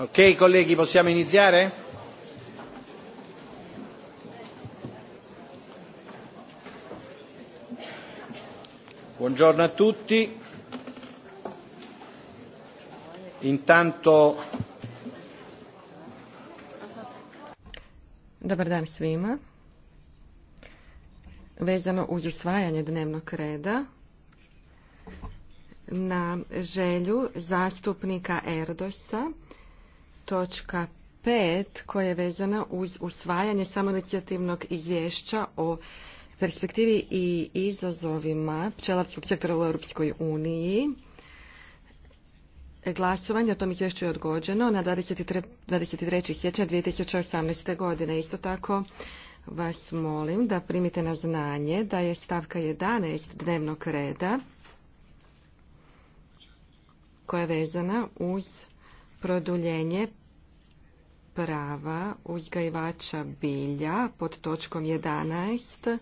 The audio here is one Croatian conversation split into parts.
Ok, colleghi, possiamo iniziare? Buongiorno a tutti. Intanto Dobar dan svima. Vezano uz usvajanje dnevnog reda, na želju zastupnika Erdosa, točka 5 koja je vezana uz usvajanje samoinicijativnog izvješća o perspektivi i izazovima pčelarskog sektora u Europskoj uniji. Glasovanje o tom izvješću je odgođeno na 23. 23. siječnja 2018. godine. Isto tako vas molim da primite na znanje da je stavka 11 dnevnog reda koja je vezana uz produljenje prava uzgajivača bilja pod točkom 11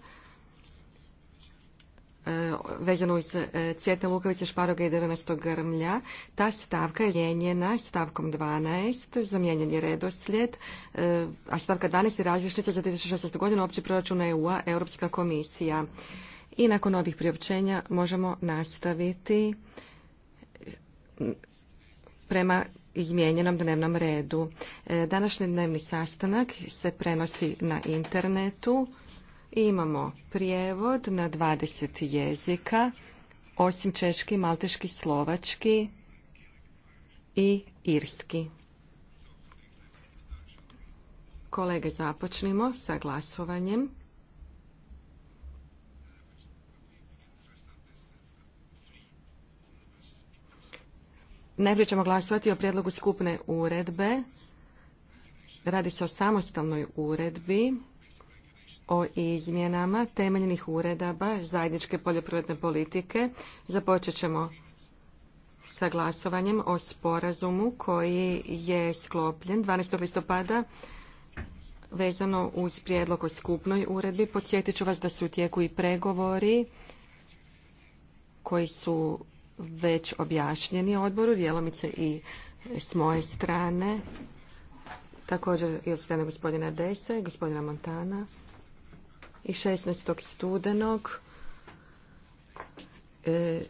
e, vezano uz e, Cvjetne Lukavice Šparoga i Drvenasto Grmlja. Ta stavka je zamijenjena stavkom 12, zamijenjen je redoslijed, e, a stavka 12 je različita za 2016. godinu opći proračuna EU-a, Europska komisija. I nakon ovih priopćenja možemo nastaviti prema izmijenjenom dnevnom redu. E, današnji dnevni sastanak se prenosi na internetu. Imamo prijevod na 20 jezika, osim češki, malteški, slovački i irski. Kolege, započnimo sa glasovanjem. Najprije ćemo glasovati o prijedlogu skupne uredbe. Radi se o samostalnoj uredbi o izmjenama temeljnih uredaba zajedničke poljoprivredne politike. Započet ćemo sa glasovanjem o sporazumu koji je sklopljen 12. listopada vezano uz prijedlog o skupnoj uredbi. Podsjetit ću vas da su u tijeku i pregovori koji su već objašnjeni odboru, djelomice i s moje strane, također i od strane gospodina Desa i gospodina Montana. I 16. studenog e,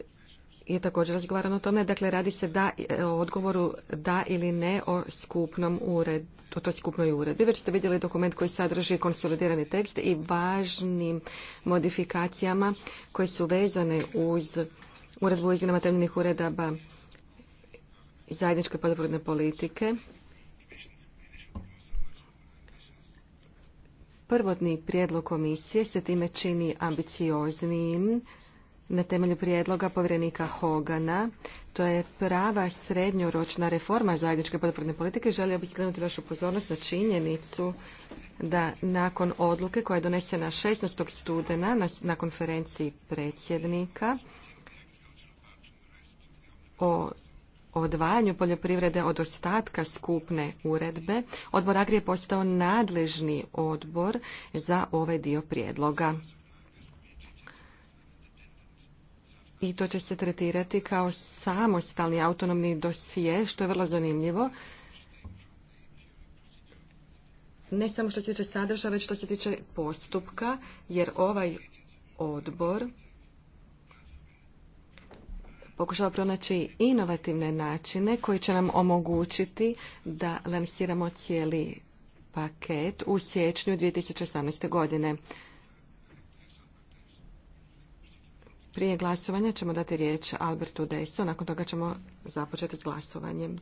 je također razgovarano o tome, dakle radi se e, o odgovoru da ili ne o skupnom uredu, o toj skupnoj uredbi. Već ste vidjeli dokument koji sadrži konsolidirani tekst i važnim modifikacijama koje su vezane uz uredbu o izmjenama temeljnih uredaba zajedničke poljoprivredne politike. Prvotni prijedlog komisije se time čini ambicioznijim na temelju prijedloga povjerenika Hogana. To je prava srednjoročna reforma zajedničke poljoprivredne politike. Želio bih skrenuti vašu pozornost na činjenicu da nakon odluke koja je donesena 16. studena na konferenciji predsjednika o odvajanju poljoprivrede od ostatka skupne uredbe, odbor Agri je postao nadležni odbor za ovaj dio prijedloga. I to će se tretirati kao samostalni autonomni dosije, što je vrlo zanimljivo. Ne samo što se tiče sadržaja, već što se tiče postupka, jer ovaj odbor pokušava pronaći inovativne načine koji će nam omogućiti da lansiramo cijeli paket u siječnju 2018. godine. Prije glasovanja ćemo dati riječ Albertu Desu, nakon toga ćemo započeti s glasovanjem.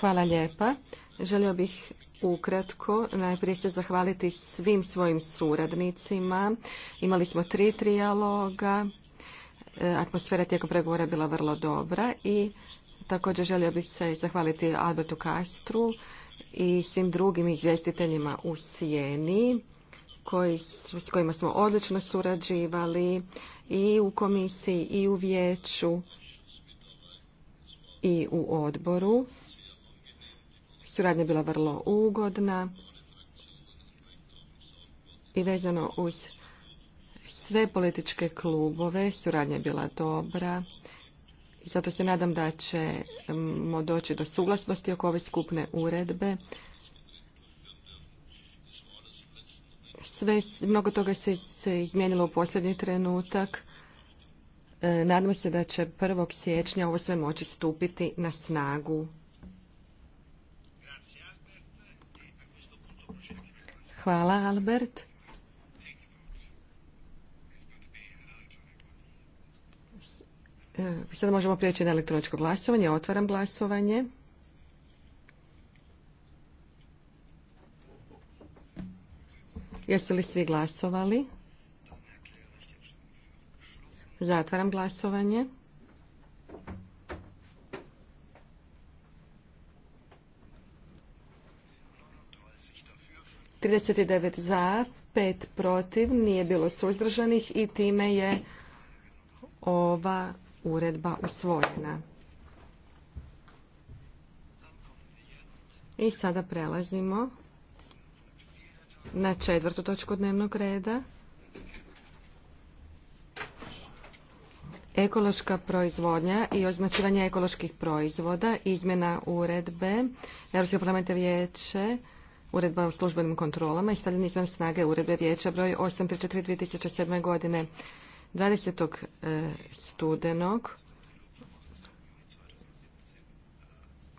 Hvala lijepa. Želio bih ukratko. Najprije se zahvaliti svim svojim suradnicima. Imali smo tri trijaloga. E, atmosfera tijekom pregovora bila vrlo dobra i također želio bih se zahvaliti Albertu Kastru i svim drugim izvjestiteljima u Sijeni s kojima smo odlično surađivali i u komisiji i u vijeću i u odboru suradnja bila vrlo ugodna i vezano uz sve političke klubove suradnja je bila dobra i zato se nadam da ćemo doći do suglasnosti oko ove skupne uredbe. mnogo toga se, se izmijenilo u posljednji trenutak. E, nadamo se da će 1. siječnja ovo sve moći stupiti na snagu Hvala, Albert. E, sada možemo prijeći na elektroničko glasovanje. Otvaram glasovanje. Jesu li svi glasovali? Zatvaram glasovanje. 39 za, 5 protiv, nije bilo suzdržanih i time je ova uredba usvojena. I sada prelazimo na četvrtu točku dnevnog reda. Ekološka proizvodnja i označivanje ekoloških proizvoda, izmjena uredbe Europske parlamenta vijeće uredba o službenim kontrolama i stavljanje izvan snage uredbe vijeća broj 834 2007. godine 20. E, studenog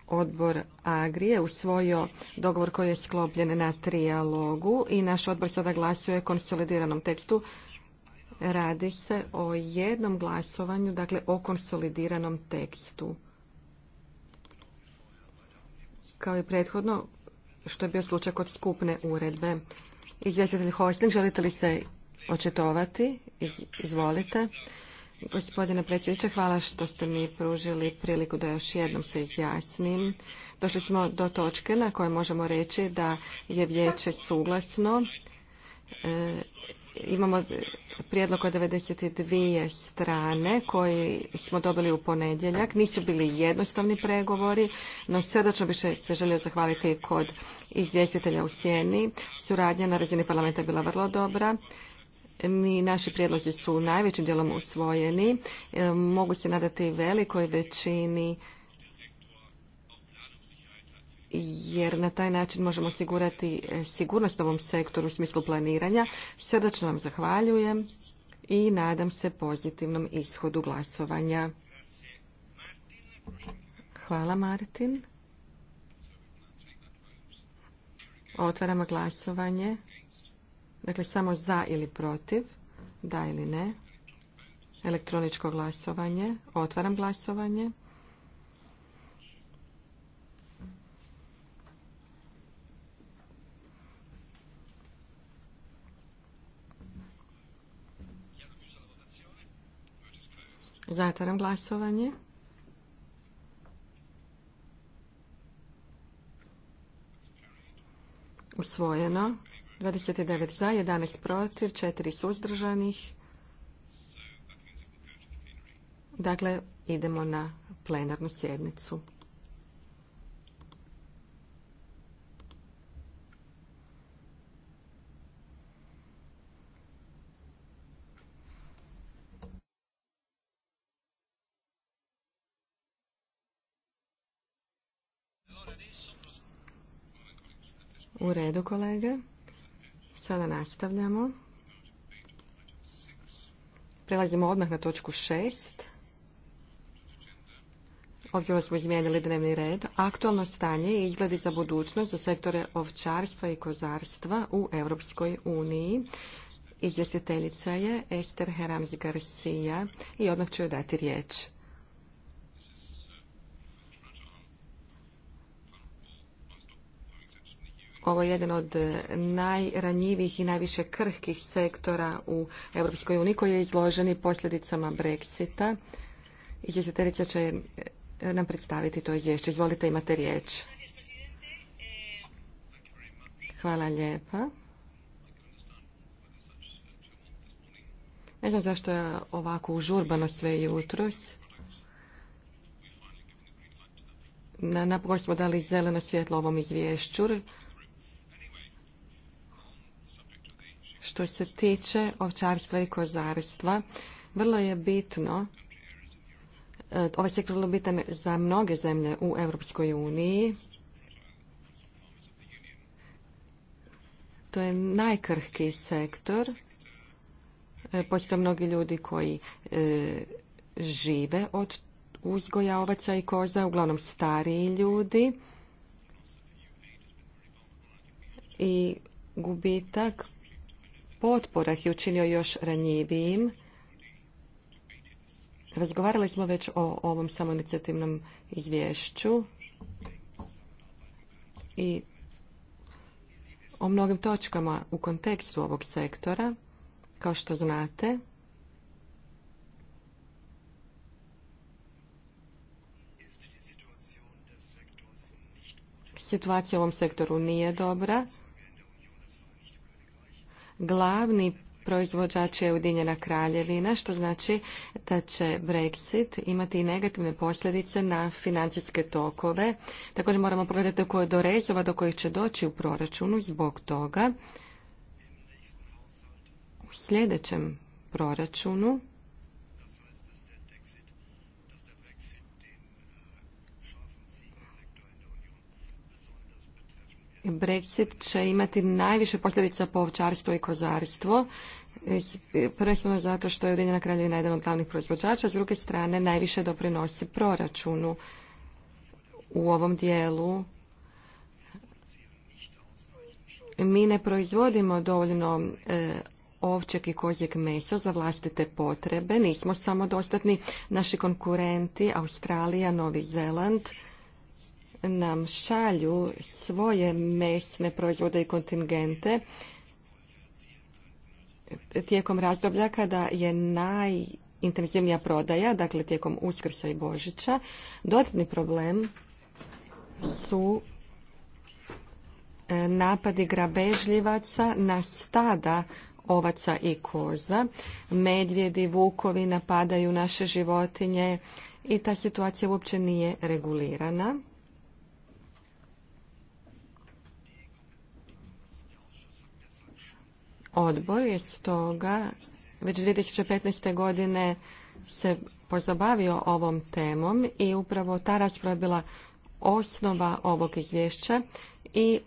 odbor Agrije usvojio dogovor koji je sklopljen na trijalogu i naš odbor sada glasuje o konsolidiranom tekstu. Radi se o jednom glasovanju, dakle o konsolidiranom tekstu. Kao i prethodno, što je bio slučaj kod skupne uredbe. Izvjestitelj Hosling, želite li se očitovati? Izvolite. Gospodine predsjedniče, hvala što ste mi pružili priliku da još jednom se izjasnim. Došli smo do točke na kojoj možemo reći da je vijeće suglasno. E, imamo prijedlog od 92 strane koji smo dobili u ponedjeljak. Nisu bili jednostavni pregovori, no srdačno bi se želio zahvaliti kod izvjestitelja u Sjeni. Suradnja na razini parlamenta je bila vrlo dobra. Mi, naši prijedlozi su najvećim dijelom usvojeni. E, mogu se nadati velikoj većini jer na taj način možemo osigurati e, sigurnost ovom sektoru u smislu planiranja. Srdačno vam zahvaljujem i nadam se pozitivnom ishodu glasovanja. Hvala Martin. Otvaramo glasovanje. Dakle, samo za ili protiv. Da ili ne. Elektroničko glasovanje. Otvaram glasovanje. Zatvaram glasovanje. Usvojeno. 29 za, 11 protiv, 4 suzdržanih. Dakle, idemo na plenarnu sjednicu. U redu, kolege. Sada nastavljamo. Prelazimo odmah na točku šest. Ovdje smo izmijenili dnevni red. Aktualno stanje i izgledi za budućnost za sektore ovčarstva i kozarstva u Europskoj uniji. Izvjestiteljica je Ester Herams Garcia i odmah ću joj dati riječ. Ovo je jedan od e, najranjivijih i najviše krhkih sektora u Europskoj uniji koji je izloženi posljedicama Brexita. Izvjestiteljica će e, nam predstaviti to izvješće. Izvolite, imate riječ. Hvala lijepa. Ne znam zašto je ovako užurbano sve jutros. Napokon smo dali zeleno svjetlo ovom izvješću Što se tiče ovčarstva i kozarstva, vrlo je bitno, e, ovaj sektor je vrlo bitan za mnoge zemlje u Europskoj uniji. To je najkrhki sektor. E, postoje mnogi ljudi koji e, žive od uzgoja ovaca i koza, uglavnom stariji ljudi. I gubitak potpora ih je učinio još ranjivijim. Razgovarali smo već o ovom samoinicijativnom izvješću i o mnogim točkama u kontekstu ovog sektora. Kao što znate, situacija u ovom sektoru nije dobra glavni proizvođač je Ujedinjena kraljevina, što znači da će Brexit imati i negativne posljedice na financijske tokove. Također moramo pogledati koje do rezova do kojih će doći u proračunu zbog toga. U sljedećem proračunu Brexit će imati najviše posljedica po ovčarstvo i kozarstvo. Prvenstveno zato što je Ujedinjena kraljevina jedan od glavnih proizvođača, s druge strane najviše doprinosi proračunu u ovom dijelu. Mi ne proizvodimo dovoljno e, ovčeg i kozjeg mesa za vlastite potrebe. Nismo samo dostatni. Naši konkurenti, Australija, Novi Zeland, nam šalju svoje mesne proizvode i kontingente tijekom razdoblja kada je najintenzivnija prodaja, dakle tijekom Uskrsa i Božića. Dodatni problem su e, napadi grabežljivaca na stada ovaca i koza. Medvjedi, vukovi napadaju naše životinje i ta situacija uopće nije regulirana. odbor je stoga već 2015. godine se pozabavio ovom temom i upravo ta rasprava je bila osnova ovog izvješća i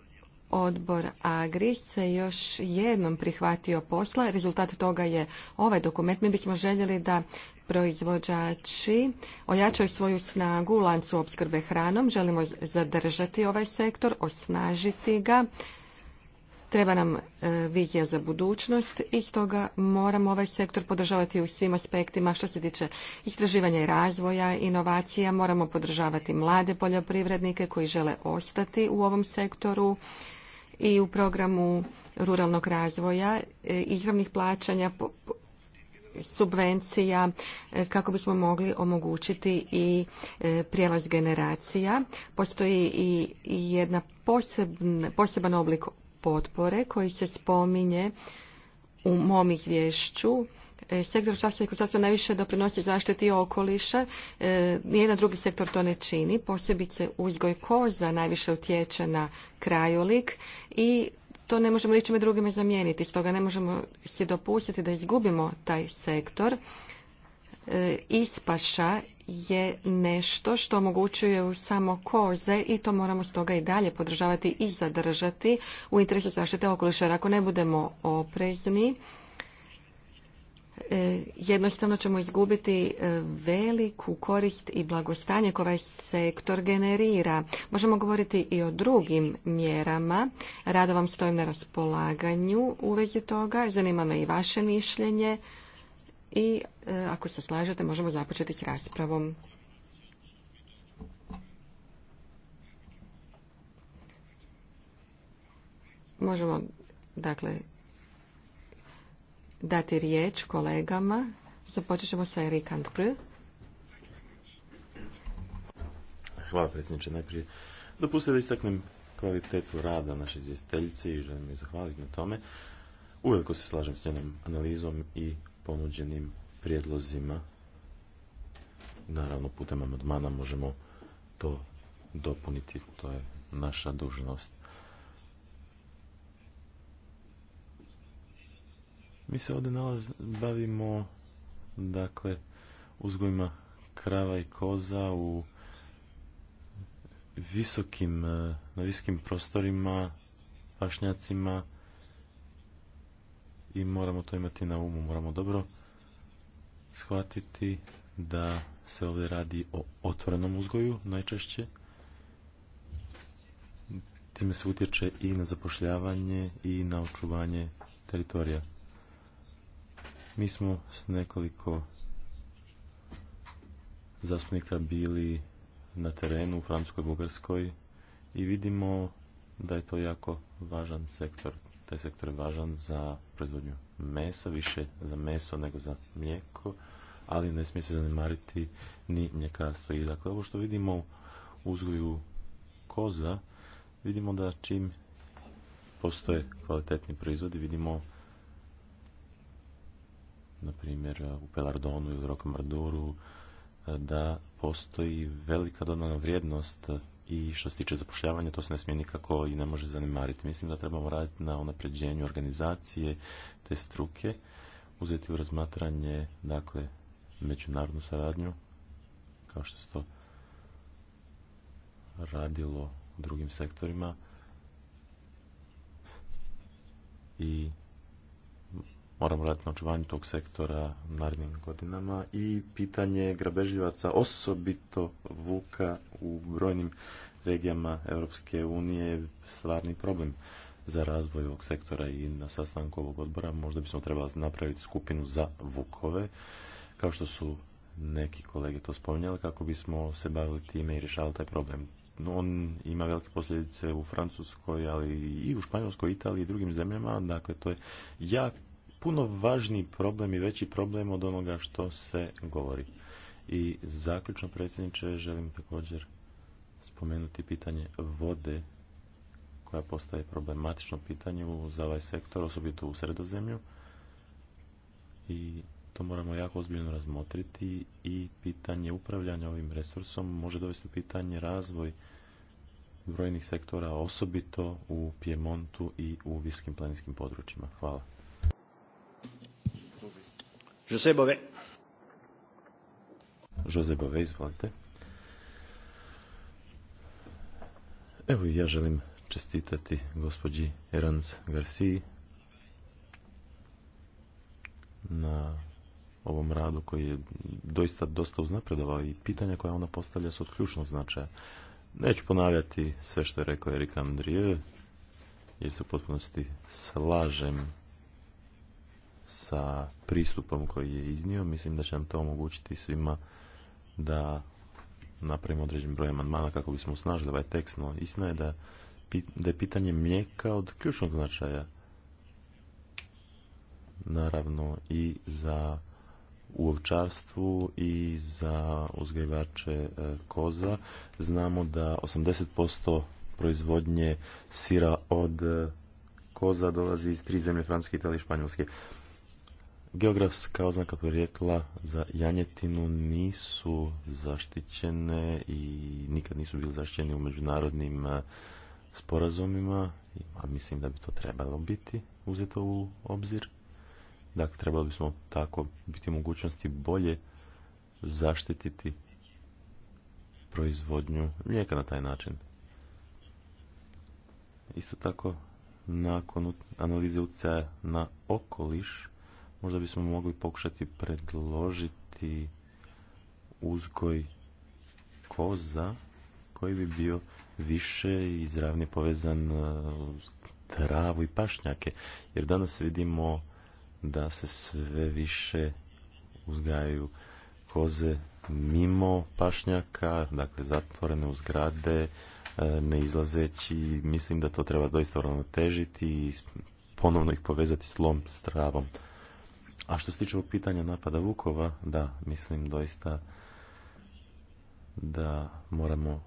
odbor Agri se još jednom prihvatio posla. Rezultat toga je ovaj dokument. Mi bismo željeli da proizvođači ojačaju svoju snagu u lancu opskrbe hranom. Želimo zadržati ovaj sektor, osnažiti ga Treba nam e, vizija za budućnost i stoga moramo ovaj sektor podržavati u svim aspektima što se tiče istraživanja i razvoja, inovacija, moramo podržavati mlade poljoprivrednike koji žele ostati u ovom sektoru i u programu ruralnog razvoja, e, izravnih plaćanja, subvencija e, kako bismo mogli omogućiti i prijelaz generacija. Postoji i jedna poseban oblik potpore koji se spominje u mom izvješću. E, sektor časa i najviše doprinosi zaštiti okoliša. E, nijedan drugi sektor to ne čini. Posebice uzgoj koza najviše utječe na krajolik i to ne možemo ničime drugime zamijeniti. Stoga ne možemo se dopustiti da izgubimo taj sektor. E, ispaša je nešto što omogućuje samo koze i to moramo stoga i dalje podržavati i zadržati u interesu zaštite okoliša. Jer ako ne budemo oprezni, e, jednostavno ćemo izgubiti e, veliku korist i blagostanje koje ovaj sektor generira. Možemo govoriti i o drugim mjerama. Rado vam stojim na raspolaganju u vezi toga. Zanima me i vaše mišljenje i e, ako se slažete možemo započeti s raspravom. Možemo dakle dati riječ kolegama. Započet ćemo sa Erik Gr. Hvala predsjedniče. Najprije dopustite da istaknem kvalitetu rada naše izvjestiteljice i želim je zahvaliti na tome. Uveliko se slažem s njenom analizom i ponuđenim prijedlozima. Naravno, putem amandmana možemo to dopuniti, to je naša dužnost. Mi se ovdje bavimo dakle uzgojima krava i koza u visokim, na viskim prostorima, pašnjacima i moramo to imati na umu, moramo dobro shvatiti da se ovdje radi o otvorenom uzgoju najčešće. Time se utječe i na zapošljavanje i na očuvanje teritorija. Mi smo s nekoliko zastupnika bili na terenu u Francuskoj, Bugarskoj i vidimo da je to jako važan sektor. Taj sektor je važan za proizvodnju mesa, više za meso nego za mlijeko, ali ne smije se zanemariti ni mljekarstvo. I dakle, ovo što vidimo u uzgoju koza, vidimo da čim postoje kvalitetni proizvodi, vidimo na primjer u Pelardonu ili Rokomarduru, da postoji velika dodana vrijednost i što se tiče zapošljavanja, to se ne smije nikako i ne može zanimariti. Mislim da trebamo raditi na unapređenju organizacije te struke, uzeti u razmatranje dakle, međunarodnu saradnju, kao što se to radilo u drugim sektorima i moramo raditi na očuvanju tog sektora u narednim godinama i pitanje grabežljivaca, osobito vuka u brojnim regijama Europske unije je stvarni problem za razvoj ovog sektora i na sastanku ovog odbora možda bismo trebali napraviti skupinu za vukove, kao što su neki kolege to spominjali, kako bismo se bavili time i rješavali taj problem. On ima velike posljedice u Francuskoj, ali i u Španjolskoj, Italiji i drugim zemljama, dakle to je jak puno važniji problem i veći problem od onoga što se govori. I zaključno predsjedniče želim također spomenuti pitanje vode koja postaje problematično pitanje za ovaj sektor, osobito u sredozemlju. I to moramo jako ozbiljno razmotriti i pitanje upravljanja ovim resursom može dovesti u pitanje razvoj brojnih sektora, osobito u Pjemontu i u viskim planinskim područjima. Hvala. Jose Bove. Bove, izvolite. Evo i ja želim čestitati gospođi Erans Garciji na ovom radu koji je doista dosta uznapredovao i pitanja koja ona postavlja su od ključnog značaja. Neću ponavljati sve što je rekao Erik Andrije, jer se u potpunosti slažem sa pristupom koji je iznio. Mislim da će nam to omogućiti svima da napravimo određen broj amandmana kako bismo osnažili ovaj tekst. No, istina je da, je pitanje mlijeka od ključnog značaja. Naravno i za u i za uzgajivače e, koza. Znamo da 80% proizvodnje sira od e, koza dolazi iz tri zemlje, Francuske, Italije i Španjolske. Geografska oznaka porijekla za janjetinu nisu zaštićene i nikad nisu bili zaštićeni u međunarodnim e, sporazumima, a mislim da bi to trebalo biti uzeto u obzir. Dakle, trebalo bismo tako biti u mogućnosti bolje zaštititi proizvodnju mlijeka na taj način. Isto tako, nakon analize utjecaja na okoliš, možda bismo mogli pokušati predložiti uzgoj koza koji bi bio više izravnije povezan e, uz travu i pašnjake. Jer danas vidimo da se sve više uzgajaju koze mimo pašnjaka, dakle zatvorene u zgrade, e, ne izlazeći. Mislim da to treba doista ravnotežiti i ponovno ih povezati s lom, s travom. A što se tiče ovog pitanja napada Vukova, da, mislim doista da moramo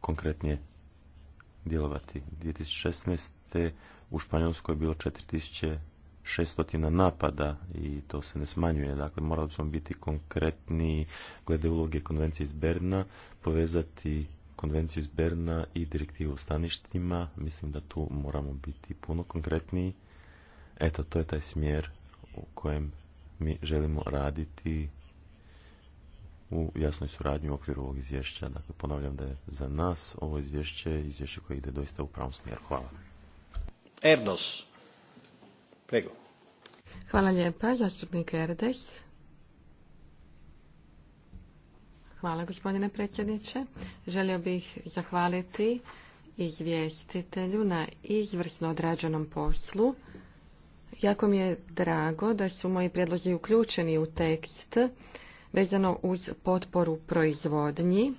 konkretnije djelovati. 2016. u Španjolskoj je bilo 4600 napada i to se ne smanjuje. Dakle, morali smo biti konkretni glede uloge konvencije iz Berna, povezati konvenciju iz Berna i direktivu o staništima. Mislim da tu moramo biti puno konkretniji Eto, to je taj smjer u kojem mi želimo raditi u jasnoj suradnji u okviru ovog izvješća. Dakle, ponavljam da je za nas ovo izvješće izvješće koje ide doista u pravom smjeru. Hvala. Erdos. Prego. Hvala lijepa, zastupnik Erdes. Hvala gospodine predsjedniče. Želio bih zahvaliti izvjestitelju na izvrsno odrađenom poslu. Jako mi je drago da su moji prijedlozi uključeni u tekst vezano uz potporu proizvodnji.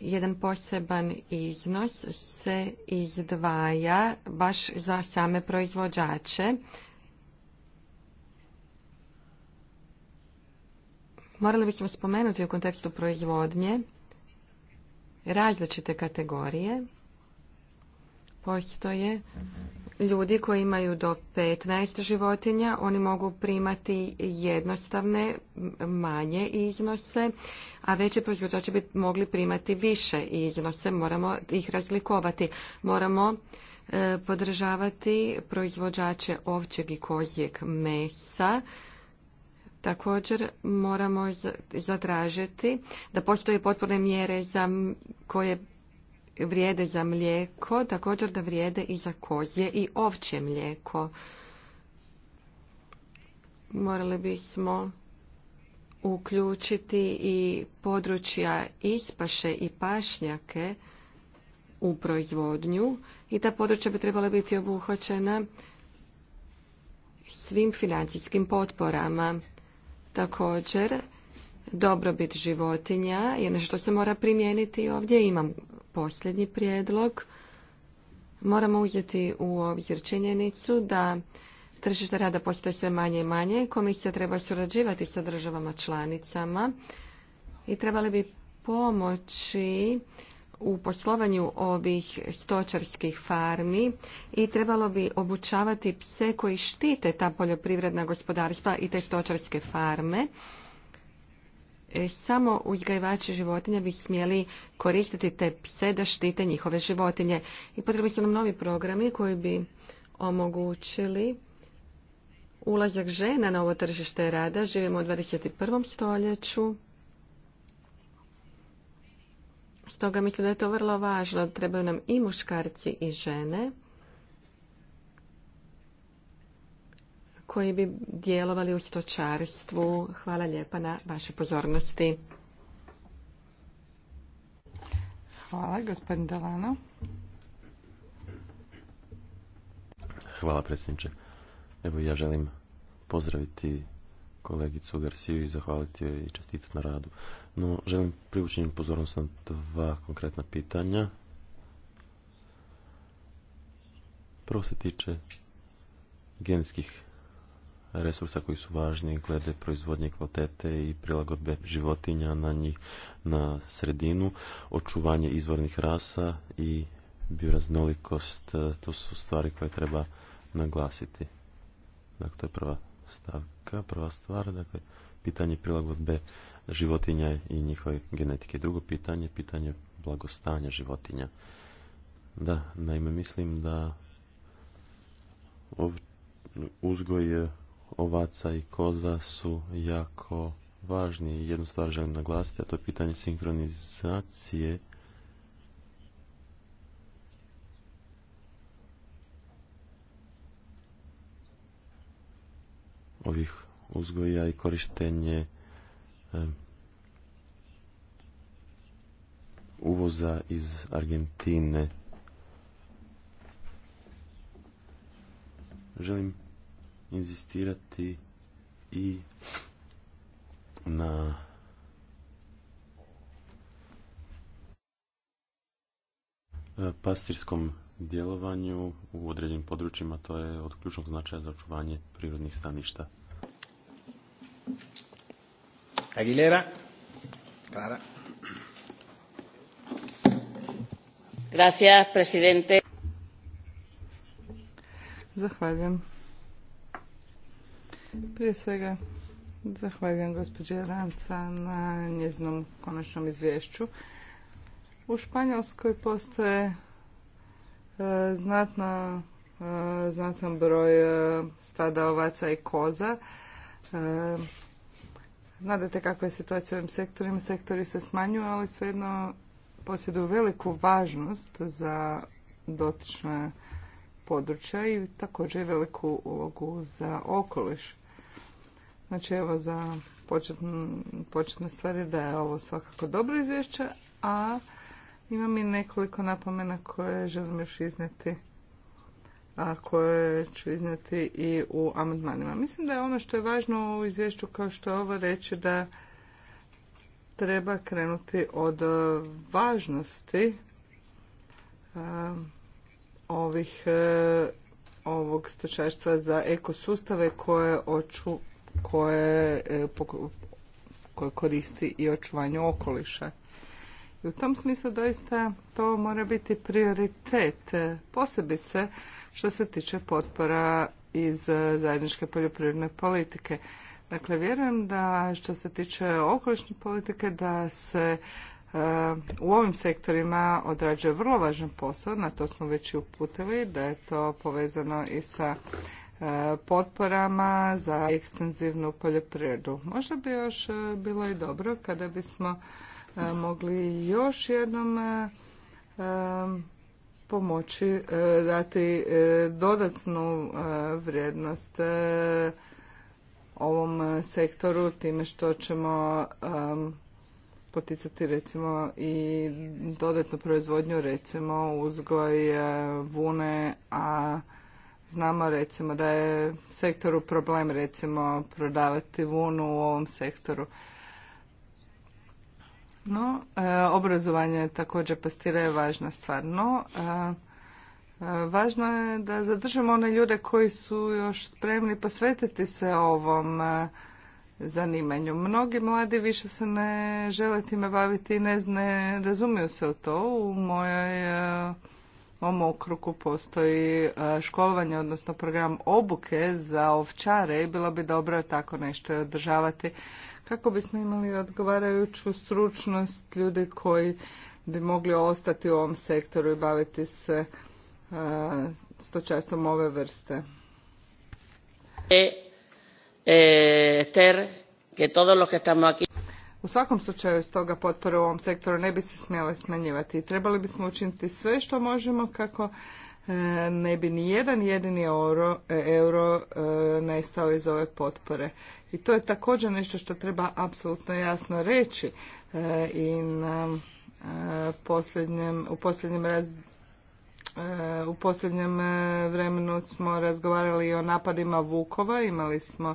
Jedan poseban iznos se izdvaja baš za same proizvođače. Morali bismo spomenuti u kontekstu proizvodnje različite kategorije. Postoje ljudi koji imaju do 15 životinja, oni mogu primati jednostavne manje iznose, a veći proizvođači bi mogli primati više iznose, moramo ih razlikovati. Moramo e, podržavati proizvođače ovčeg i kozijeg mesa. Također moramo zatražiti da postoje potpune mjere za koje vrijede za mlijeko, također da vrijede i za kozje i ovčje mlijeko. Morali bismo uključiti i područja ispaše i pašnjake u proizvodnju i ta područja bi trebala biti obuhvaćena svim financijskim potporama. Također, dobrobit životinja je nešto što se mora primijeniti ovdje imam posljednji prijedlog, moramo uzeti u obzir činjenicu da tržište rada postoje sve manje i manje. Komisija treba surađivati sa državama članicama i trebali bi pomoći u poslovanju ovih stočarskih farmi i trebalo bi obučavati pse koji štite ta poljoprivredna gospodarstva i te stočarske farme. E, samo uzgajivači životinja bi smjeli koristiti te pse da štite njihove životinje. I potrebni su nam novi programi koji bi omogućili ulazak žena na ovo tržište rada. Živimo u 21. stoljeću. Stoga mislim da je to vrlo važno. Trebaju nam i muškarci i žene. koji bi djelovali u stočarstvu. Hvala lijepa na vaše pozornosti. Hvala, gospodin Delano. Hvala, predsjedniče. Evo ja želim pozdraviti kolegicu Garciju i zahvaliti joj i čestitati na radu. No, želim privući pozornost na dva konkretna pitanja. Prvo se tiče genetskih resursa koji su važni glede proizvodnje kvalitete i prilagodbe životinja na njih na sredinu, očuvanje izvornih rasa i bioraznolikost, e, to su stvari koje treba naglasiti. Dakle, to je prva stavka, prva stvar, dakle, pitanje prilagodbe životinja i njihove genetike. Drugo pitanje, pitanje blagostanja životinja. Da, naime, mislim da uzgoj e, ovaca i koza su jako važni. Jednu stvar želim naglasiti, a to je pitanje sinkronizacije ovih uzgoja i korištenje uvoza iz Argentine. Želim inzistirati i na pastirskom djelovanju u određenim područjima to je od ključnog značaja za očuvanje prirodnih staništa. Aguilera. Clara. Gracias, presidente. Zahvaljujem. Prije svega, zahvaljujem gospođe Ranca na njeznom konačnom izvješću. U Španjolskoj postoje e, znatna, e, znatan broj e, stada ovaca i koza. Znate kakva je situacija u ovim sektorima. Sektori se smanjuju, ali svejedno posjeduju veliku važnost za dotične područja i također veliku ulogu za okoliš. Znači evo za početne, stvari da je ovo svakako dobro izvješće, a imam i nekoliko napomena koje želim još iznijeti a koje ću iznijeti i u amandmanima. Mislim da je ono što je važno u izvješću kao što je ovo reći da treba krenuti od važnosti ovih e, ovog stočarstva za ekosustave koje oču, koje, e, koje koristi i očuvanju okoliša. I u tom smislu doista to mora biti prioritet, e, posebice što se tiče potpora iz e, zajedničke poljoprivredne politike. Dakle, vjerujem da što se tiče okolišne politike da se u ovim sektorima odrađuje vrlo važan posao, na to smo već i uputili, da je to povezano i sa E, potporama za ekstenzivnu poljoprivredu. Možda bi još e, bilo i dobro kada bismo e, mogli još jednom pomoći dati dodatnu vrijednost ovom sektoru time što ćemo poticati recimo i dodatnu proizvodnju recimo uzgoj vune, a Znamo recimo da je sektoru problem recimo prodavati vunu u ovom sektoru. No, e, obrazovanje također pastira je važna stvar. No, e, e, važno je da zadržimo one ljude koji su još spremni posvetiti se ovom zanimanju. Mnogi mladi više se ne žele time baviti i ne, ne razumiju se u to. U mojoj mom okruku postoji e, školovanje, odnosno program obuke za ovčare i bilo bi dobro tako nešto održavati kako bismo imali odgovarajuću stručnost ljudi koji bi mogli ostati u ovom sektoru i baviti se e, stočarstvom ove vrste. E, ter, que todos los que estamos aquí... U svakom slučaju stoga potpora u ovom sektoru ne bi se smjela smanjivati. Trebali bismo učiniti sve što možemo kako e, ne bi ni jedan jedini euro, e, euro e, nestao iz ove potpore. I to je također nešto što treba apsolutno jasno reći i na posljednjem, u posljednjem u posljednjem vremenu smo razgovarali o napadima Vukova, imali smo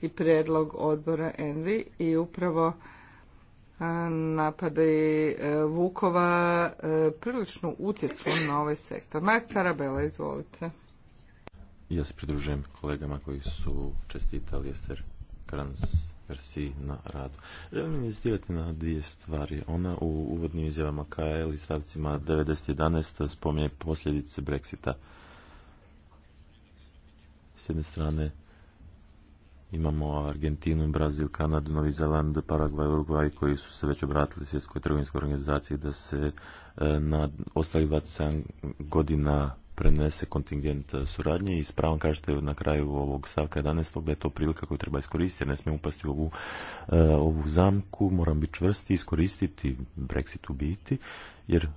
i prijedlog odbora Envi i upravo napade Vukova e, prilično utječu na ovaj sektor. Mark Tarabela, izvolite. Ja se pridružujem kolegama koji su čestitali Ester Kranz Versi na radu. Želim inzistirati na dvije stvari. Ona u uvodnim izjavama KL i stavcima 90.11. spominje posljedice Brexita. S jedne strane, Imamo Argentinu, Brazil, Kanadu, Novi Zeland, Paraguay, Uruguay koji su se već obratili svjetskoj trgovinskoj organizaciji da se e, na ostalih 27 godina prenese kontingent e, suradnje i spravom kažete na kraju ovog stavka 11. da je to prilika koju treba iskoristiti, ne smijemo upasti u ovu, e, ovu zamku, moram biti čvrsti, iskoristiti Brexit u biti, jer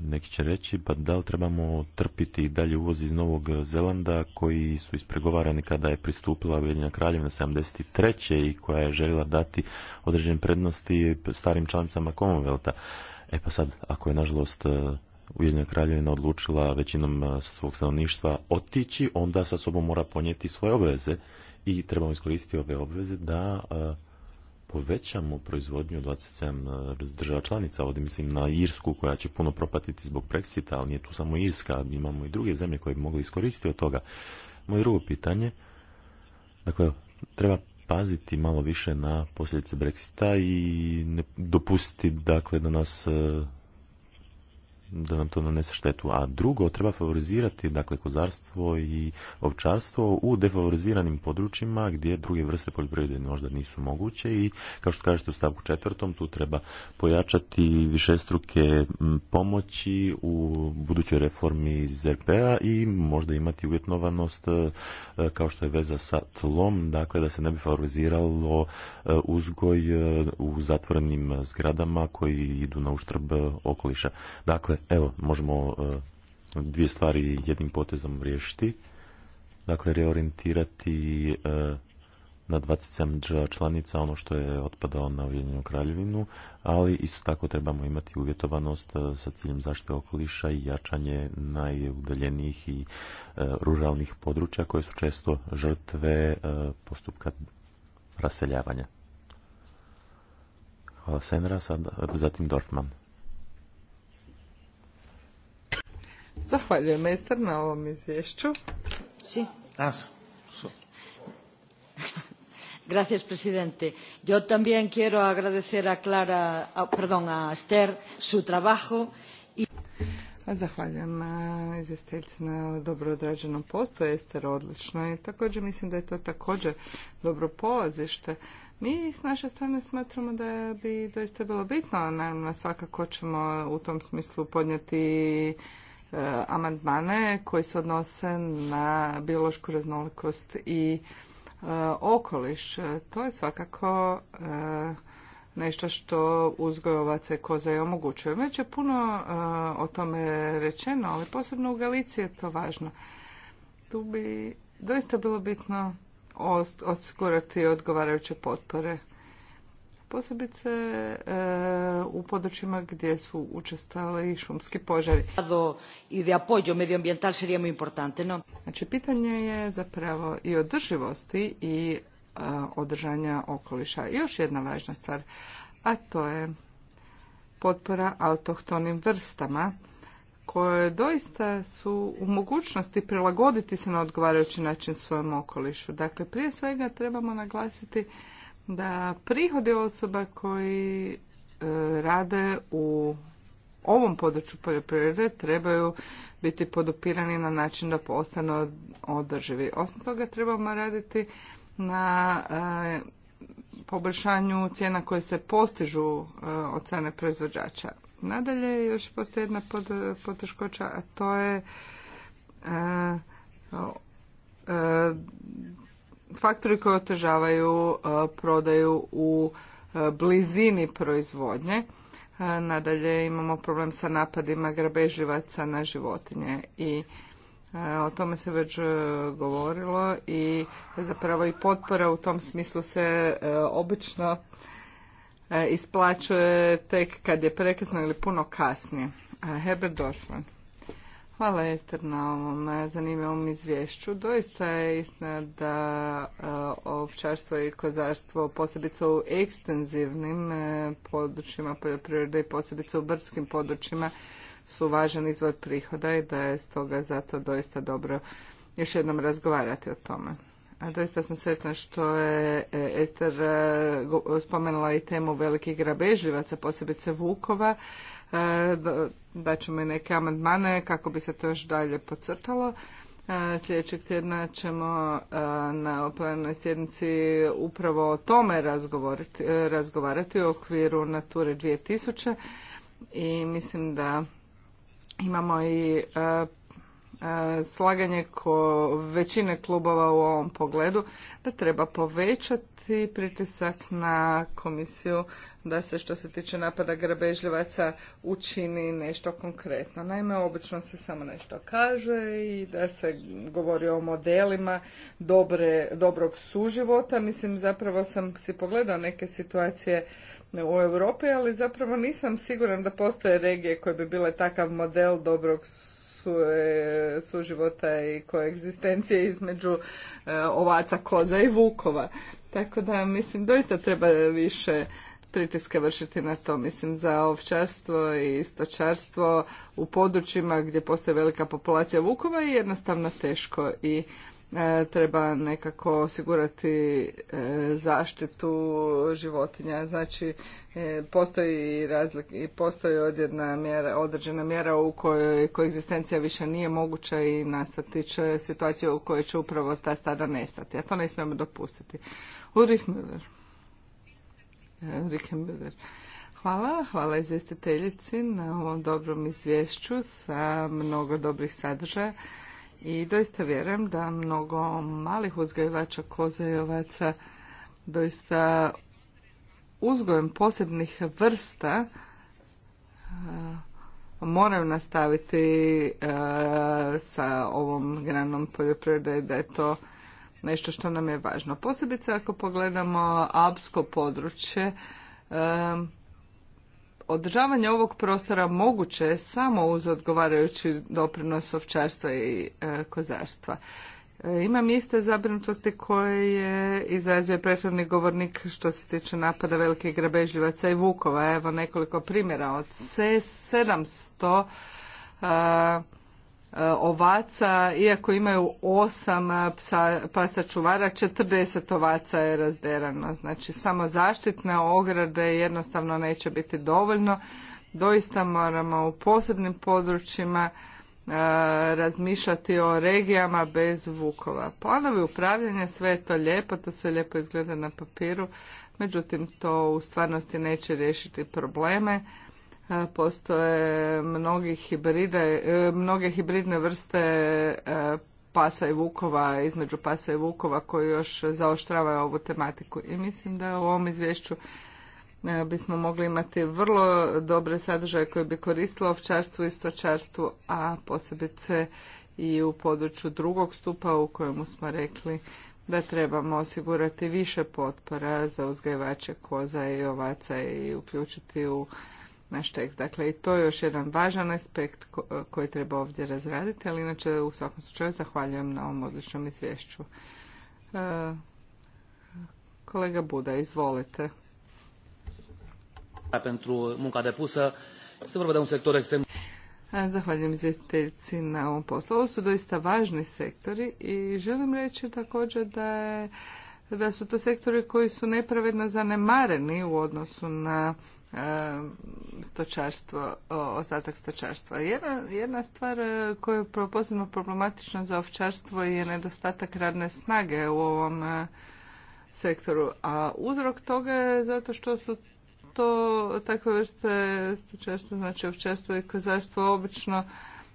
neki će reći, pa da li trebamo trpiti i dalje uvoz iz Novog Zelanda koji su ispregovarani kada je pristupila Ujedinja kraljevina 73. i koja je željela dati određene prednosti starim članicama Commonwealtha. E pa sad, ako je nažalost e, Ujedinjena kraljevina odlučila većinom e, svog stanovništva otići, onda sa sobom mora ponijeti svoje obveze i trebamo iskoristiti ove obveze da e, povećamo proizvodnju 27 e, država članica, ovdje mislim na Irsku koja će puno propatiti zbog Brexita, ali nije tu samo Irska, imamo i druge zemlje koje bi mogli iskoristiti od toga. Moje drugo pitanje, dakle, treba paziti malo više na posljedice Brexita i ne dopustiti dakle da nas e, da nam to nanese štetu. A drugo, treba favorizirati dakle, kozarstvo i ovčarstvo u defavoriziranim područjima gdje druge vrste poljoprivrede možda nisu moguće i kao što kažete u stavku četvrtom, tu treba pojačati višestruke pomoći u budućoj reformi ZRP-a i možda imati uvjetnovanost e, kao što je veza sa tlom, dakle da se ne bi favoriziralo e, uzgoj e, u zatvorenim zgradama koji idu na uštrb okoliša. Dakle, Evo, možemo e, dvije stvari jednim potezom riješiti. Dakle, reorientirati e, na 27 država članica ono što je otpadao na Ujedinjenu kraljevinu, ali isto tako trebamo imati uvjetovanost e, sa ciljem zaštite okoliša i jačanje najudaljenijih i ruralnih područja koje su često žrtve postupka raseljavanja. Hvala Senra, sad, zatim Dorfman. Zahvaljujem, majster, na ovom izvješću. Si. Ah, Gracias, presidente. Yo también quiero agradecer a Clara, a, perdón, a Esther su trabajo. Y... Zahvaljujem izvjestiteljici na dobro odrađenom poslu. Ester odlično i također mislim da je to također dobro polazište. Mi s naše strane smatramo da bi doista bilo bitno, naravno svakako ćemo u tom smislu podnijeti E, amandmane koji se odnose na biološku raznolikost i e, okoliš. To je svakako e, nešto što uzgoj ovace i koza i omogućuje. Već je puno o tome rečeno, ali posebno u Galiciji je to važno. Tu bi doista bilo bitno osigurati odgovarajuće potpore posebice e, u područjima gdje su učestali i šumski požari. I de apoyo medioambiental sería muy importante, Znači, pitanje je zapravo i održivosti i e, održanja okoliša. još jedna važna stvar, a to je potpora autohtonim vrstama koje doista su u mogućnosti prilagoditi se na odgovarajući način svojem okolišu. Dakle, prije svega trebamo naglasiti da prihodi osoba koji e, rade u ovom području poljoprivrede trebaju biti podupirani na način da postanu održivi. Osim toga trebamo raditi na e, poboljšanju cijena koje se postižu e, od strane proizvođača. Nadalje još postoji jedna poteškoća, a to je faktori koji otežavaju e, prodaju u e, blizini proizvodnje. E, nadalje imamo problem sa napadima grabežljivaca na životinje i o tome se već govorilo i zapravo i potpora u tom smislu se obično isplaćuje tek kad je prekasno ili puno kasnije. Herbert Dorfman. Hvala Ester na ovom e, zanimljivom izvješću. Doista je istina da e, ovčarstvo i kozarstvo posebice u ekstenzivnim e, područjima poljoprivrede i posebice u brdskim područjima su važan izvor prihoda i da je stoga zato doista dobro još jednom razgovarati o tome. A doista sam sretna što je Ester spomenula i temu velikih grabežljivaca, posebice Vukova, E, da ćemo i neke amandmane kako bi se to još dalje podcrtalo. E, sljedećeg tjedna ćemo e, na plenarnoj sjednici upravo o tome razgovarati u okviru Nature 2000 i mislim da imamo i slaganje ko većine klubova u ovom pogledu da treba povećati pritisak na komisiju da se što se tiče napada grabežljivaca učini nešto konkretno. Naime, obično se samo nešto kaže i da se govori o modelima dobre, dobrog suživota. Mislim, zapravo sam si pogledao neke situacije u Europi, ali zapravo nisam siguran da postoje regije koje bi bile takav model dobrog e, suživota i koegzistencije između e, ovaca, koza i vukova. Tako da mislim doista treba više pritiske vršiti na to. Mislim za ovčarstvo i stočarstvo u područjima gdje postoji velika populacija vukova je jednostavno teško i e, treba nekako osigurati e, zaštitu životinja. Znači e, postoji razlik i postoji odjedna mjera, određena mjera u kojoj koegzistencija više nije moguća i nastati će situacija u kojoj će upravo ta stada nestati. A to ne smijemo dopustiti. Ulrich Müller. Hvala, hvala izvjestiteljici na ovom dobrom izvješću sa mnogo dobrih sadržaja i doista vjerujem da mnogo malih uzgajivača koza i ovaca doista uzgojem posebnih vrsta moraju nastaviti sa ovom granom poljoprivrede da je to nešto što nam je važno. Posebice ako pogledamo Alpsko područje, održavanje ovog prostora moguće je samo uz odgovarajući doprinos ovčarstva i e, kozarstva. E, Imam iste zabrinutosti koje je izrazio prethodni govornik što se tiče napada velikih grabežljivaca i vukova. Evo nekoliko primjera. Od C700 Eh, ovaca, iako imaju osam eh, psa, pasa čuvara, 40 ovaca je razderano. Znači samo zaštitne ograde jednostavno neće biti dovoljno. Doista moramo u posebnim područjima eh, razmišljati o regijama bez vukova. Planovi upravljanja, sve je to lijepo, to sve lijepo izgleda na papiru, međutim to u stvarnosti neće riješiti probleme postoje mnogi hibride, e, mnoge hibridne vrste e, pasa i vukova, između pasa i vukova koji još zaoštravaju ovu tematiku. I mislim da u ovom izvješću e, bismo mogli imati vrlo dobre sadržaje koje bi koristilo ovčarstvu i stočarstvu, a posebice i u području drugog stupa u kojemu smo rekli da trebamo osigurati više potpora za uzgajivače koza i ovaca i uključiti u naš tekst. Dakle, i to je još jedan važan aspekt koji treba ovdje razraditi, ali inače u svakom slučaju zahvaljujem na ovom odličnom izvješću. E, kolega Buda, izvolite. depusă, de e, Zahvaljujem izvjestiteljci na ovom poslu. Ovo su doista važni sektori i želim reći također da, je, da su to sektori koji su nepravedno zanemareni u odnosu na stočarstvo, ostatak stočarstva. Jedna, jedna stvar e, koja je posebno problematična za ovčarstvo je nedostatak radne snage u ovom e, sektoru, a uzrok toga je zato što su to takve vrste stočarstva, znači ovčarstvo i kozarstvo obično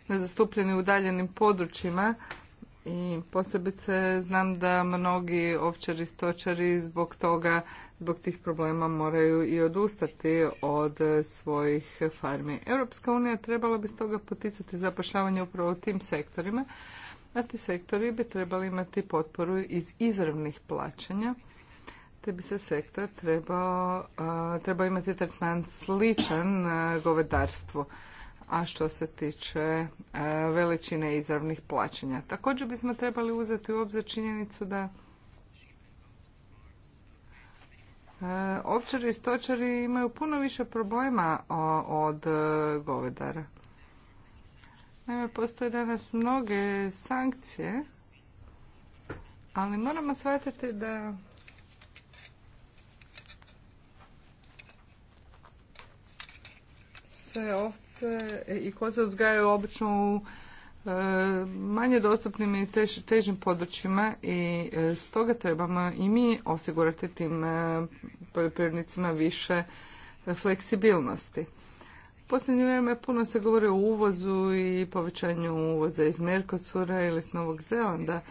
nezastupljeni u udaljenim područjima i posebice znam da mnogi ovčari, stočari zbog toga zbog tih problema moraju i odustati od svojih farmi. Europska unija trebala bi stoga poticati zapošljavanje upravo u tim sektorima, a ti sektori bi trebali imati potporu iz izravnih plaćanja, te bi se sektor trebao, trebao imati tretman sličan govedarstvu a što se tiče veličine izravnih plaćanja. Također bismo trebali uzeti u obzir činjenicu da E, Ovčari i stočari imaju puno više problema od e, govedara. Naime, postoje danas mnoge sankcije, ali moramo shvatiti da se ovce i koze uzgajaju obično u E, manje dostupnim i težim područjima i e, stoga trebamo i mi osigurati tim e, poljoprivrednicima više fleksibilnosti. Posljednje vrijeme puno se govori o uvozu i povećanju uvoza iz Merkosura ili s Novog Zelanda,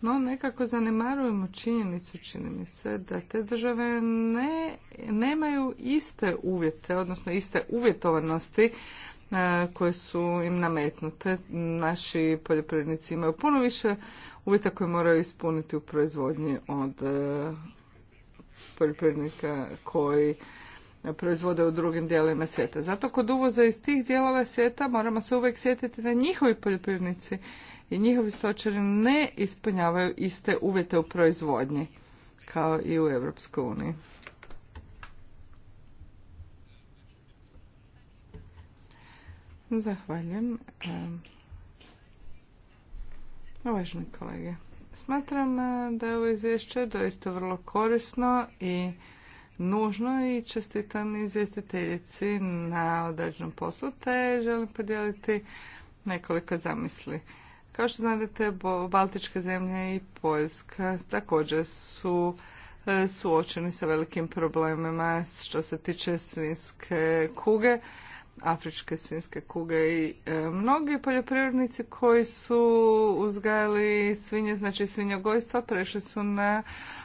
no nekako zanemarujemo činjenicu, čini mi se, da te države ne, nemaju iste uvjete, odnosno iste uvjetovanosti E, koje su im nametnute. Naši poljoprivrednici imaju puno više uvjeta koje moraju ispuniti u proizvodnji od e, poljoprivrednika koji proizvode u drugim dijelovima svijeta. Zato kod uvoza iz tih dijelova svijeta moramo se uvijek sjetiti da njihovi poljoprivrednici i njihovi stočari ne ispunjavaju iste uvjete u proizvodnji kao i u Europskoj uniji. Zahvaljujem. E, uvaženi kolege, smatram e, da je ovo izvješće doista vrlo korisno i nužno i čestitam izvjestiteljici na određenom poslu, te želim podijeliti nekoliko zamisli. Kao što znate, Baltičke zemlje i Poljska također su e, suočeni sa velikim problemima što se tiče svinske kuge afričke svinske kuge i e, mnogi poljoprivrednici koji su uzgajali svinje, znači svinjogojstva, prešli su na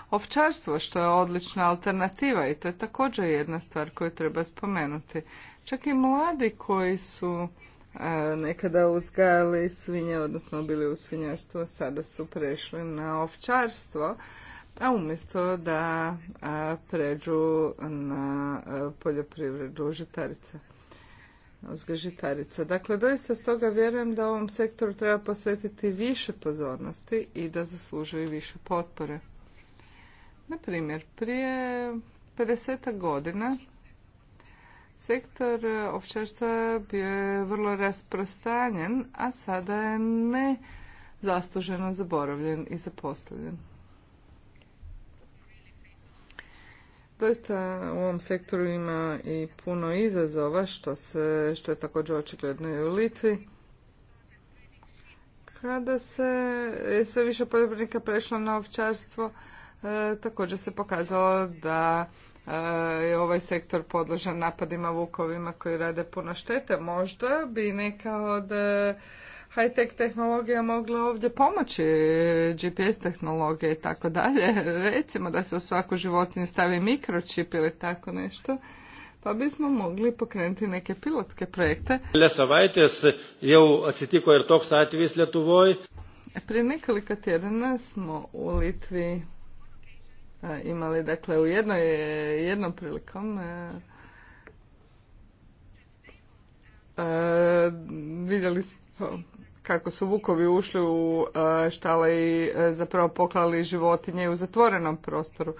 ovčarstvo, što je odlična alternativa i to je također jedna stvar koju treba spomenuti. Čak i mladi koji su e, nekada uzgajali svinje, odnosno bili u svinjarstvu, sada su prešli na ovčarstvo, a umjesto da e, pređu na a, poljoprivredu žitarice uzgažitarica. Dakle, doista stoga vjerujem da ovom sektoru treba posvetiti više pozornosti i da zaslužuje više potpore. Na primjer, prije 50 godina sektor ovčarstva bio je vrlo rasprostanjen, a sada je ne zasluženo zaboravljen i zapostavljen. Doista u ovom sektoru ima i puno izazova što, se, što je također očigledno i u Litvi. Kada se sve više poljoprivrednika prešlo na ovčarstvo, e, također se pokazalo da e, je ovaj sektor podložan napadima vukovima koji rade puno štete. Možda bi neka od high-tech tehnologija mogla ovdje pomoći, GPS tehnologije i tako dalje. Recimo da se u svaku životinju stavi mikročip ili tako nešto, pa bismo mogli pokrenuti neke pilotske projekte. Prije nekoliko tjedana smo u Litvi imali, dakle, u jednoj, jednom prilikom vidjeli smo kako su vukovi ušli u e, štale i zapravo poklali životinje u zatvorenom prostoru.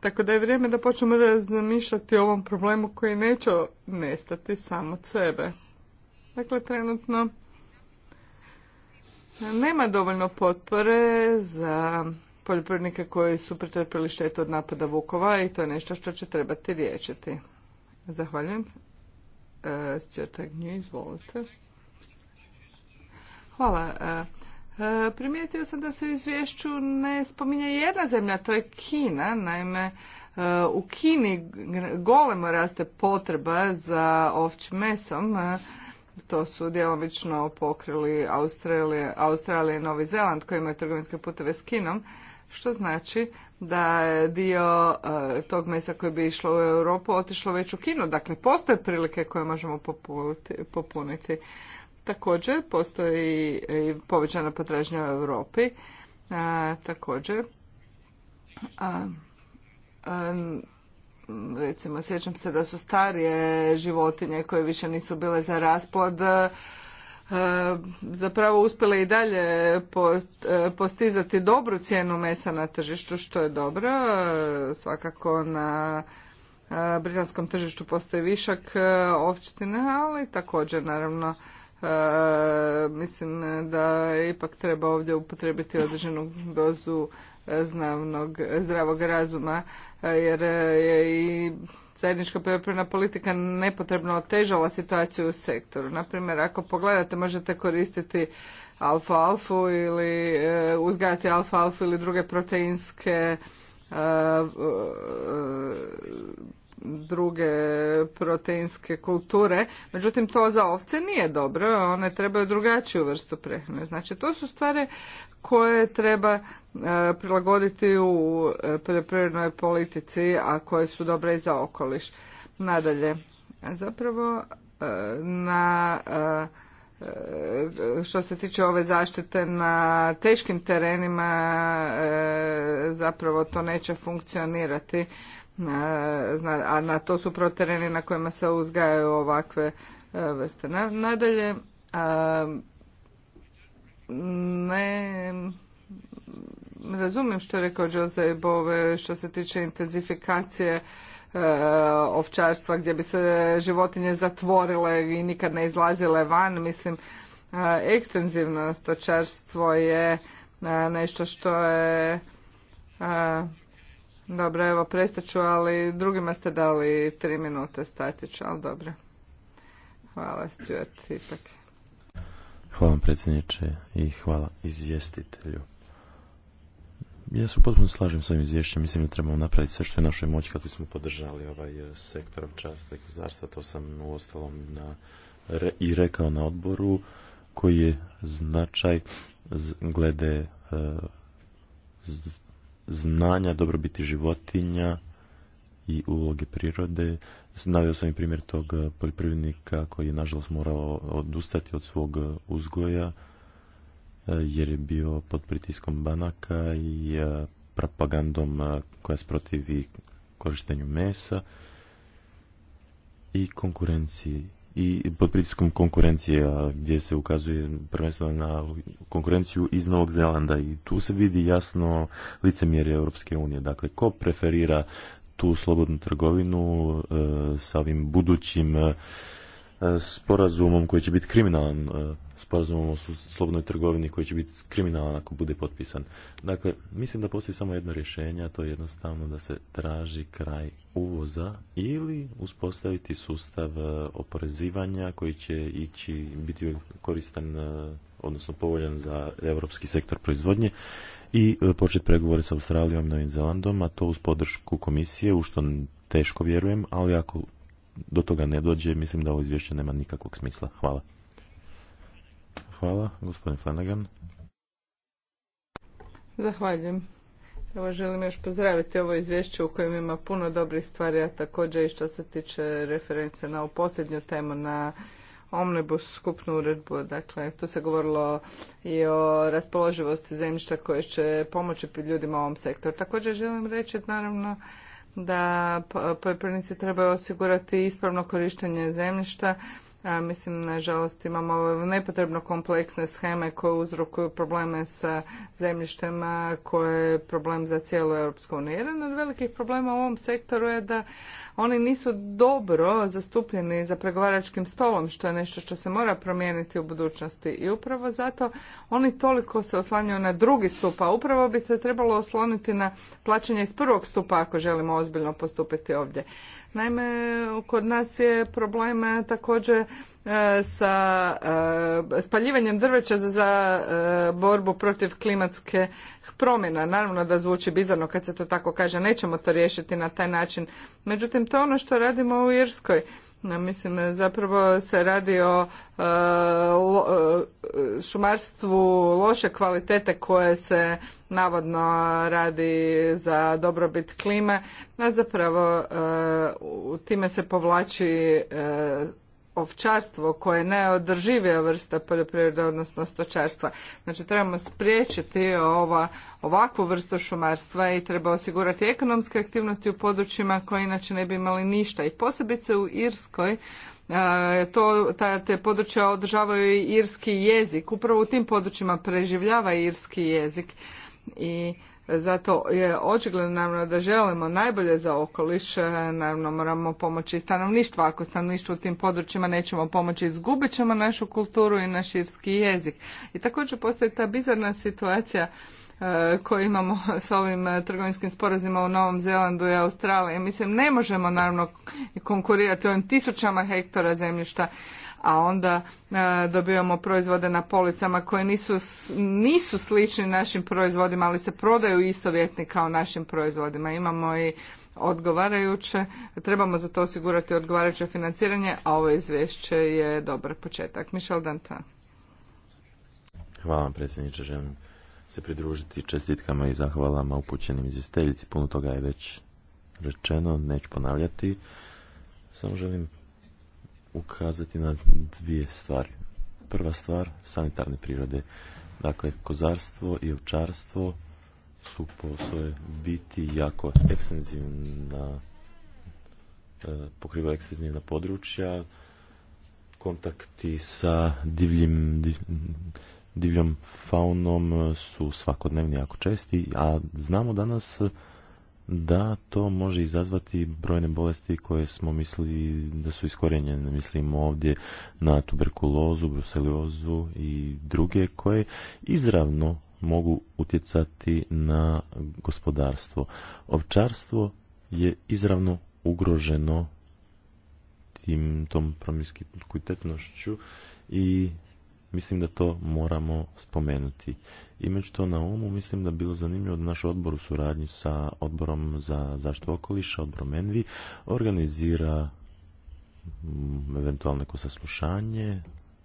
Tako da je vrijeme da počnemo razmišljati o ovom problemu koji neće nestati samo od sebe. Dakle, trenutno nema dovoljno potpore za poljoprivrednike koji su pretrpili štetu od napada vukova i to je nešto što će trebati riješiti. Zahvaljujem. E, izvolite. Hvala. E, e, primijetio sam da se u izvješću ne spominje jedna zemlja, to je Kina. Naime, e, u Kini golemo raste potreba za ovčim mesom. To su djelomično pokrili Australije i Novi Zeland koji imaju trgovinske puteve s Kinom, što znači da je dio tog mesa koji bi išlo u Europu otišlo već u Kinu. Dakle, postoje prilike koje možemo popuniti. Također postoji i povećana potražnja u Europi. A, također a, recimo sjećam se da su starije životinje koje više nisu bile za rasplod zapravo uspjele i dalje postizati dobru cijenu mesa na tržištu što je dobro svakako na britanskom tržištu postoji višak ovčitina, ali također naravno E, mislim da ipak treba ovdje upotrebiti određenu dozu e, znavnog, zdravog razuma, e, jer je i zajednička poljoprivredna politika nepotrebno otežala situaciju u sektoru. Naprimjer, ako pogledate, možete koristiti alfa-alfu ili uzgajati alfa-alfu ili druge proteinske druge proteinske kulture, međutim to za ovce nije dobro, one trebaju drugačiju vrstu prehrane. Znači to su stvari koje treba e, prilagoditi u e, poljoprivrednoj politici, a koje su dobre i za okoliš. Nadalje, zapravo e, na što se tiče ove zaštite na teškim terenima zapravo to neće funkcionirati a na to su protereni na kojima se uzgajaju ovakve e, vrste. Nadalje, ne razumijem što je rekao Jose Bove što se tiče intenzifikacije e, ovčarstva gdje bi se životinje zatvorile i nikad ne izlazile van. Mislim, e, ekstenzivno stočarstvo je nešto što je dobro, evo prestaću, ali drugima ste dali tri minute Statić, ali dobro. Hvala Stuart, ipak. Hvala vam predsjedniče i hvala izvjestitelju. Ja se potpuno slažem s ovim izvješćem, mislim da trebamo napraviti sve što je našoj moći kako smo podržali ovaj e, sektor časta i kozarstva, to sam u ostalom na, i rekao na odboru, koji je značaj glede e, znanja, dobrobiti životinja i uloge prirode. Navio sam i primjer tog eh, poljoprivrednika koji je nažalost morao odustati od svog eh, uzgoja eh, jer je bio pod pritiskom banaka i propagandom koja se protivi korištenju mesa i konkurenciji i pod pritiskom konkurencije, gdje se ukazuje prvenstveno na konkurenciju iz Novog Zelanda i tu se vidi jasno licemjerje Europske unije. Dakle, ko preferira tu slobodnu trgovinu e, sa ovim budućim e, sporazumom koji će biti kriminalan, e, sporazumom o slobodnoj trgovini koji će biti kriminalan ako bude potpisan. Dakle, mislim da postoji samo jedno rješenje, a to je jednostavno da se traži kraj uvoza ili uspostaviti sustav e, oporezivanja koji će ići biti koristan e, odnosno povoljan za europski sektor proizvodnje i e, početi pregovore sa Australijom i Novim Zelandom, a to uz podršku komisije, u što teško vjerujem, ali ako do toga ne dođe, mislim da ovo izvješće nema nikakvog smisla. Hvala. Hvala, gospodin Flanagan. Zahvaljujem. Evo želim još pozdraviti ovo izvješće u kojem ima puno dobrih stvari, a također i što se tiče reference na ovu posljednju temu na omnibus skupnu uredbu. Dakle, tu se govorilo i o raspoloživosti zemljišta koje će pomoći ljudima u ovom sektoru. Također želim reći naravno da poljoprivrednici trebaju osigurati ispravno korištenje zemljišta a, mislim, nažalost, imamo nepotrebno kompleksne scheme koje uzrokuju probleme sa zemljištima, koje je problem za cijelu Europsku uniju. Jedan od velikih problema u ovom sektoru je da oni nisu dobro zastupljeni za pregovaračkim stolom, što je nešto što se mora promijeniti u budućnosti. I upravo zato oni toliko se oslanjaju na drugi stup, a upravo bi se trebalo osloniti na plaćanje iz prvog stupa ako želimo ozbiljno postupiti ovdje. Naime, kod nas je problem također e, sa e, spaljivanjem drveća za e, borbu protiv klimatske promjena. Naravno da zvuči bizarno kad se to tako kaže, nećemo to riješiti na taj način. Međutim, to je ono što radimo u Irskoj. Na mislim, zapravo se radi o e, e, šumarstvu loše kvalitete koje se navodno radi za dobrobit klime, a zapravo e, time se povlači e, ovčarstvo koje je najodrživija vrsta poljoprivrede, odnosno stočarstva. Znači trebamo spriječiti ova, ovakvu vrstu šumarstva i treba osigurati ekonomske aktivnosti u područjima koje inače ne bi imali ništa. I posebice u Irskoj to, ta, te područja održavaju i irski jezik. Upravo u tim područjima preživljava irski jezik. I zato je očigledno naravno da želimo najbolje za okoliš, e, naravno moramo pomoći stanovništvu. Ako stanovništvu u tim područjima nećemo pomoći, izgubit ćemo našu kulturu i naš irski jezik. I također postoji ta bizarna situacija e, koju imamo s ovim e, trgovinskim sporazima u Novom Zelandu i Australiji. Mislim, ne možemo naravno konkurirati ovim tisućama hektara zemljišta a onda e, dobivamo proizvode na policama koje nisu, nisu slični našim proizvodima, ali se prodaju istovjetni kao našim proizvodima. Imamo i odgovarajuće, trebamo za to osigurati odgovarajuće financiranje, a ovo izvješće je dobar početak. Mišel Danta. Hvala vam predsjedniče, želim se pridružiti čestitkama i zahvalama upućenim izvjesteljici. Puno toga je već rečeno, neću ponavljati. Samo želim ukazati na dvije stvari. Prva stvar, sanitarne prirode. Dakle, kozarstvo i ovčarstvo su po svoje biti jako ekstenzivna e, pokriva ekstenzivna područja kontakti sa divljim divljom faunom su svakodnevni jako česti a znamo danas da to može izazvati brojne bolesti koje smo mislili da su iskorenjene. Mislimo ovdje na tuberkulozu, bruseliozu i druge koje izravno mogu utjecati na gospodarstvo. Ovčarstvo je izravno ugroženo tim tom promiskuitetnošću i mislim da to moramo spomenuti. Imajući to na umu, mislim da bi bilo zanimljivo da naš odbor u suradnji sa odborom za zaštitu okoliša, odborom Envi, organizira mm, eventualno neko saslušanje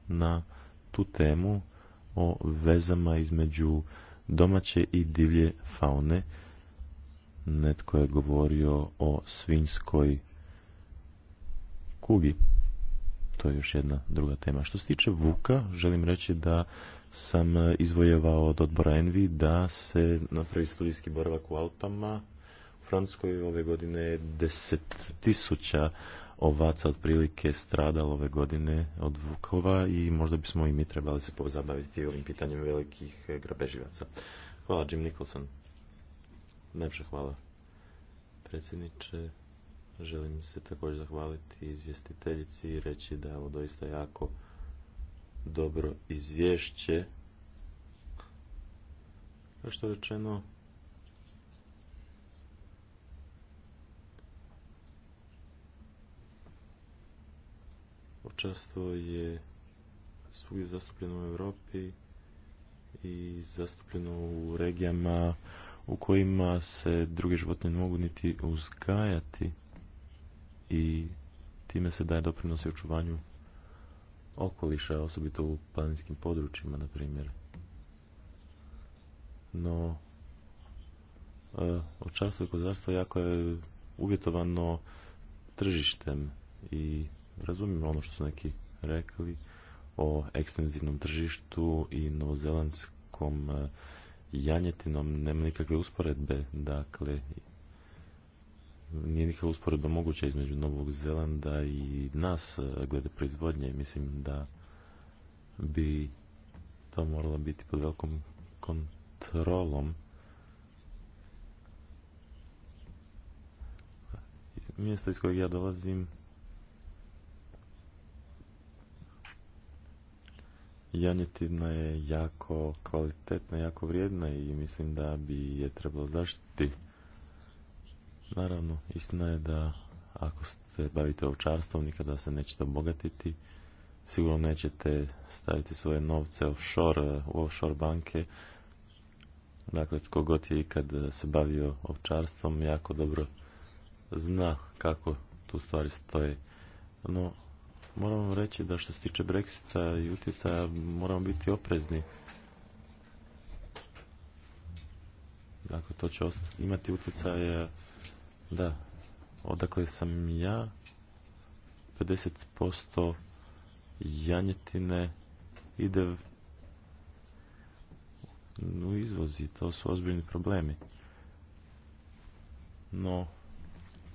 na tu temu o vezama između domaće i divlje faune. Netko je govorio o svinjskoj kugi. To je još jedna druga tema. Što se tiče vuka, želim reći da sam e, izvojevao od odbora Envi da se napravi studijski boravak u Alpama. U Francuskoj ove godine je deset tisuća ovaca otprilike stradalo ove godine od vukova i možda bismo i mi trebali se pozabaviti ovim pitanjem velikih e, grabeživaca. Hvala Jim Nicholson. Najpša hvala predsjedniče. Želim se također zahvaliti izvjestiteljici i reći da je ovo doista jako dobro izvješće. Kao što je rečeno, očastvo je svugdje zastupljeno u Europi i zastupljeno u regijama u kojima se drugi životne ne mogu niti uzgajati i time se daje doprinos i očuvanju okoliša, osobito u planinskim područjima, na primjer. No, e, očarstvo i kozarstvo jako je uvjetovano tržištem i razumijem ono što su neki rekli o ekstenzivnom tržištu i novozelandskom e, janjetinom nema nikakve usporedbe dakle nije nikakva usporedba moguća između Novog Zelanda i nas e, glede proizvodnje. Mislim da bi to moralo biti pod velikom kontrolom. Mjesto iz kojeg ja dolazim janjetina je jako kvalitetna, jako vrijedna i mislim da bi je trebalo zaštiti Naravno, istina je da ako se bavite ovčarstvom, nikada se nećete obogatiti. Sigurno nećete staviti svoje novce offshore, u offshore banke. Dakle, tko god je ikad se bavio ovčarstvom, jako dobro zna kako tu stvari stoje. No, moram vam reći da što se tiče Brexita i utjecaja, moramo biti oprezni. Dakle, to će imati utjecaja da, odakle sam ja, 50% janjetine ide u izvozi, to su ozbiljni problemi. No,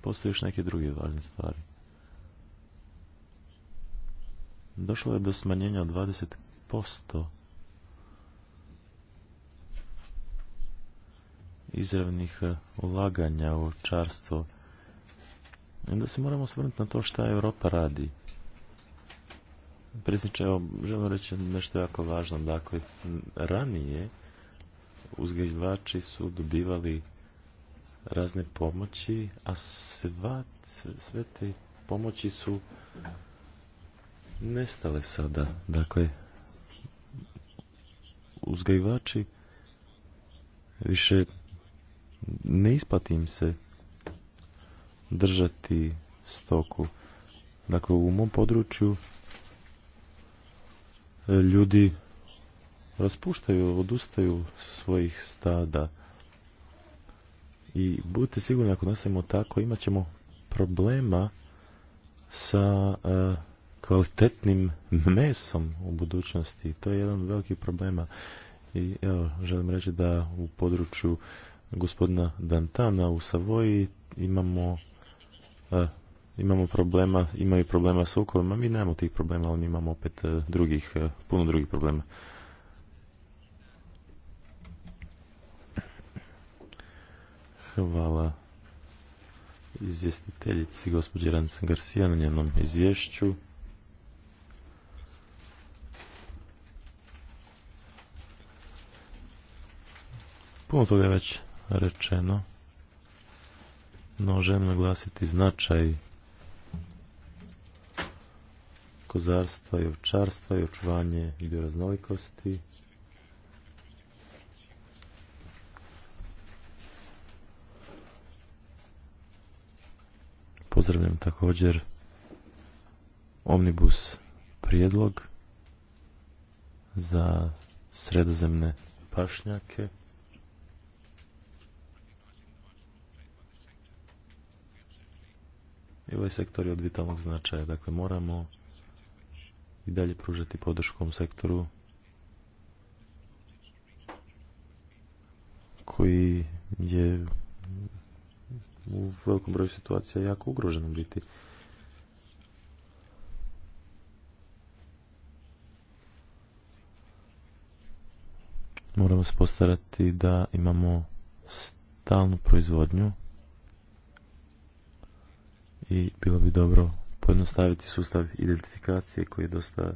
postoje još neke druge važne stvari. Došlo je do smanjenja od 20% izravnih e, ulaganja u čarstvo. Onda se moramo svrnuti na to šta Europa radi. Predsjedniče, evo, želim reći nešto jako važno. Dakle, ranije uzgajivači su dobivali razne pomoći, a sve, sve te pomoći su nestale sada. Dakle, uzgajivači više ne isplati im se držati stoku. Dakle, u mom području e, ljudi raspuštaju, odustaju svojih stada. I budite sigurni ako nastavimo tako, imat ćemo problema sa e, kvalitetnim mesom u budućnosti. To je jedan od velikih problema. I evo, želim reći da u području gospodina Dantana u Savoji imamo e, imamo problema, imaju problema s okolima, mi nemamo tih problema, ali imamo opet e, drugih, e, puno drugih problema. Hvala izvjestiteljici gospođi Rancen Garcia na njenom izvješću. Puno toga je već rečeno, no želim naglasiti značaj kozarstva i ovčarstva i očuvanje bioraznolikosti. Pozdravljam također omnibus prijedlog za sredozemne pašnjake. i ovaj sektor je od vitalnog značaja. Dakle, moramo i dalje pružati podršku sektoru koji je u velikom broju situacija jako ugrožen biti. Moramo se postarati da imamo stalnu proizvodnju i bilo bi dobro pojednostaviti sustav identifikacije koji je dosta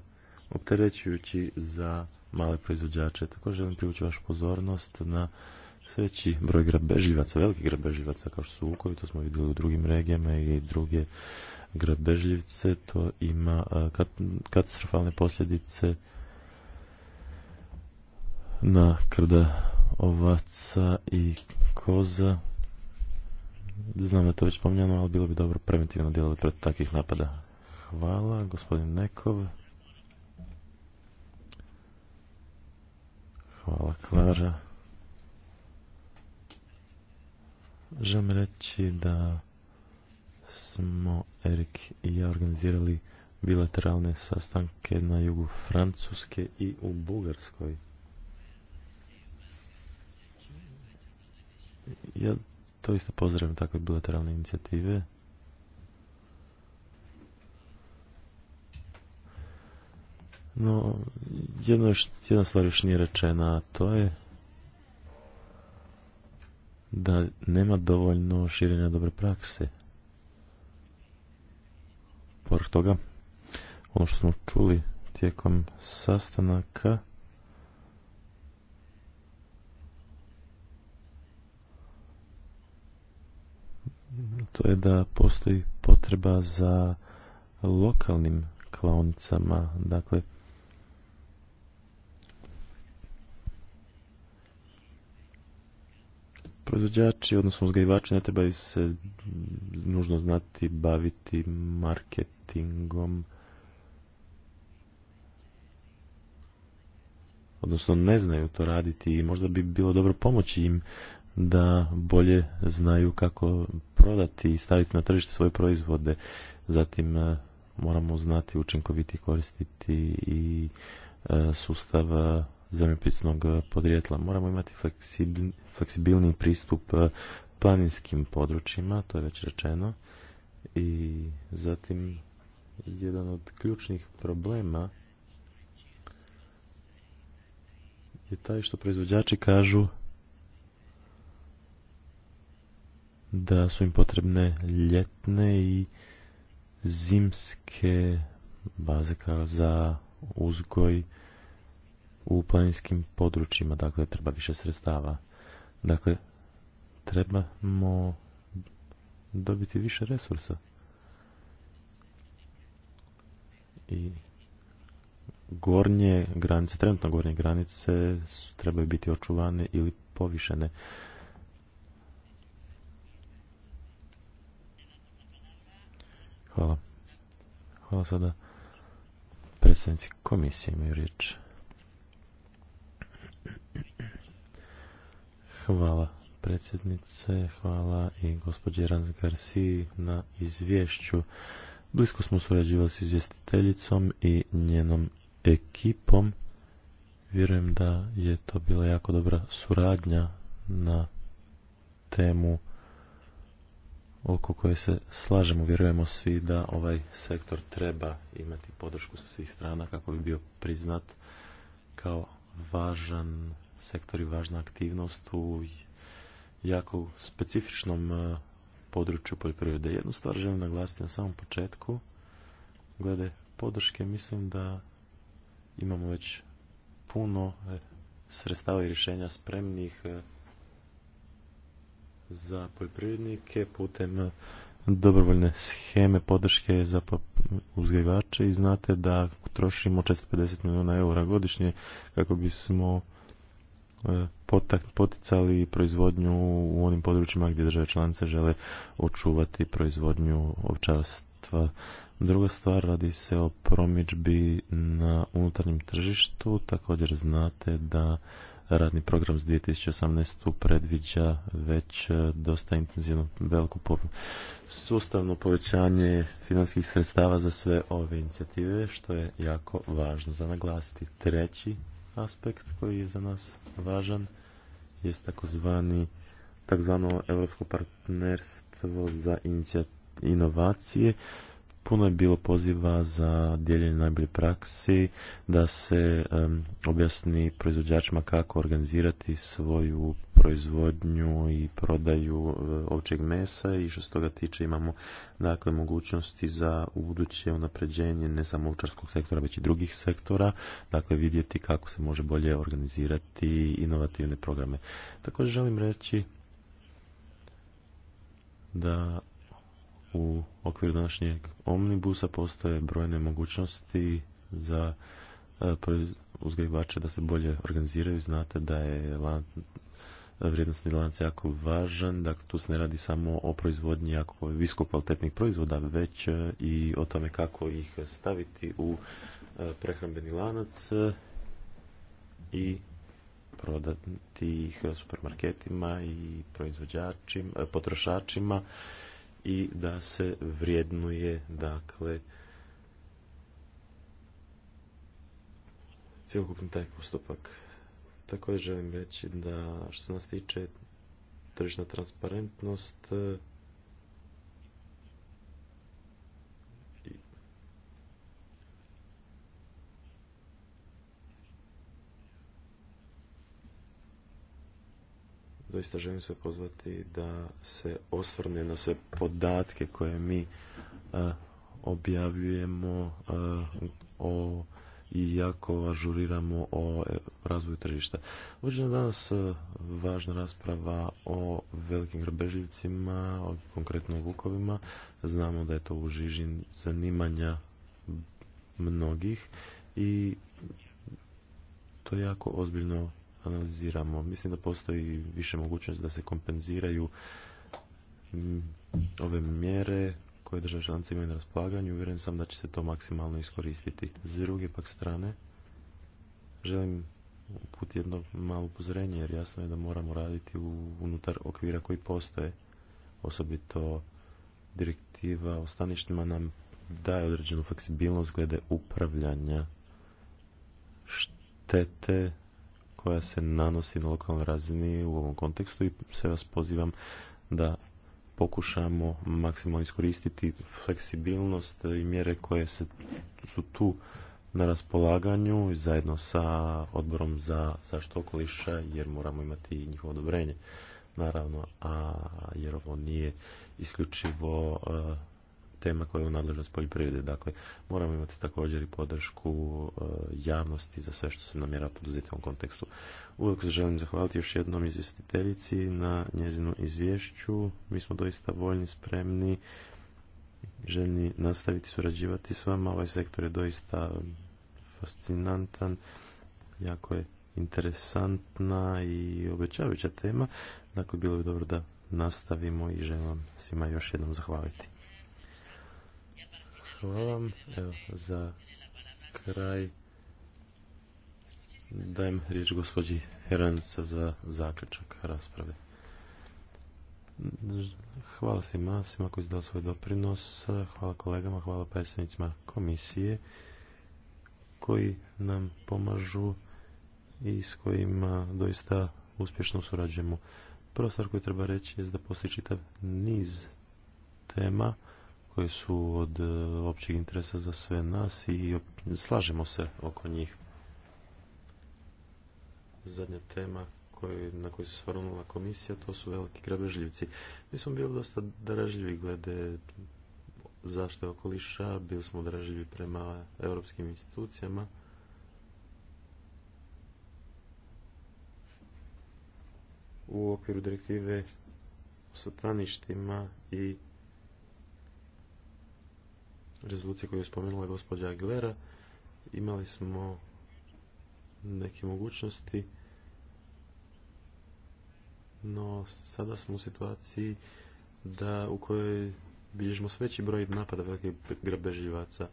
opterećujući za male proizvođače. Također želim privući vašu pozornost na sveći broj grabežljivaca, velikih grabežljivaca kao što su Vukovi, to smo vidjeli u drugim regijama i druge grabežljivce, to ima katastrofalne posljedice na krda ovaca i koza. Znam da to već spominjano, ali bilo bi dobro preventivno djelovati protiv takvih napada. Hvala, gospodin Nekov. Hvala, Klara. Želim reći da smo Erik i ja organizirali bilateralne sastanke na jugu Francuske i u Bugarskoj. Ja isto pozdravim takve bilateralne inicijative. No, jedno još, jedna stvar još nije rečena, a to je da nema dovoljno širenja dobre prakse. Pored toga, ono što smo čuli tijekom sastanaka, to je da postoji potreba za lokalnim klaonicama, dakle proizvođači, odnosno uzgajivači ne trebaju se nužno znati baviti marketingom odnosno ne znaju to raditi i možda bi bilo dobro pomoći im da bolje znaju kako prodati i staviti na tržište svoje proizvode. Zatim e, moramo znati učinkoviti koristiti i e, sustav e, zemljopisnog podrijetla. Moramo imati fleksibilni pristup planinskim područjima, to je već rečeno. I zatim jedan od ključnih problema je taj što proizvođači kažu da su im potrebne ljetne i zimske baze kao za uzgoj u planinskim područjima, dakle treba više sredstava. Dakle, trebamo dobiti više resursa. I gornje granice, trenutno gornje granice trebaju biti očuvane ili povišene. Hvala. Hvala sada predstavnici komisije imaju riječ. Hvala predsjednice, hvala i gospođe Rans Garci na izvješću. Blisko smo surađivali s izvjestiteljicom i njenom ekipom. Vjerujem da je to bila jako dobra suradnja na temu oko koje se slažemo, vjerujemo svi da ovaj sektor treba imati podršku sa svih strana kako bi bio priznat kao važan sektor i važna aktivnost u jako specifičnom e, području poljoprivrede. Jednu stvar želim naglasiti na samom početku. Glede podrške mislim da imamo već puno e, sredstava i rješenja spremnih e, za poljoprivrednike putem dobrovoljne scheme podrške za uzgajivače i znate da trošimo 450 milijuna eura godišnje kako bismo e, poticali proizvodnju u onim područjima gdje države članice žele očuvati proizvodnju ovčarstva. Druga stvar radi se o promičbi na unutarnjem tržištu. Također znate da radni program za 2018. predviđa već e, dosta intenzivno veliko sustavno povećanje financijskih sredstava za sve ove inicijative, što je jako važno za naglasiti. Treći aspekt koji je za nas važan je takozvani takzvano europsko partnerstvo za inovacije puno je bilo poziva za dijeljenje najbolje praksi, da se objasni proizvođačima kako organizirati svoju proizvodnju i prodaju eh, ovčeg mesa i što se toga tiče imamo dakle mogućnosti za buduće unapređenje ne samo učarskog sektora već i drugih sektora, dakle vidjeti kako se može bolje organizirati inovativne programe. Također želim reći da u okviru današnjeg omnibusa postoje brojne mogućnosti za e, uzgajivače da se bolje organiziraju. Znate da je vrijednostni lanac jako važan, dakle tu se ne radi samo o proizvodnji jako kvalitetnih proizvoda, već e, i o tome kako ih staviti u e, prehrambeni lanac i prodati ih supermarketima i proizvođačima, potrošačima i da se vrijednuje dakle cjelokupni taj postupak. Također želim reći da što se nas tiče tržišna transparentnost doista želim se pozvati da se osvrne na sve podatke koje mi e, objavljujemo e, o i jako ažuriramo o e, razvoju tržišta. na danas važna rasprava o velikim konkretno o konkretno vukovima. Znamo da je to u žiži zanimanja mnogih i to je jako ozbiljno analiziramo. Mislim da postoji više mogućnosti da se kompenziraju mm, ove mjere koje države članice imaju na raspolaganju. Uvjeren sam da će se to maksimalno iskoristiti. S druge pak strane, želim uput jedno malo upozorenje, jer jasno je da moramo raditi unutar okvira koji postoje. Osobito direktiva o staništima nam daje određenu fleksibilnost glede upravljanja štete koja se nanosi na lokalnoj razini u ovom kontekstu i sve vas pozivam da pokušamo maksimalno iskoristiti fleksibilnost i mjere koje se, su tu na raspolaganju zajedno sa odborom za zaštitu okoliša jer moramo imati njihovo odobrenje naravno a jer ovo nije isključivo tema koja je u nadležnost poljoprivrede. Dakle, moramo imati također i podršku e, javnosti za sve što se namjera poduzeti u ovom kontekstu. Uvijek se želim zahvaliti još jednom izvjestiteljici na njezinu izvješću. Mi smo doista voljni, spremni, željni nastaviti surađivati s vama. Ovaj sektor je doista fascinantan, jako je interesantna i obećavajuća tema. Dakle, bilo bi dobro da nastavimo i želim vam svima još jednom zahvaliti. Hvala vam. Evo, za kraj dajem riječ gospođi Heranica za zaključak rasprave. Hvala svima, svima koji su svoj doprinos, hvala kolegama, hvala predstavnicima komisije koji nam pomažu i s kojima doista uspješno surađujemo. Prva stvar koju treba reći je da postoji čitav niz tema koje su od e, općeg interesa za sve nas i slažemo se oko njih. Zadnja tema na koju se svarnula komisija, to su veliki grabežljivci. Mi smo bili dosta dražljivi glede zaštite okoliša, bili smo dražljivi prema europskim institucijama. U okviru direktive o sataništima i rezolucije koju je spomenula gospođa Aguilera, imali smo neke mogućnosti, no sada smo u situaciji da u kojoj bilježimo sveći broj napada velikih grabežljivaca.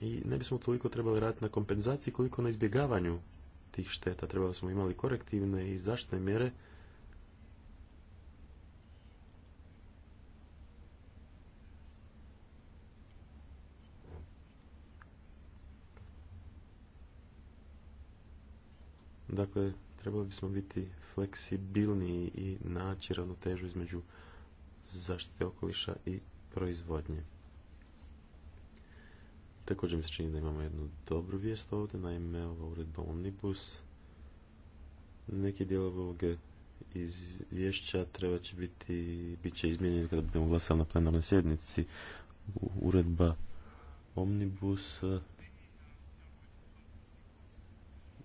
I ne bismo toliko trebali raditi na kompenzaciji koliko na izbjegavanju tih šteta. Trebali smo imali korektivne i zaštitne mjere Dakle, trebali bismo biti fleksibilniji i naći ravnotežu između zaštite okoliša i proizvodnje. Također mi se čini da imamo jednu dobru vijest ovdje, naime ova uredba Omnibus. Neki dijelovi ovog izvješća treba će biti, bit će izmijenjeni kada budemo glasali na plenarnoj sjednici. Uredba Omnibus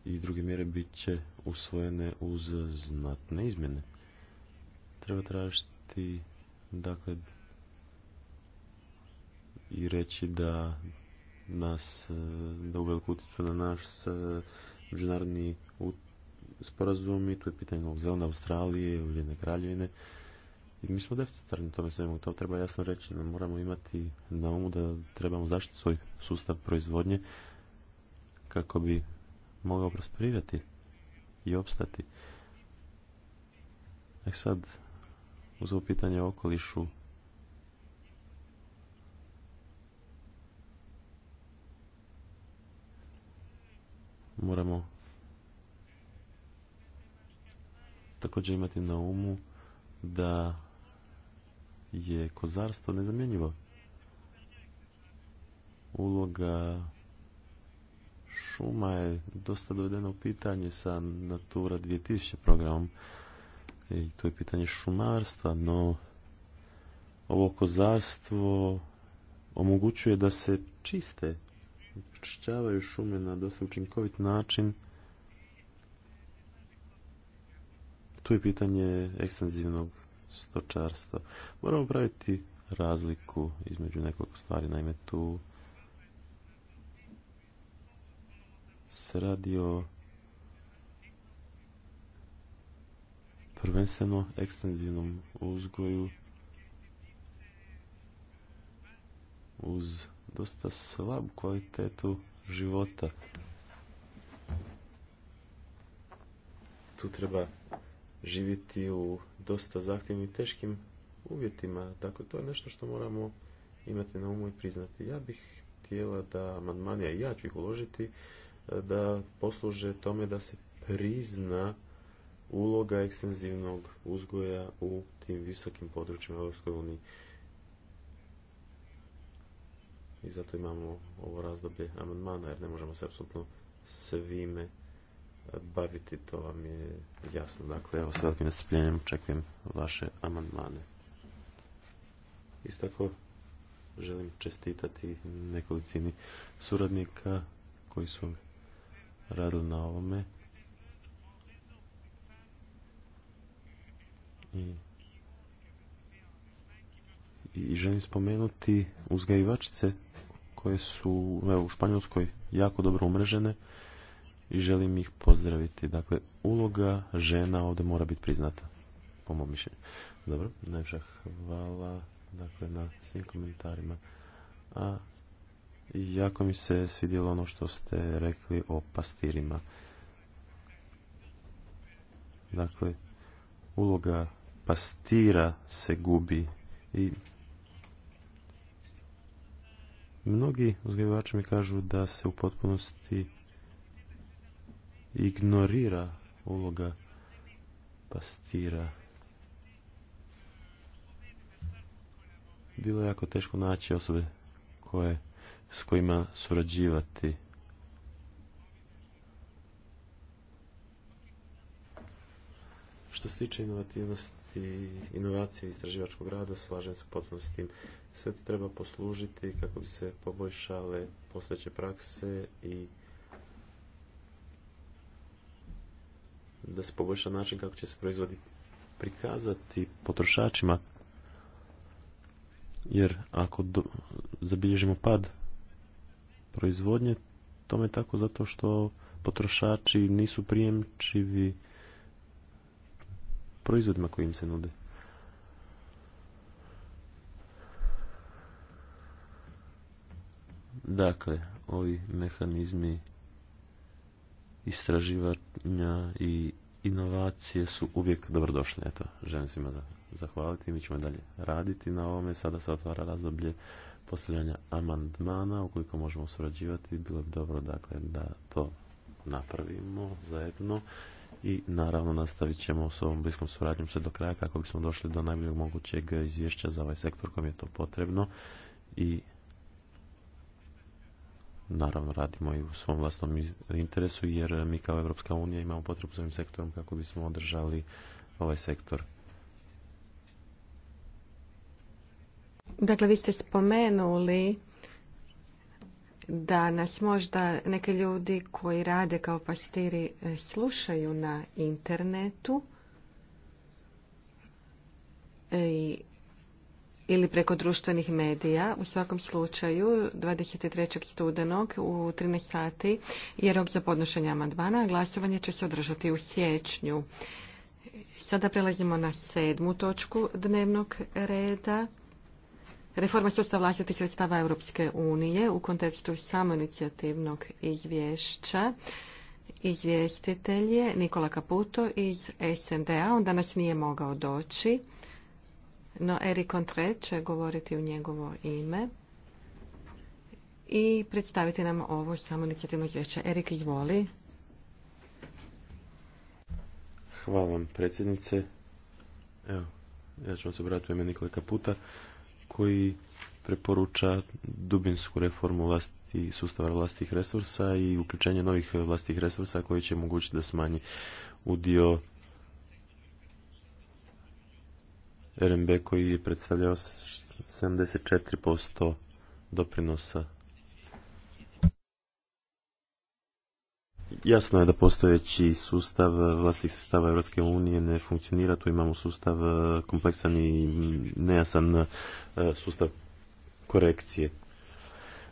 i druge mjere bit će usvojene uz znatne izmjene. Treba tražiti dakle i reći da nas da veliku utjecu na naš e, međunarodni sporazum i tu je pitanje Novog Zelanda, Australije, Ujedine Kraljevine. I mi smo deficitarni tome svemu, to treba jasno reći, moramo imati na umu da trebamo zaštiti svoj sustav proizvodnje kako bi mogao prosperirati i opstati. E sad, uz ovo pitanje o okolišu, moramo također imati na umu da je kozarstvo nezamjenjivo. Uloga šuma je dosta dovedeno u pitanje sa Natura 2000 programom i to je pitanje šumarstva, no ovo kozarstvo omogućuje da se čiste, čišćavaju šume na dosta učinkovit način. Tu je pitanje ekstenzivnog stočarstva. Moramo praviti razliku između nekoliko stvari, naime tu se o prvenstveno ekstenzivnom uzgoju uz dosta slab kvalitetu života. Tu treba živjeti u dosta zahtjevnim i teškim uvjetima. Dakle, to je nešto što moramo imati na umu i priznati. Ja bih htjela da amandmane i ja ću ih uložiti, da posluže tome da se prizna uloga ekstenzivnog uzgoja u tim visokim područjima Europskoj uniji. I zato imamo ovo razdoblje amandmana jer ne možemo se apsolutno svime baviti, to vam je jasno. Dakle, evo s velikim očekujem vaše amandmane. Isto tako želim čestitati nekolicini suradnika koji su radili na ovome. I, želim spomenuti uzgajivačice koje su u Španjolskoj jako dobro umrežene i želim ih pozdraviti. Dakle, uloga žena ovdje mora biti priznata, po mom mišljenju. Dobro, najviše hvala dakle, na svim komentarima. A Jako mi se svidjelo ono što ste rekli o pastirima. Dakle, uloga pastira se gubi i mnogi uzgajivači mi kažu da se u potpunosti ignorira uloga pastira. Bilo je jako teško naći osobe koje s kojima surađivati. Što se tiče inovativnosti, inovacije i istraživačkog rada, slažem se potpuno s tim. Sve treba poslužiti kako bi se poboljšale postojeće prakse i da se poboljša način kako će se proizvodi prikazati potrošačima jer ako zabilježimo pad proizvodnje. Tome tako zato što potrošači nisu prijemčivi proizvodima koji im se nude. Dakle, ovi mehanizmi istraživanja i inovacije su uvijek dobrodošli. Eto, želim svima zahvaliti. Mi ćemo dalje raditi na ovome. Sada se otvara razdoblje postavljanja amandmana, ukoliko možemo surađivati, bilo bi dobro dakle, da to napravimo zajedno i naravno nastavit ćemo s ovom bliskom suradnjom sve do kraja kako bismo došli do najboljeg mogućeg izvješća za ovaj sektor kojem je to potrebno i naravno radimo i u svom vlastnom interesu jer mi kao Evropska unija imamo potrebu s ovim sektorom kako bismo održali ovaj sektor Dakle, vi ste spomenuli da nas možda neke ljudi koji rade kao pastiri e, slušaju na internetu e, ili preko društvenih medija. U svakom slučaju, 23. studenog u 13 sati je rok za podnošenje amandmana, glasovanje će se održati u siječnju. Sada prelazimo na sedmu točku dnevnog reda reforma sustav vlastitih sredstava Europske unije u kontekstu samoinicijativnog izvješća. Izvjestitelj je Nikola Kaputo iz SND-a. On danas nije mogao doći, no Erik Contre će govoriti u njegovo ime i predstaviti nam ovo samoinicijativno izvješće. Erik, izvoli. Hvala vam, predsjednice. Evo, ja ću vas obratiti u ime Nikola Kaputa koji preporuča dubinsku reformu vlasti, sustava vlastitih resursa i uključenje novih vlastih resursa koji će omogućiti da smanji udio RMB koji je predstavljao 74% doprinosa Jasno je da postojeći sustav eh, vlastnih sredstava Europske unije ne funkcionira. Tu imamo sustav eh, kompleksan i nejasan eh, sustav korekcije.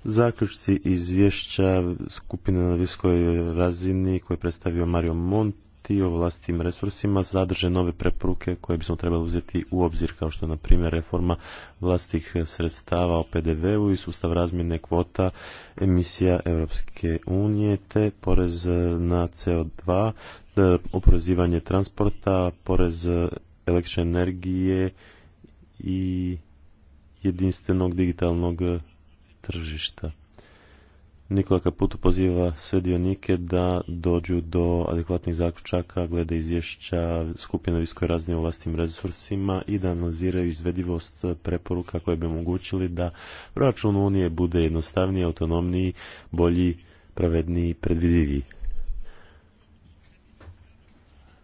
Zaključci izvješća skupine na viskoj razini koje je predstavio Mario Monti i o vlastitim resursima zadrže nove preporuke koje bismo trebali uzeti u obzir, kao što je, na primjer, reforma vlastitih sredstava o PDV-u i sustav razmjene kvota emisija Europske unije, te porez na CO2, oporezivanje transporta, porez električne energije i jedinstvenog digitalnog tržišta. Nikola Kaputo poziva sve dionike da dođu do adekvatnih zaključaka glede izvješća skupina viskoj razine u vlastnim resursima i da analiziraju izvedivost preporuka koje bi omogućili da proračun Unije bude jednostavniji, autonomniji, bolji, pravedniji i predvidiviji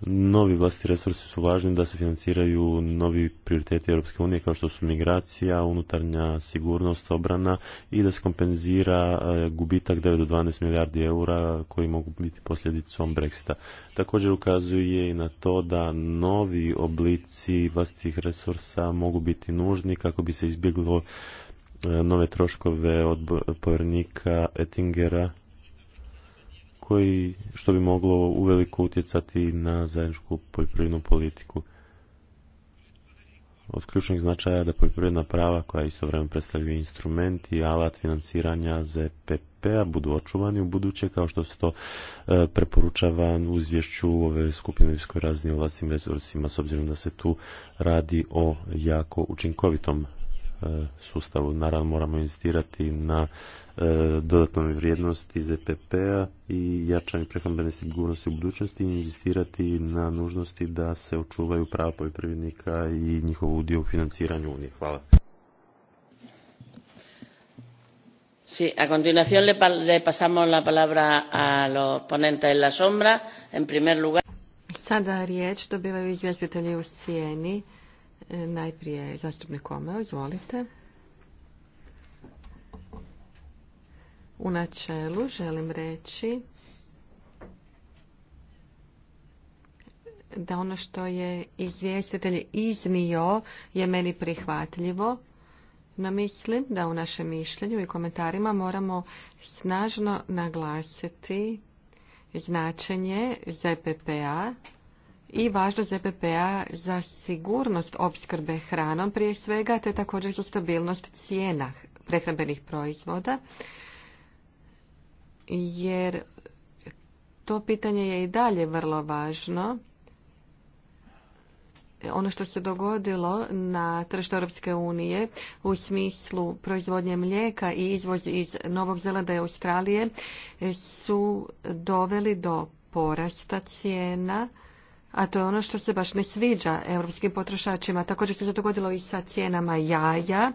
novi vlasti resursi su važni da se financiraju novi prioriteti Europske unije kao što su migracija, unutarnja sigurnost, obrana i da se kompenzira eh, gubitak 9 do 12 milijardi eura koji mogu biti posljedicom Brexita. Također ukazuje i na to da novi oblici vlastitih resursa mogu biti nužni kako bi se izbjeglo eh, nove troškove od povjernika Ettingera koji, što bi moglo uveliko utjecati na zajedničku poljoprivrednu politiku. Od ključnog značaja je da poljoprivredna prava koja vremen predstavljaju instrument i alat financiranja ZPP-a budu očuvani u buduće kao što se to e, preporučava u izvješću ove skupine viskoj razini u vlastnim resursima s obzirom da se tu radi o jako učinkovitom e, sustavu. Naravno moramo inzistirati na E, dodatnoj vrijednosti ZPP-a e i jačanju prehrambene sigurnosti u budućnosti i inzistirati na nužnosti da se očuvaju prava poljoprivrednika i njihov udio u financiranju Unije. Hvala. Sí, a continuación le, pa-, le pasamos la palabra a los ponentes en la sombra. En primer lugar... Sada riječ dobivaju izvjestitelji u sjeni. E, najprije zastupnik Omeo, izvolite. U načelu želim reći da ono što je izvjestitelj iznio je meni prihvatljivo, no mislim da u našem mišljenju i komentarima moramo snažno naglasiti značenje ZPPA i važnost ZPPA za sigurnost opskrbe hranom prije svega, te također za stabilnost cijena prehrambenih proizvoda jer to pitanje je i dalje vrlo važno. Ono što se dogodilo na tržištu Europske unije u smislu proizvodnje mlijeka i izvoz iz Novog Zelanda i Australije su doveli do porasta cijena, a to je ono što se baš ne sviđa europskim potrošačima. Također se to dogodilo i sa cijenama jaja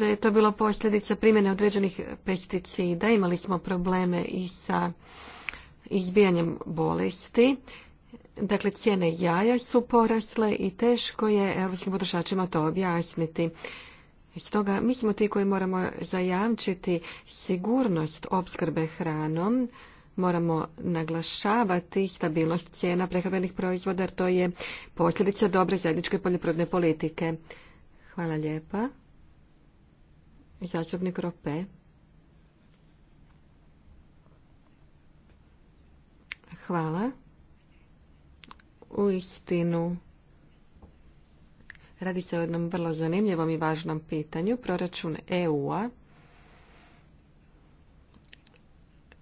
da je to bilo posljedica primjene određenih pesticida. Imali smo probleme i sa izbijanjem bolesti. Dakle, cijene jaja su porasle i teško je europskim potrošačima to objasniti. Stoga mi smo ti koji moramo zajamčiti sigurnost opskrbe hranom, moramo naglašavati stabilnost cijena prehrambenih proizvoda jer to je posljedica dobre zajedničke poljoprivredne politike. Hvala lijepa. Zastupnik Rope. Hvala. U istinu radi se o jednom vrlo zanimljivom i važnom pitanju. Proračun EU-a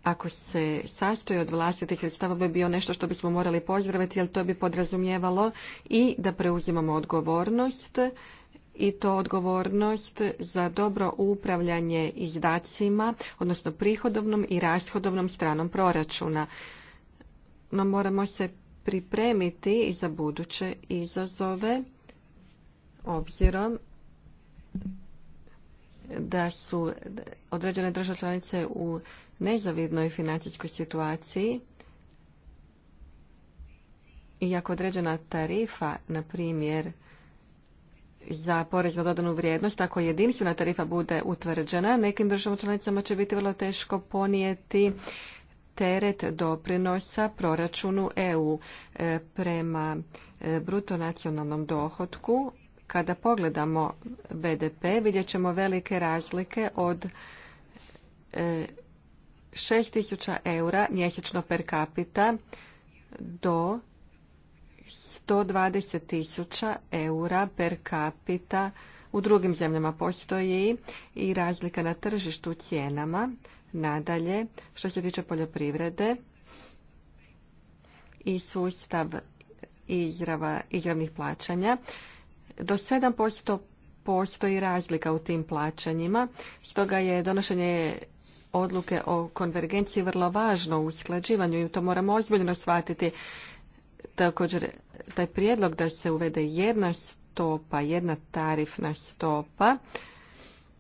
ako se sastoji od vlastitih sredstava bi bio nešto što bismo morali pozdraviti jer to bi podrazumijevalo i da preuzimamo odgovornost i to odgovornost za dobro upravljanje izdacima, odnosno prihodovnom i rashodovnom stranom proračuna. No moramo se pripremiti i za buduće izazove obzirom da su određene države članice u nezavidnoj financijskoj situaciji i određena tarifa, na primjer, za porez na dodanu vrijednost, ako jedinstvena tarifa bude utvrđena, nekim državama članicama će biti vrlo teško ponijeti teret doprinosa proračunu EU e, prema e, bruto nacionalnom dohotku. Kada pogledamo BDP, vidjet ćemo velike razlike od 6000 e, eura mjesečno per capita do 120 tisuća eura per capita u drugim zemljama postoji i razlika na tržištu cijenama. Nadalje, što se tiče poljoprivrede i sustav izrava, izravnih plaćanja, do 7% postoji razlika u tim plaćanjima, stoga je donošenje odluke o konvergenciji vrlo važno u usklađivanju i to moramo ozbiljno shvatiti Također, taj prijedlog da se uvede jedna stopa, jedna tarifna stopa,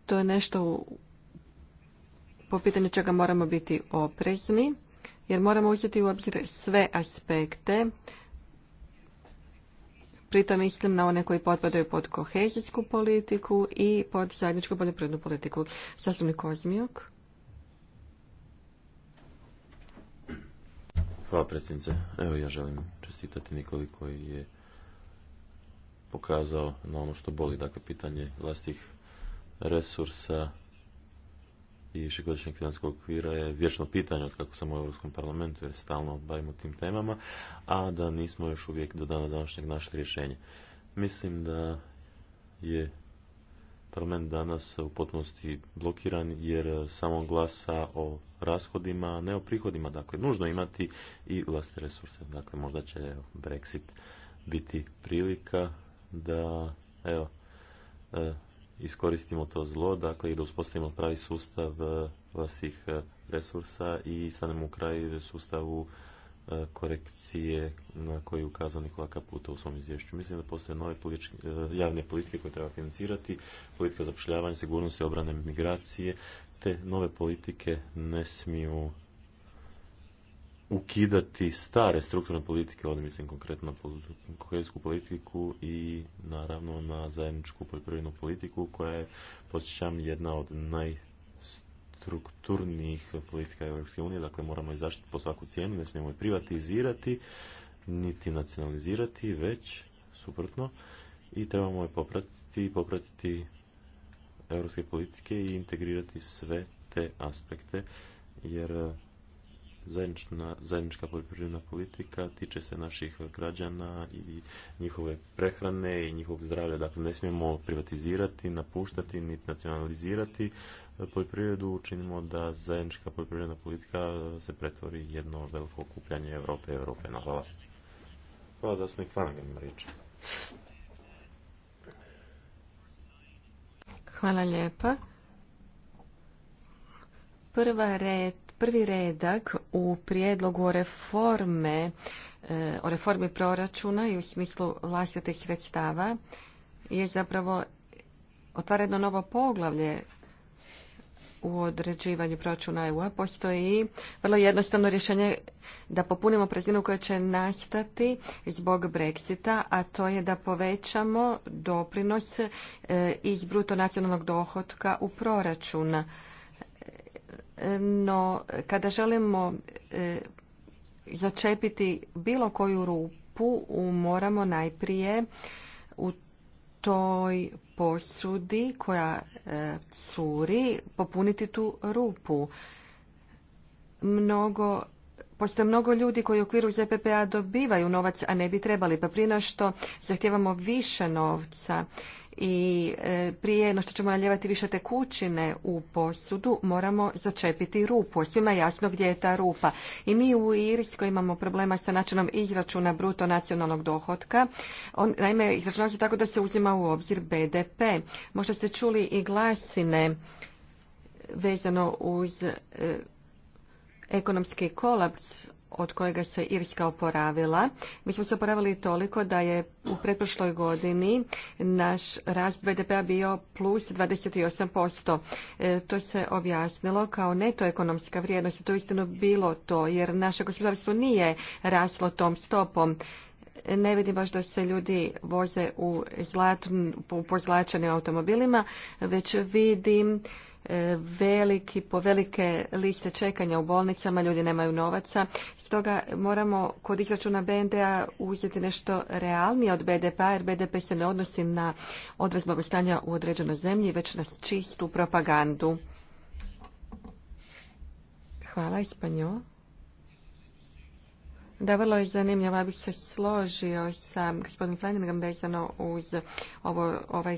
to je nešto po pitanju čega moramo biti oprezni, jer moramo uzeti u obzir sve aspekte, pritom mislim na one koji potpadaju pod kohezijsku politiku i pod zajedničku poljoprivrednu politiku. Sasvim Kozmijuk. Hvala predsjednice. Evo ja želim čestitati nekoliko koji je pokazao na ono što boli, dakle pitanje vlastih resursa i višegodišnjeg financijskog okvira je vječno pitanje od kako sam u Europskom parlamentu jer stalno bavimo tim temama, a da nismo još uvijek do dana današnjeg našli rješenje. Mislim da je parlament danas u potpunosti blokiran jer samo glasa o rashodima, ne o prihodima. Dakle, nužno imati i vlastne resurse. Dakle, možda će Brexit biti prilika da evo, e, iskoristimo to zlo, dakle i da uspostavimo pravi sustav e, vlastnih e, resursa i stanemo u kraju sustavu korekcije na koji je ukazao Nikola Kaputa u svom izvješću. Mislim da postoje nove javne politike koje treba financirati, politika zapošljavanja, sigurnosti, obrane, migracije, te nove politike ne smiju ukidati stare strukturne politike, ovdje mislim konkretno na kohezijsku politiku i naravno na zajedničku poljoprivrednu politiku koja je, podsjećam, jedna od najstrukturnijih politika Europske unije, dakle moramo je zaštiti po svaku cijenu, ne smijemo je privatizirati niti nacionalizirati, već suprotno i trebamo je popratiti i popratiti europske politike i integrirati sve te aspekte, jer e, zajednička poljoprivredna politika tiče se naših građana i njihove prehrane i njihovog zdravlja. Dakle, ne smijemo privatizirati, napuštati, niti nacionalizirati e, poljoprivredu. Učinimo da zajednička poljoprivredna politika se pretvori jedno veliko okupljanje Europe, Europe. No, hvala. Hvala Hvala lijepa. Prva red, prvi redak u prijedlogu reforme, e, o reformi proračuna i u smislu vlastitih sredstava je zapravo otvara jedno novo poglavlje u određivanju proračuna EU-a postoji vrlo jednostavno rješenje da popunimo prezinu koja će nastati zbog Brexita, a to je da povećamo doprinos e, iz bruto nacionalnog dohotka u proračun. E, no, kada želimo e, začepiti bilo koju rupu, moramo najprije u toj posudi koja e, curi popuniti tu rupu. Mnogo Postoje mnogo ljudi koji u okviru ZPPA dobivaju novac, a ne bi trebali. Pa prije što zahtijevamo više novca i e, prije no što ćemo naljevati više tekućine u posudu moramo začepiti rupu. Svima je jasno gdje je ta rupa. I mi u Irskoj imamo problema sa načinom izračuna bruto nacionalnog dohotka. On, naime, izračunava se tako da se uzima u obzir BDP. Možda ste čuli i glasine vezano uz e, ekonomski kolaps od kojega se Irska oporavila. Mi smo se oporavili toliko da je u pretprošloj godini naš rast BDP-a bio plus 28%. E, to se objasnilo kao neto ekonomska vrijednost. To je istinu bilo to jer naše gospodarstvo nije raslo tom stopom. Ne vidim baš da se ljudi voze u, zlat, automobilima, već vidim E, veliki, po velike liste čekanja u bolnicama, ljudi nemaju novaca. Stoga moramo kod izračuna BND-a uzeti nešto realnije od BDP-a, jer BDP se ne odnosi na odraz stanja u određenoj zemlji, već na čistu propagandu. Hvala, Ispanjo. Da, vrlo je zanimljivo. Ja bih se složio sa gospodinom Flemingom vezano uz ovo, ovaj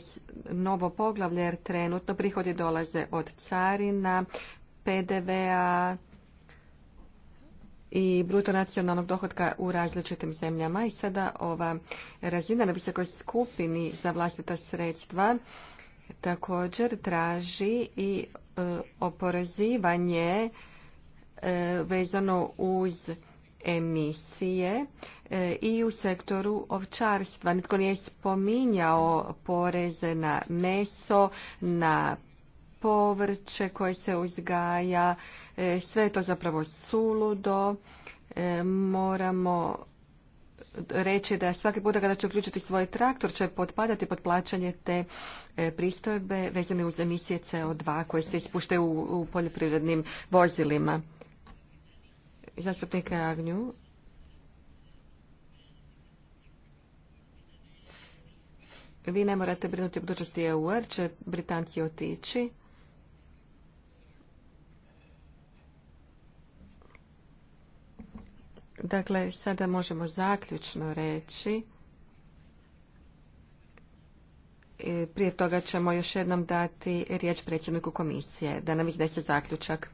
novo poglavlje, jer trenutno prihodi dolaze od carina, PDV-a i bruto nacionalnog dohodka u različitim zemljama. I sada ova razina na visokoj skupini za vlastita sredstva također traži i e, oporezivanje e, vezano uz emisije e, i u sektoru ovčarstva. Nitko nije spominjao poreze na meso, na povrće koje se uzgaja. E, sve je to zapravo suludo. E, moramo reći da svaki puta kada će uključiti svoj traktor će potpadati pod plaćanje te pristojbe vezane uz emisije CO2 koje se ispuštaju u poljoprivrednim vozilima zastupnika Agnju. Vi ne morate brinuti o budućnosti EU, jer će Britanci otići. Dakle, sada možemo zaključno reći. E, prije toga ćemo još jednom dati riječ predsjedniku komisije da nam iznese zaključak.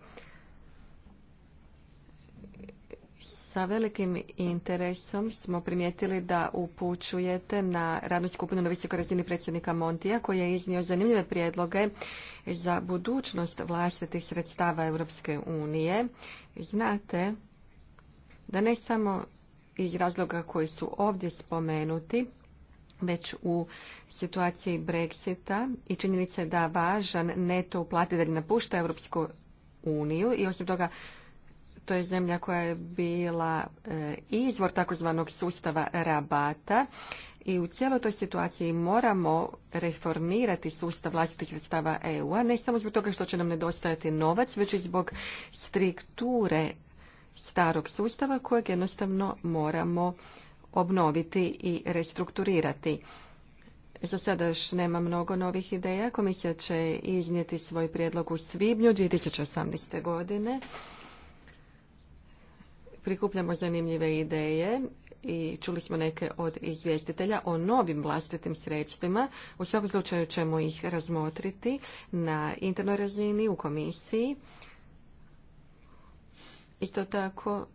Sa velikim interesom smo primijetili da upućujete na radnu skupinu na visokoj razini predsjednika Montija koji je iznio zanimljive prijedloge za budućnost vlastitih sredstava Europske unije. Znate da ne samo iz razloga koji su ovdje spomenuti, već u situaciji Brexita i je da važan neto uplatitelj napušta Europsku uniju i osim toga to je zemlja koja je bila e, izvor takozvanog sustava rabata i u cijeloj toj situaciji moramo reformirati sustav vlastitih sredstava EU-a, ne samo zbog toga što će nam nedostajati novac, već i zbog strukture starog sustava kojeg jednostavno moramo obnoviti i restrukturirati. Za sada još nema mnogo novih ideja. Komisija će iznijeti svoj prijedlog u svibnju 2018. godine prikupljamo zanimljive ideje i čuli smo neke od izvjestitelja o novim vlastitim sredstvima. U svakom slučaju ćemo ih razmotriti na internoj razini u komisiji. Isto tako,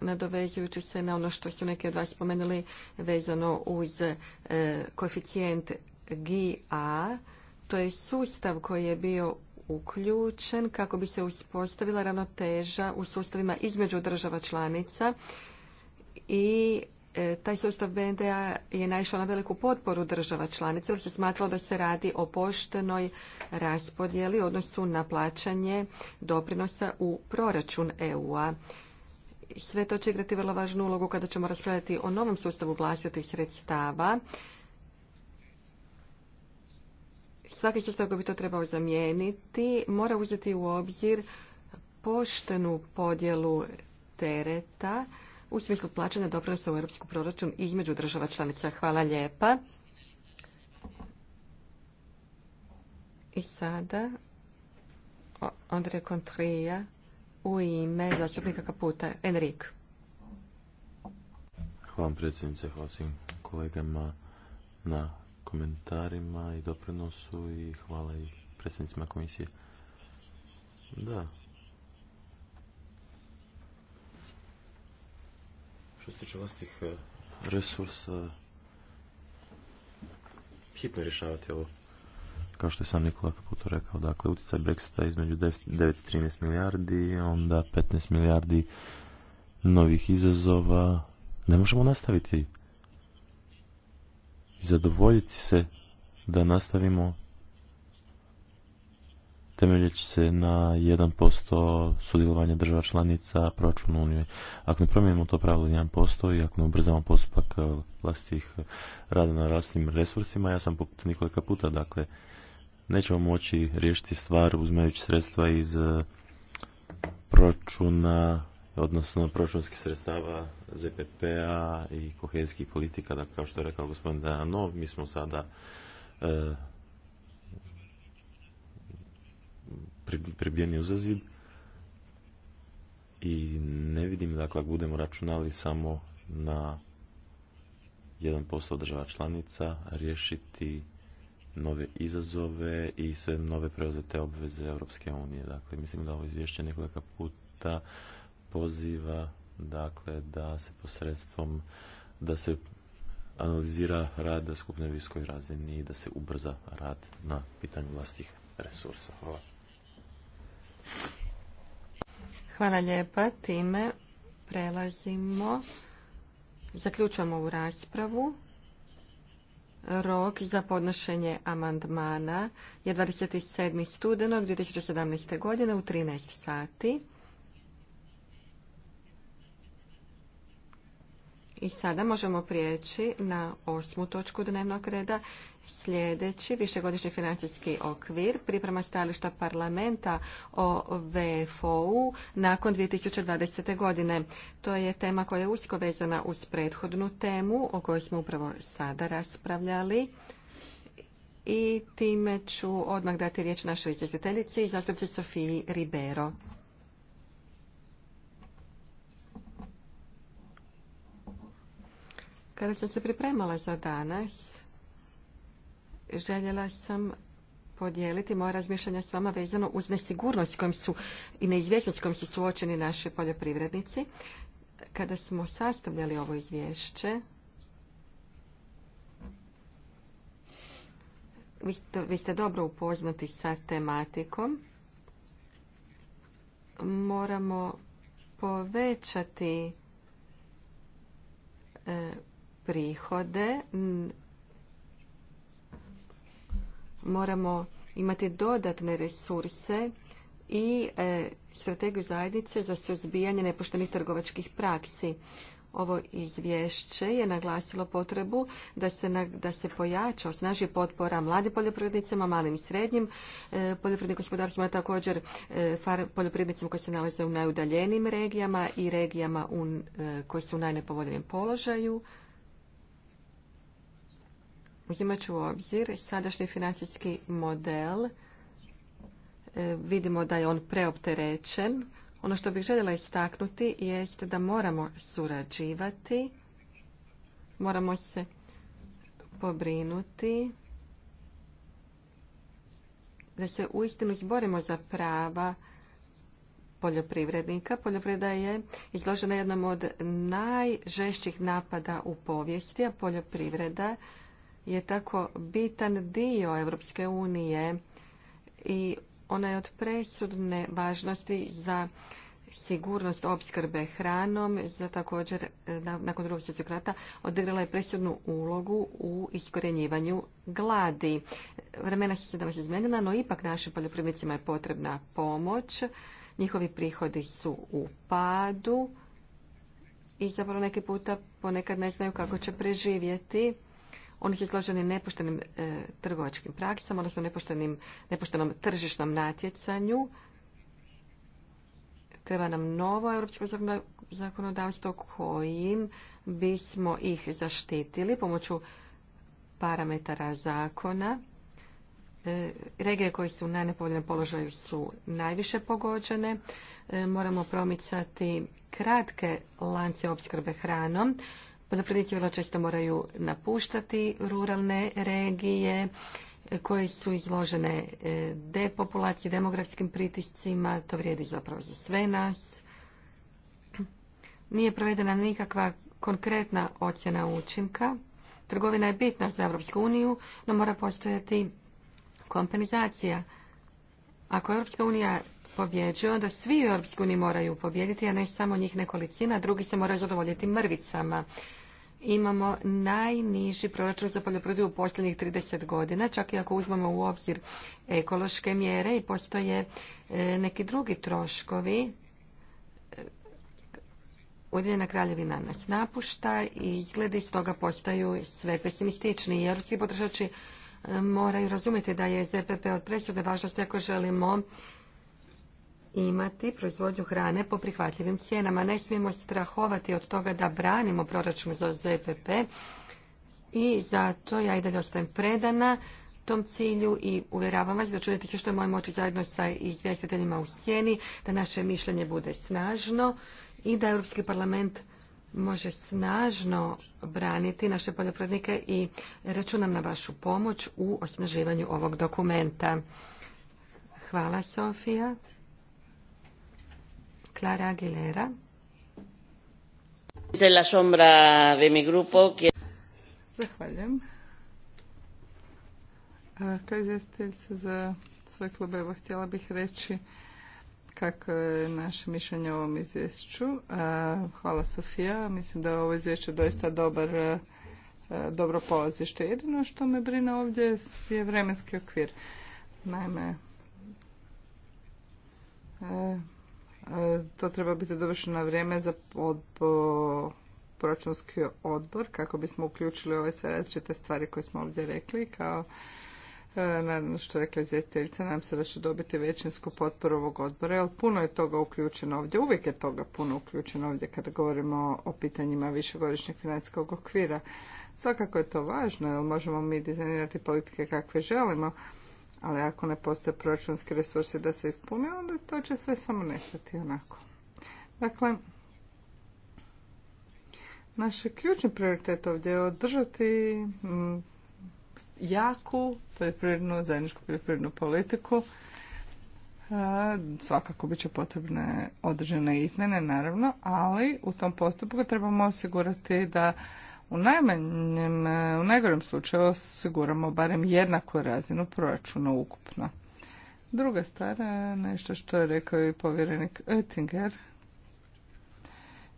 nadovezujući se na ono što su neki od vas spomenuli vezano uz e, koeficijent GA, to je sustav koji je bio uključen kako bi se uspostavila ravnoteža u sustavima između država članica i e, taj sustav BNDA je naišao na veliku potporu država članica jer se smatralo da se radi o poštenoj raspodjeli u odnosu na plaćanje doprinosa u proračun EU-a. Sve to će igrati vrlo važnu ulogu kada ćemo raspravljati o novom sustavu vlastitih sredstava svaki sustav koji bi to trebao zamijeniti mora uzeti u obzir poštenu podjelu tereta u smislu plaćanja doprinosa u europski proračun između država članica. Hvala lijepa. I sada Andre Kontrija u ime zastupnika Kaputa. Enrik. Hvala predsjednice, hvala svim kolegama na komentarima i doprinosu i hvala i predsjednicima komisije. Da. Što se tiče vlastih e, resursa, hitno rješavati ovo. Kao što je sam Nikola Kaputo rekao, dakle, utjecaj Brexita između 9 i 13 milijardi, onda 15 milijardi novih izazova. Ne možemo nastaviti zadovoljiti se da nastavimo temeljeći se na 1% sudjelovanja država članica proračuna Unije. Ako ne promijenimo to pravilo 1% i ako ne ubrzamo postupak eh, vlastitih eh, rada na rasnim resursima, ja sam poput nekoliko puta, dakle, nećemo moći riješiti stvar uzmajući sredstva iz eh, proračuna odnosno proračunskih sredstava ZPP-a i kohezijskih politika, da kao što je rekao gospodin Danov, mi smo sada e, pribijeni u i ne vidim, dakle, budemo računali samo na jedan 1% država članica, riješiti nove izazove i sve nove preuzete obveze Europske unije. Dakle, mislim da ovo izvješće nekoliko puta poziva dakle da se posredstvom da se analizira rad na skupnoj viskoj razini i da se ubrza rad na pitanju vlastih resursa. Hvala. Hvala lijepa. Time prelazimo. Zaključujemo ovu raspravu. Rok za podnošenje amandmana je 27. studenog 2017. godine u 13 sati. I sada možemo prijeći na osmu točku dnevnog reda. Sljedeći višegodišnji financijski okvir, priprema stajališta parlamenta o VFO-u nakon 2020. godine. To je tema koja je usko vezana uz prethodnu temu o kojoj smo upravo sada raspravljali. I time ću odmah dati riječ našoj izvjestiteljici i zastupci Sofiji Ribero. Kada sam se pripremala za danas, željela sam podijeliti moja razmišljanja s vama vezano uz nesigurnost kojom su i neizvjesnost kojom su suočeni naši poljoprivrednici. Kada smo sastavljali ovo izvješće, vi ste, dobro upoznati sa tematikom. Moramo povećati e, prihode moramo imati dodatne resurse i e, strategiju zajednice za suzbijanje nepoštenih trgovačkih praksi. Ovo izvješće je naglasilo potrebu da se, da se pojača, osnaži potpora mladim poljoprivrednicima, malim i srednjim e, poljoprivrednim gospodarstvima, također e, far, poljoprivrednicima koji se nalaze u najudaljenijim regijama i regijama e, koje su u najnepovoljnijem položaju ću u obzir sadašnji financijski model, e, vidimo da je on preopterećen. Ono što bih željela istaknuti jeste da moramo surađivati, moramo se pobrinuti da se uistinu izborimo za prava poljoprivrednika. Poljoprivreda je izložena jednom od najžešćih napada u povijesti, a poljoprivreda je tako bitan dio Europske unije i ona je od presudne važnosti za sigurnost opskrbe hranom, za također e, nakon drugog svjetskog rata odigrala je presudnu ulogu u iskorjenjivanju gladi. Vremena su se danas izmijenila, no ipak našim poljoprivrednicima je potrebna pomoć. Njihovi prihodi su u padu i zapravo neki puta ponekad ne znaju kako će preživjeti oni su izloženi nepoštenim e, trgovačkim praksama, odnosno nepoštenim, nepoštenom tržišnom natjecanju. Treba nam novo europsko zakonodavstvo kojim bismo ih zaštitili pomoću parametara zakona. E, regije koje su u nepovoljnom položaju su najviše pogođene. E, moramo promicati kratke lance opskrbe hranom poljoprivrednici vrlo često moraju napuštati ruralne regije koje su izložene e, depopulaciji, demografskim pritiscima, to vrijedi zapravo za sve nas. Nije provedena nikakva konkretna ocjena učinka. Trgovina je bitna za Europsku uniju, no mora postojati kompenizacija. Ako Europska unija pobjeđuje, onda svi u Europsku uniji moraju pobjediti, a ne samo njih nekolicina, drugi se moraju zadovoljiti mrvicama imamo najniži proračun za poljoprivredu u posljednjih 30 godina, čak i ako uzmemo u obzir ekološke mjere i postoje e, neki drugi troškovi. E, Ujedinjena kraljevina nas napušta i izgledi stoga postaju sve pesimistični. svi potrošači e, moraju razumjeti da je ZPP od presude važnosti ako želimo imati proizvodnju hrane po prihvatljivim cijenama. Ne smijemo strahovati od toga da branimo proračun za ZPP i zato ja i dalje ostajem predana tom cilju i uvjeravam vas da čujete sve što je moje moći zajedno sa izvjestiteljima u sjeni, da naše mišljenje bude snažno i da Europski parlament može snažno braniti naše poljoprivrednike i računam na vašu pomoć u osnaživanju ovog dokumenta. Hvala Sofija. Clara Aguilera. De la sombra de mi grupo. Zahvaljujem. Kao izvjestiteljica za svoj klub, evo htjela bih reći kako je naše mišljenje o ovom izvješću. Hvala Sofija, mislim da je ovo izvješće doista dobar, dobro polazište. Jedino što me brine ovdje je vremenski okvir. Naime, to treba biti dovršeno na vrijeme za proračunski odbor kako bismo uključili ove sve različite stvari koje smo ovdje rekli kao e, naravno što je rekla izvjestiteljica, nam se da će dobiti većinsku potporu ovog odbora, jer puno je toga uključeno ovdje, uvijek je toga puno uključeno ovdje kada govorimo o pitanjima višegodišnjeg financijskog okvira. Svakako je to važno, jer možemo mi dizajnirati politike kakve želimo, ali ako ne postoje proračunski resursi da se ispune, onda to će sve samo nestati onako. Dakle, naš ključni prioritet ovdje je održati mm, jaku poljoprivrednu, zajedničku poljoprivrednu politiku. E, svakako bit će potrebne određene izmjene, naravno, ali u tom postupku trebamo osigurati da u najmanjem, e, u najgorem slučaju osiguramo barem jednaku razinu proračuna ukupno. Druga stara, e, nešto što je rekao i povjerenik Oettinger,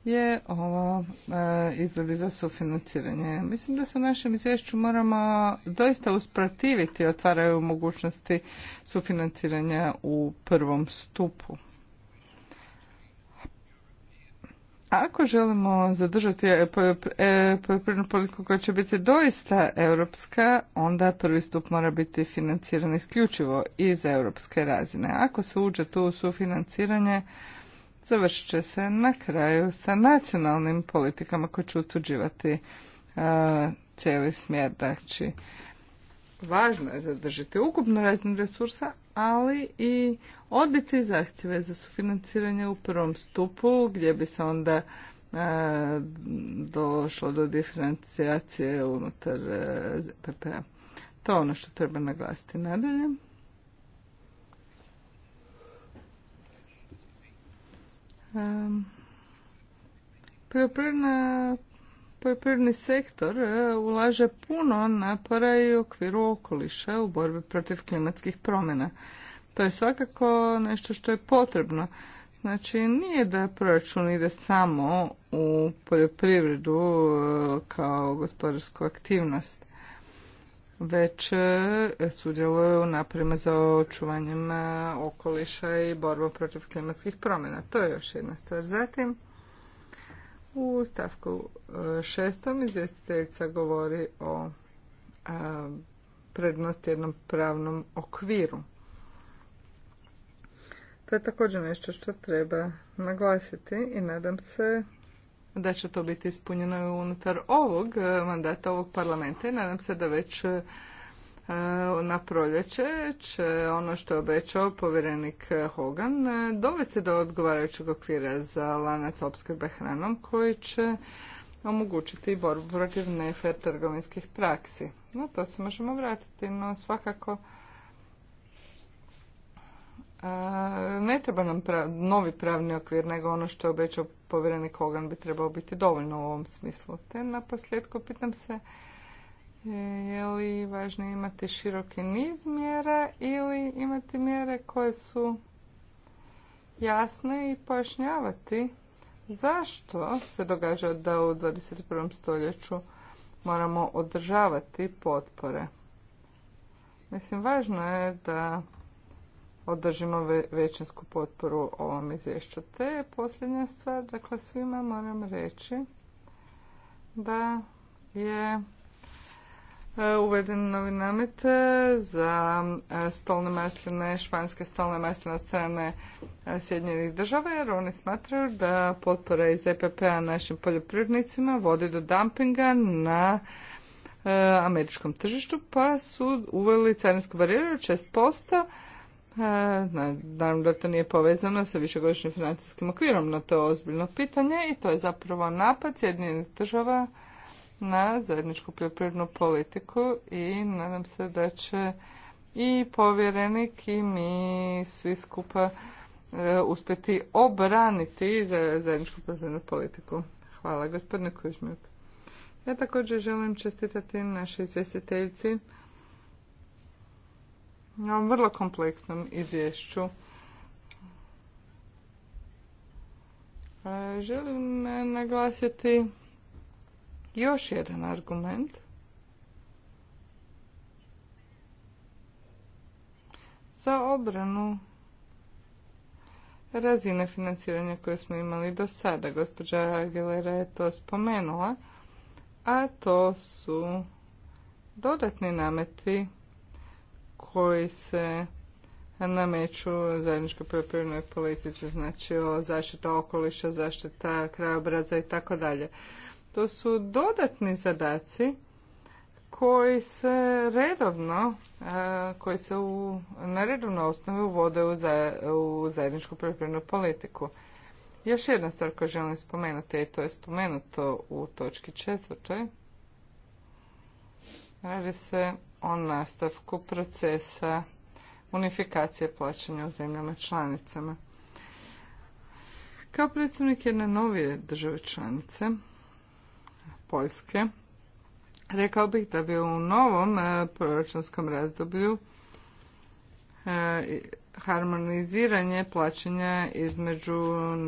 je ovo e, izgledi za sufinanciranje. Mislim da se u našem izvješću moramo doista usprotiviti otvaraju mogućnosti sufinanciranja u prvom stupu. Ako želimo zadržati e, e, e, poljoprivrednu politiku koja će biti doista europska, onda prvi stup mora biti financiran isključivo iz europske razine. Ako se uđe tu u sufinanciranje, završit će se na kraju sa nacionalnim politikama koje će utuđivati cijeli smjer. Znači, važno je zadržati ukupnu razinu resursa, ali i odbiti zahtjeve za sufinanciranje u prvom stupu gdje bi se onda e, došlo do diferencijacije unutar e, ZPP-a. To je ono što treba naglasiti nadalje. E, Poljoprivredni sektor e, ulaže puno napora i u okviru okoliša u borbi protiv klimatskih promjena. To je svakako nešto što je potrebno. Znači, nije da proračun ide samo u poljoprivredu e, kao gospodarsku aktivnost, već e, sudjeluje u naprema za očuvanjem okoliša i borbu protiv klimatskih promjena. To je još jedna stvar. Zatim, u stavku e, šestom izvjestiteljica govori o e, prednosti jednom pravnom okviru. To je također nešto što treba naglasiti i nadam se da će to biti ispunjeno unutar ovog e, mandata ovog parlamenta i nadam se da već E, na proljeće će ono što je obećao povjerenik Hogan e, dovesti do odgovarajućeg okvira za lanac opskrbe hranom koji će omogućiti borbu protiv nefer trgovinskih praksi. No to se možemo vratiti, no svakako e, ne treba nam novi pravni okvir, nego ono što je obećao povjerenik Hogan bi trebao biti dovoljno u ovom smislu. Te na posljedku pitam se je li važno imati široki niz mjera ili imati mjere koje su jasne i pojašnjavati zašto se događa da u 21. stoljeću moramo održavati potpore. Mislim, važno je da održimo većinsku potporu ovom izvješću. Te je posljednja stvar, dakle svima moram reći da je E, uveden novi namet e, za e, stolne masline, španjske stolne masline od strane Sjedinjenih država, jer oni smatraju da potpora iz EPP-a našim poljoprivrednicima vodi do dumpinga na američkom tržištu, pa su uveli carinsku barijeru 6%, Naravno da to nije povezano sa višegodišnjim financijskim okvirom, na to je ozbiljno pitanje i to je zapravo napad Sjedinjenih država na zajedničku poljoprivrednu politiku i nadam se da će i povjerenik i mi svi skupa e, uspjeti obraniti za zajedničku poljoprivrednu politiku. Hvala gospodine Kužmjuk. Ja također želim čestitati našoj izvjestiteljici na ovom vrlo kompleksnom izvješću. E, želim naglasiti još jedan argument. Za obranu razine financiranja koje smo imali do sada. Gospođa Aguilera je to spomenula, a to su dodatni nameti koji se nameću zajedničkoj poljoprivrednoj politici, znači o zaštita okoliša, zaštita krajobraza i tako dalje. To su dodatni zadaci koji se redovno, e, koji se na redovnoj osnovi uvode u, zajedničku poljoprivrednu politiku. Još jedna stvar koju želim spomenuti, i to je spomenuto u točki četvrtoj, radi se o nastavku procesa unifikacije plaćanja u zemljama članicama. Kao predstavnik jedne novije države članice, Poljske, rekao bih da bi u novom e, proračunskom razdoblju e, harmoniziranje plaćanja između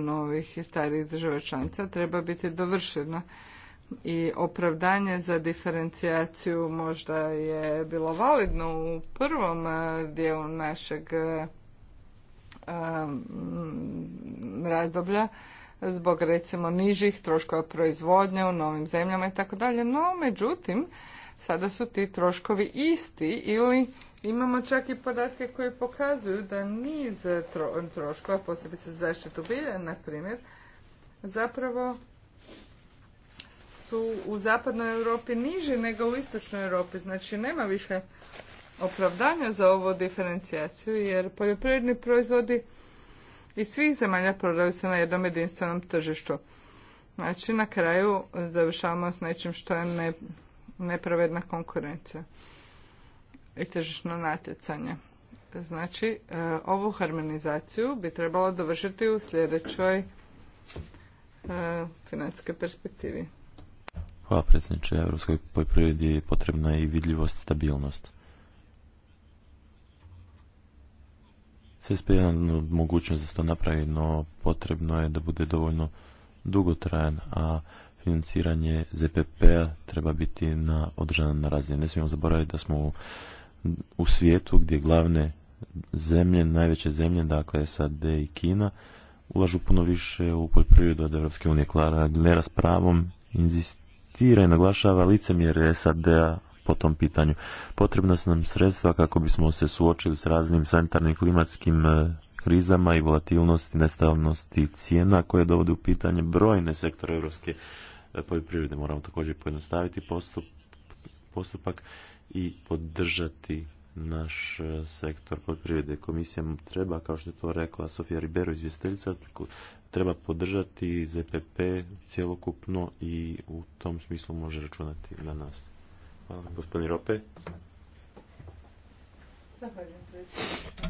novih i starih država članica treba biti dovršeno i opravdanje za diferencijaciju možda je bilo validno u prvom e, dijelu našeg razdoblja zbog recimo nižih troškova proizvodnje u novim zemljama i tako dalje. No, međutim, sada su ti troškovi isti ili imamo čak i podatke koji pokazuju da niz troškova, posebice zaštitu bilja, na primjer, zapravo su u zapadnoj Europi niži nego u istočnoj Europi. Znači nema više opravdanja za ovu diferencijaciju jer poljoprivredni proizvodi iz svih zemalja prodaju se na jednom jedinstvenom tržištu. Znači na kraju završavamo s nečim što je nepravedna konkurencija i tržišno natjecanje. Znači, e, ovu harmonizaciju bi trebalo dovršiti u sljedećoj e, financijskoj perspektivi. Hvala predsjedniče. Europskoj poljoprivredi potrebna je i vidljivost i stabilnost. Sve je jedan mogućnost da se to napravi, no potrebno je da bude dovoljno dugotrajan, a financiranje ZPP-a treba biti na na razini. Ne smijemo zaboraviti da smo u, svijetu gdje glavne zemlje, najveće zemlje, dakle SAD i Kina, ulažu puno više u poljoprivredu od Europske unije. Klara Aguilera s pravom inzistira i naglašava licemjere SAD-a po tom pitanju. Potrebna su nam sredstva kako bismo se suočili s raznim sanitarnim klimatskim e, krizama i volatilnosti, nestalnosti cijena koje dovode u pitanje brojne sektore europske e, poljoprivrede. Moramo također pojednostaviti postup, postupak i podržati naš e, sektor poljoprivrede. Komisija treba, kao što je to rekla Sofija Ribero, izvjestiteljica, treba podržati ZPP cjelokupno i u tom smislu može računati na nas. Hvala. Gospodin Zahvaljujem predsjedniče.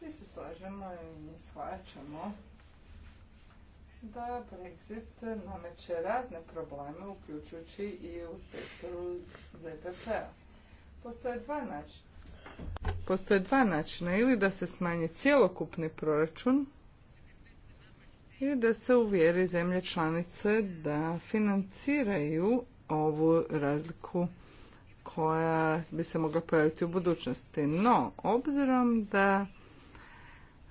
Svi se slažemo i shvaćamo da Brexit nameće razne probleme, uključujući i u sektoru ZPP-a. Postoje dva načina. Postoje dva načina, ili da se smanje cjelokupni proračun, i da se uvjeri zemlje članice da financiraju ovu razliku koja bi se mogla pojaviti u budućnosti. No, obzirom da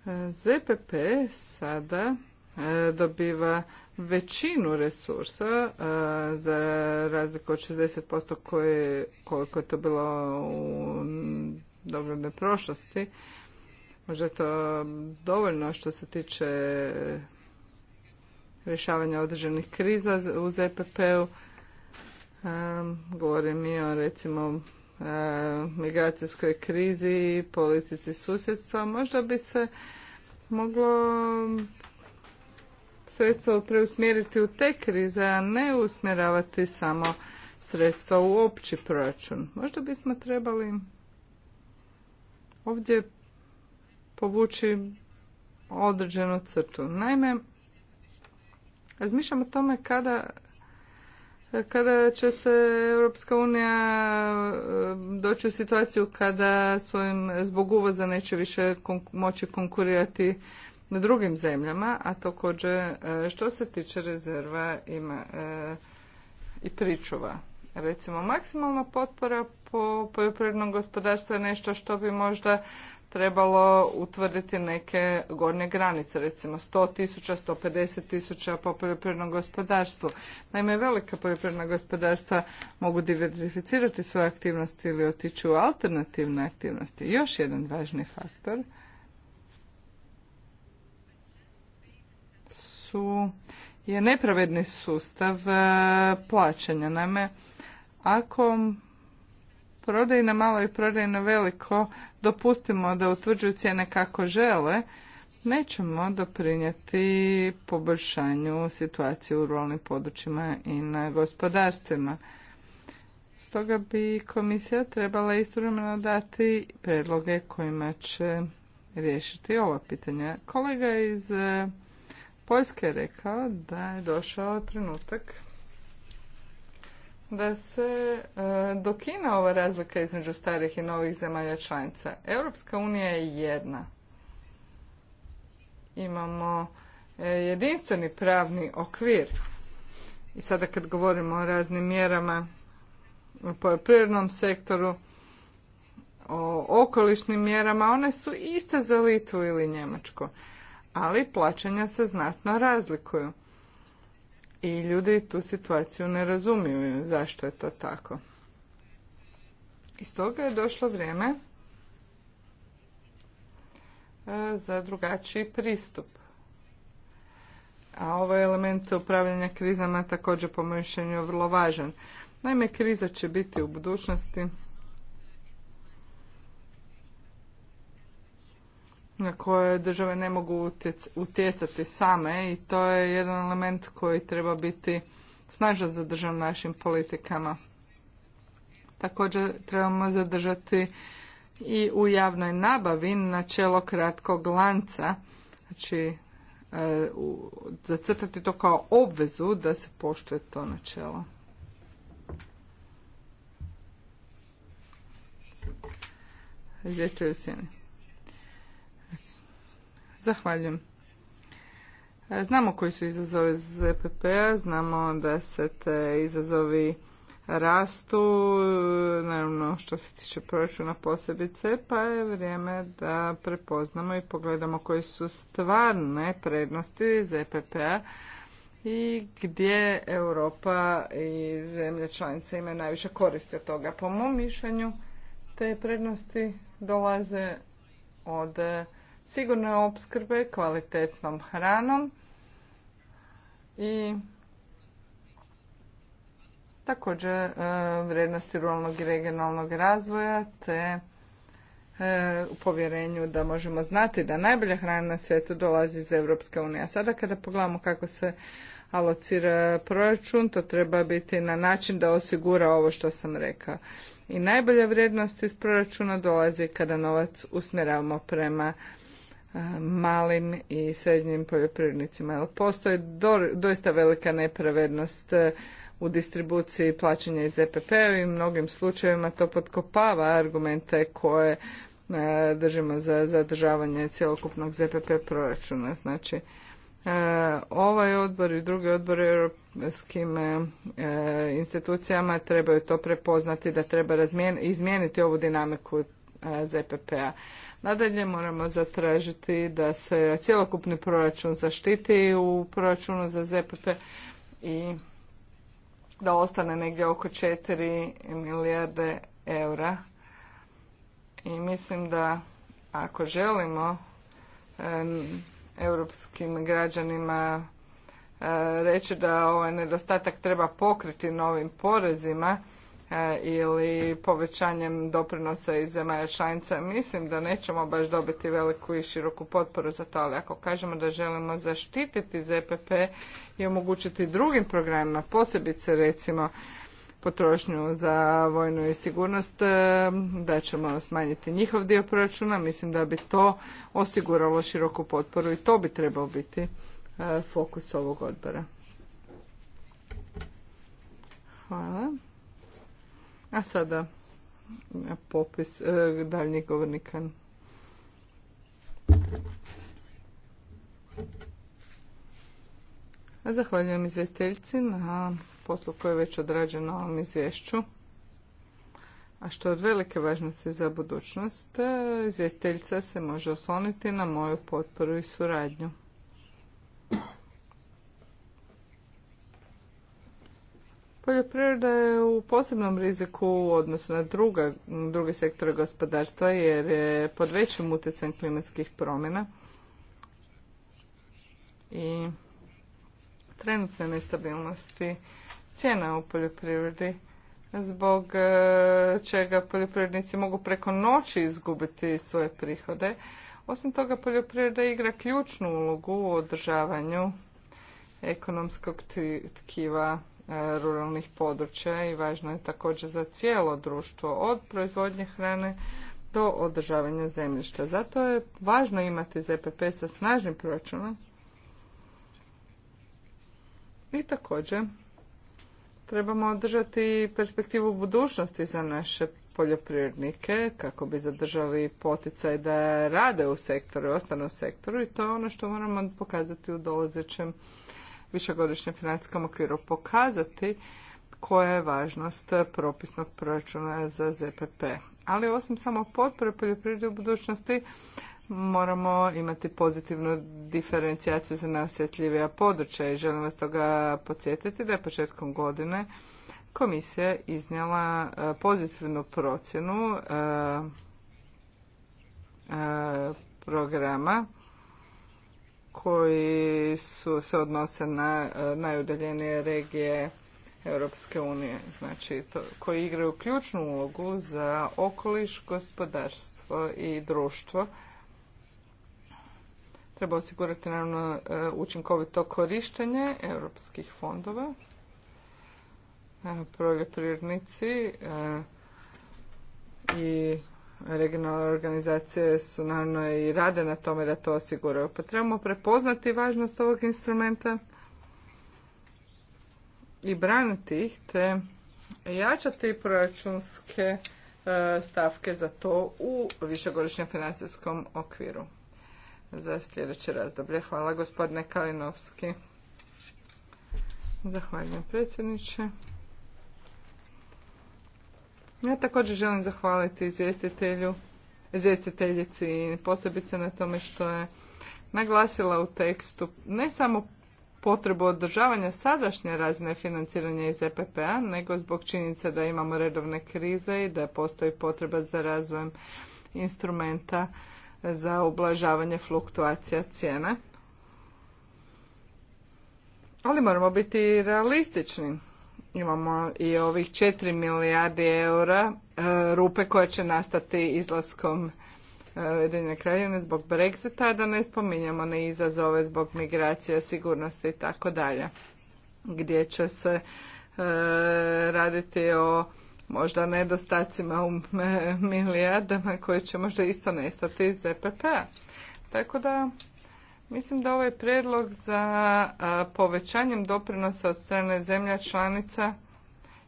e, ZPP sada e, dobiva većinu resursa e, za razliku od 60% koje, koliko je to bilo u doglednoj prošlosti. Možda je to dovoljno što se tiče rješavanja određenih kriza u ZPP-u. Govorim i o recimo migracijskoj krizi i politici susjedstva. Možda bi se moglo sredstvo preusmjeriti u te krize, a ne usmjeravati samo sredstva u opći proračun. Možda bismo trebali ovdje povući određenu crtu. Naime, Razmišljam o tome kada kada će se Europska unija eh, doći u situaciju kada svojim, zbog uvoza neće više moći konkurirati na drugim zemljama, a također eh, što se tiče rezerva ima, eh, i pričuva. Recimo, maksimalna potpora po poljoprivrednom gospodarstvu je nešto što bi možda trebalo utvrditi neke gornje granice, recimo 100 tisuća, 150 tisuća po poljoprivrednom gospodarstvu. Naime, velika poljoprivredna gospodarstva mogu diverzificirati svoje aktivnosti ili otići u alternativne aktivnosti. Još jedan važni faktor su je nepravedni sustav e, plaćanja. Naime, ako prodaji na malo i prodaji na veliko dopustimo da utvrđuju cijene kako žele, nećemo doprinijeti poboljšanju situacije u ruralnim područjima i na gospodarstvima. Stoga bi komisija trebala istovremeno dati predloge kojima će riješiti ova pitanja. Kolega iz Poljske je rekao da je došao trenutak da se e, dokina ova razlika između starih i novih zemalja članica. Europska unija je jedna. Imamo e, jedinstveni pravni okvir. I sada kad govorimo o raznim mjerama u poljoprivrednom sektoru, o okolišnim mjerama, one su iste za Litvu ili Njemačku, ali plaćanja se znatno razlikuju i ljudi tu situaciju ne razumiju zašto je to tako. I stoga je došlo vrijeme e, za drugačiji pristup. A ovaj element upravljanja krizama također po mojom mišljenju vrlo važan. Naime, kriza će biti u budućnosti na koje države ne mogu utjecati same i to je jedan element koji treba biti snažno zadržan našim politikama. Također trebamo zadržati i u javnoj nabavi načelo kratkog lanca, znači e, zacrtati to kao obvezu da se poštuje to načelo. Izvjestitelj sjeni. Zahvaljujem. E, znamo koji su izazovi ZPP-a, e znamo da se te izazovi rastu, naravno što se tiče proračuna posebice, pa je vrijeme da prepoznamo i pogledamo koje su stvarne prednosti ZPP-a e i gdje Europa i zemlje članice imaju najviše koristi od toga. Po mom mišljenju te prednosti dolaze od sigurne opskrbe kvalitetnom hranom i također e, vrijednosti ruralnog i regionalnog razvoja te e, u povjerenju da možemo znati da najbolja hrana na svijetu dolazi iz Europske unije. A sada kada pogledamo kako se alocira proračun, to treba biti na način da osigura ovo što sam rekao. I najbolja vrijednost iz proračuna dolazi kada novac usmjeravamo prema E, malim i srednjim poljoprivrednicima. postoji do, doista velika nepravednost e, u distribuciji plaćanja iz EPP-a i u mnogim slučajevima to potkopava argumente koje e, držimo za zadržavanje cjelokupnog ZPP proračuna. Znači, ovaj odbor i drugi odbor u europskim institucijama trebaju to prepoznati da treba izmijeniti ovu dinamiku ZPP-a. Nadalje moramo zatražiti da se cjelokupni proračun zaštiti u proračunu za ZPP i da ostane negdje oko 4 milijarde eura. I mislim da ako želimo europskim građanima reći da ovaj nedostatak treba pokriti novim porezima E, ili povećanjem doprinosa iz zemalja članica, mislim da nećemo baš dobiti veliku i široku potporu za to, ali ako kažemo da želimo zaštititi ZPP i omogućiti drugim programima, posebice recimo potrošnju za vojnu i sigurnost, e, da ćemo smanjiti njihov dio proračuna, mislim da bi to osiguralo široku potporu i to bi trebao biti e, fokus ovog odbora. Hvala. A sada popis e, daljnjih govornika. Zahvaljujem izvjestiteljci na poslu koji je već odrađen na ovom izvješću, a što je od velike važnosti za budućnost, e, izvjestiteljica se može osloniti na moju potporu i suradnju. Poljoprivreda je u posebnom riziku u odnosu na druga, druge sektore gospodarstva jer je pod većim utjecajem klimatskih promjena i trenutne nestabilnosti cijena u poljoprivredi zbog e, čega poljoprivrednici mogu preko noći izgubiti svoje prihode. Osim toga, poljoprivreda igra ključnu ulogu u održavanju ekonomskog tkiva E, ruralnih područja i važno je također za cijelo društvo od proizvodnje hrane do održavanja zemljišta. Zato je važno imati ZPP sa snažnim proračunom i također trebamo održati perspektivu budućnosti za naše poljoprivrednike kako bi zadržali poticaj da rade u sektoru i ostanu u sektoru i to je ono što moramo pokazati u dolazećem višegodišnjem financijskom okviru pokazati koja je važnost propisnog proračuna za ZPP. Ali osim samo potpore poljoprivredi u budućnosti, moramo imati pozitivnu diferencijaciju za nasjetljivija područja i želim vas toga podsjetiti da je početkom godine komisija iznijela e, pozitivnu procjenu e, e, programa koji su, se odnose na e, najudaljenije regije Europske unije, znači to, koji igraju ključnu ulogu za okoliš, gospodarstvo i društvo. Treba osigurati naravno e, učinkovito korištenje europskih fondova. E, Poljoprivrednici i regionalne organizacije su naravno i rade na tome da to osiguraju. Pa trebamo prepoznati važnost ovog instrumenta i braniti ih te jačati proračunske e, stavke za to u višegodišnjem financijskom okviru za sljedeće razdoblje. Hvala gospodine Kalinovski. Zahvaljujem predsjedniče. Ja također želim zahvaliti izvjestitelju, izvjestiteljici i posebice na tome što je naglasila u tekstu ne samo potrebu održavanja sadašnje razine financiranja iz EPP-a, nego zbog činjenice da imamo redovne krize i da postoji potreba za razvojem instrumenta za ublažavanje fluktuacija cijena. Ali moramo biti realistični imamo i ovih 4 milijardi eura e, rupe koja će nastati izlaskom e, Ujedinjene kraljevine zbog Brexita, da ne spominjamo ne izazove zbog migracije, sigurnosti i tako dalje, gdje će se e, raditi o možda nedostacima u milijardama koje će možda isto nestati iz ZPP-a. Tako da Mislim da ovaj predlog za povećanjem doprinosa od strane zemlja članica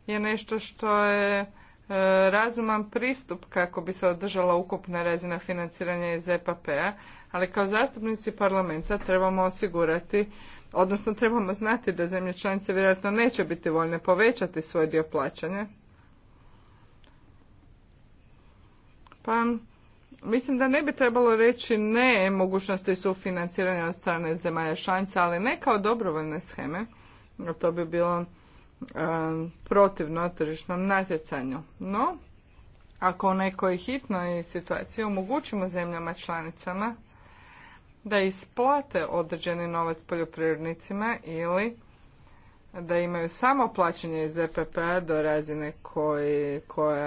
je nešto što je e, razuman pristup kako bi se održala ukupna razina financiranja iz EPP-a, ali kao zastupnici parlamenta trebamo osigurati, odnosno trebamo znati da zemlje članice vjerojatno neće biti voljne povećati svoj dio plaćanja. Pa Mislim da ne bi trebalo reći ne mogućnosti sufinanciranja od strane zemalja članica, ali ne kao dobrovoljne scheme, to bi bilo e, protivno tržišnom natjecanju. No, ako u nekoj hitnoj situaciji omogućimo zemljama članicama da isplate određeni novac poljoprivrednicima ili da imaju samo plaćanje iz epp p-a do razine koja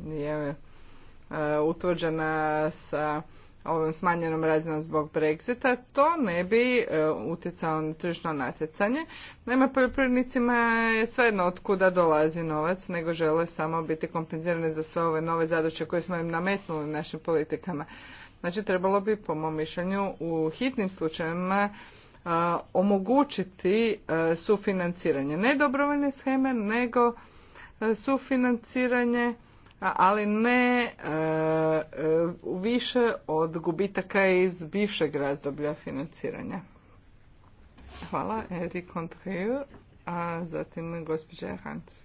je E, utvrđena sa ovom smanjenom razinom zbog Brexita, to ne bi e, utjecao na tržišno natjecanje. Nema poljoprivrednicima je svejedno od kuda dolazi novac, nego žele samo biti kompenzirane za sve ove nove zadaće koje smo im nametnuli našim politikama. Znači, trebalo bi, po mom mišljenju, u hitnim slučajevima e, omogućiti sufinanciranje. Ne dobrovoljne scheme, nego sufinanciranje ali ne e, e, više od gubitaka iz bivšeg razdoblja financiranja. Hvala, Eri a zatim gospođa Hans.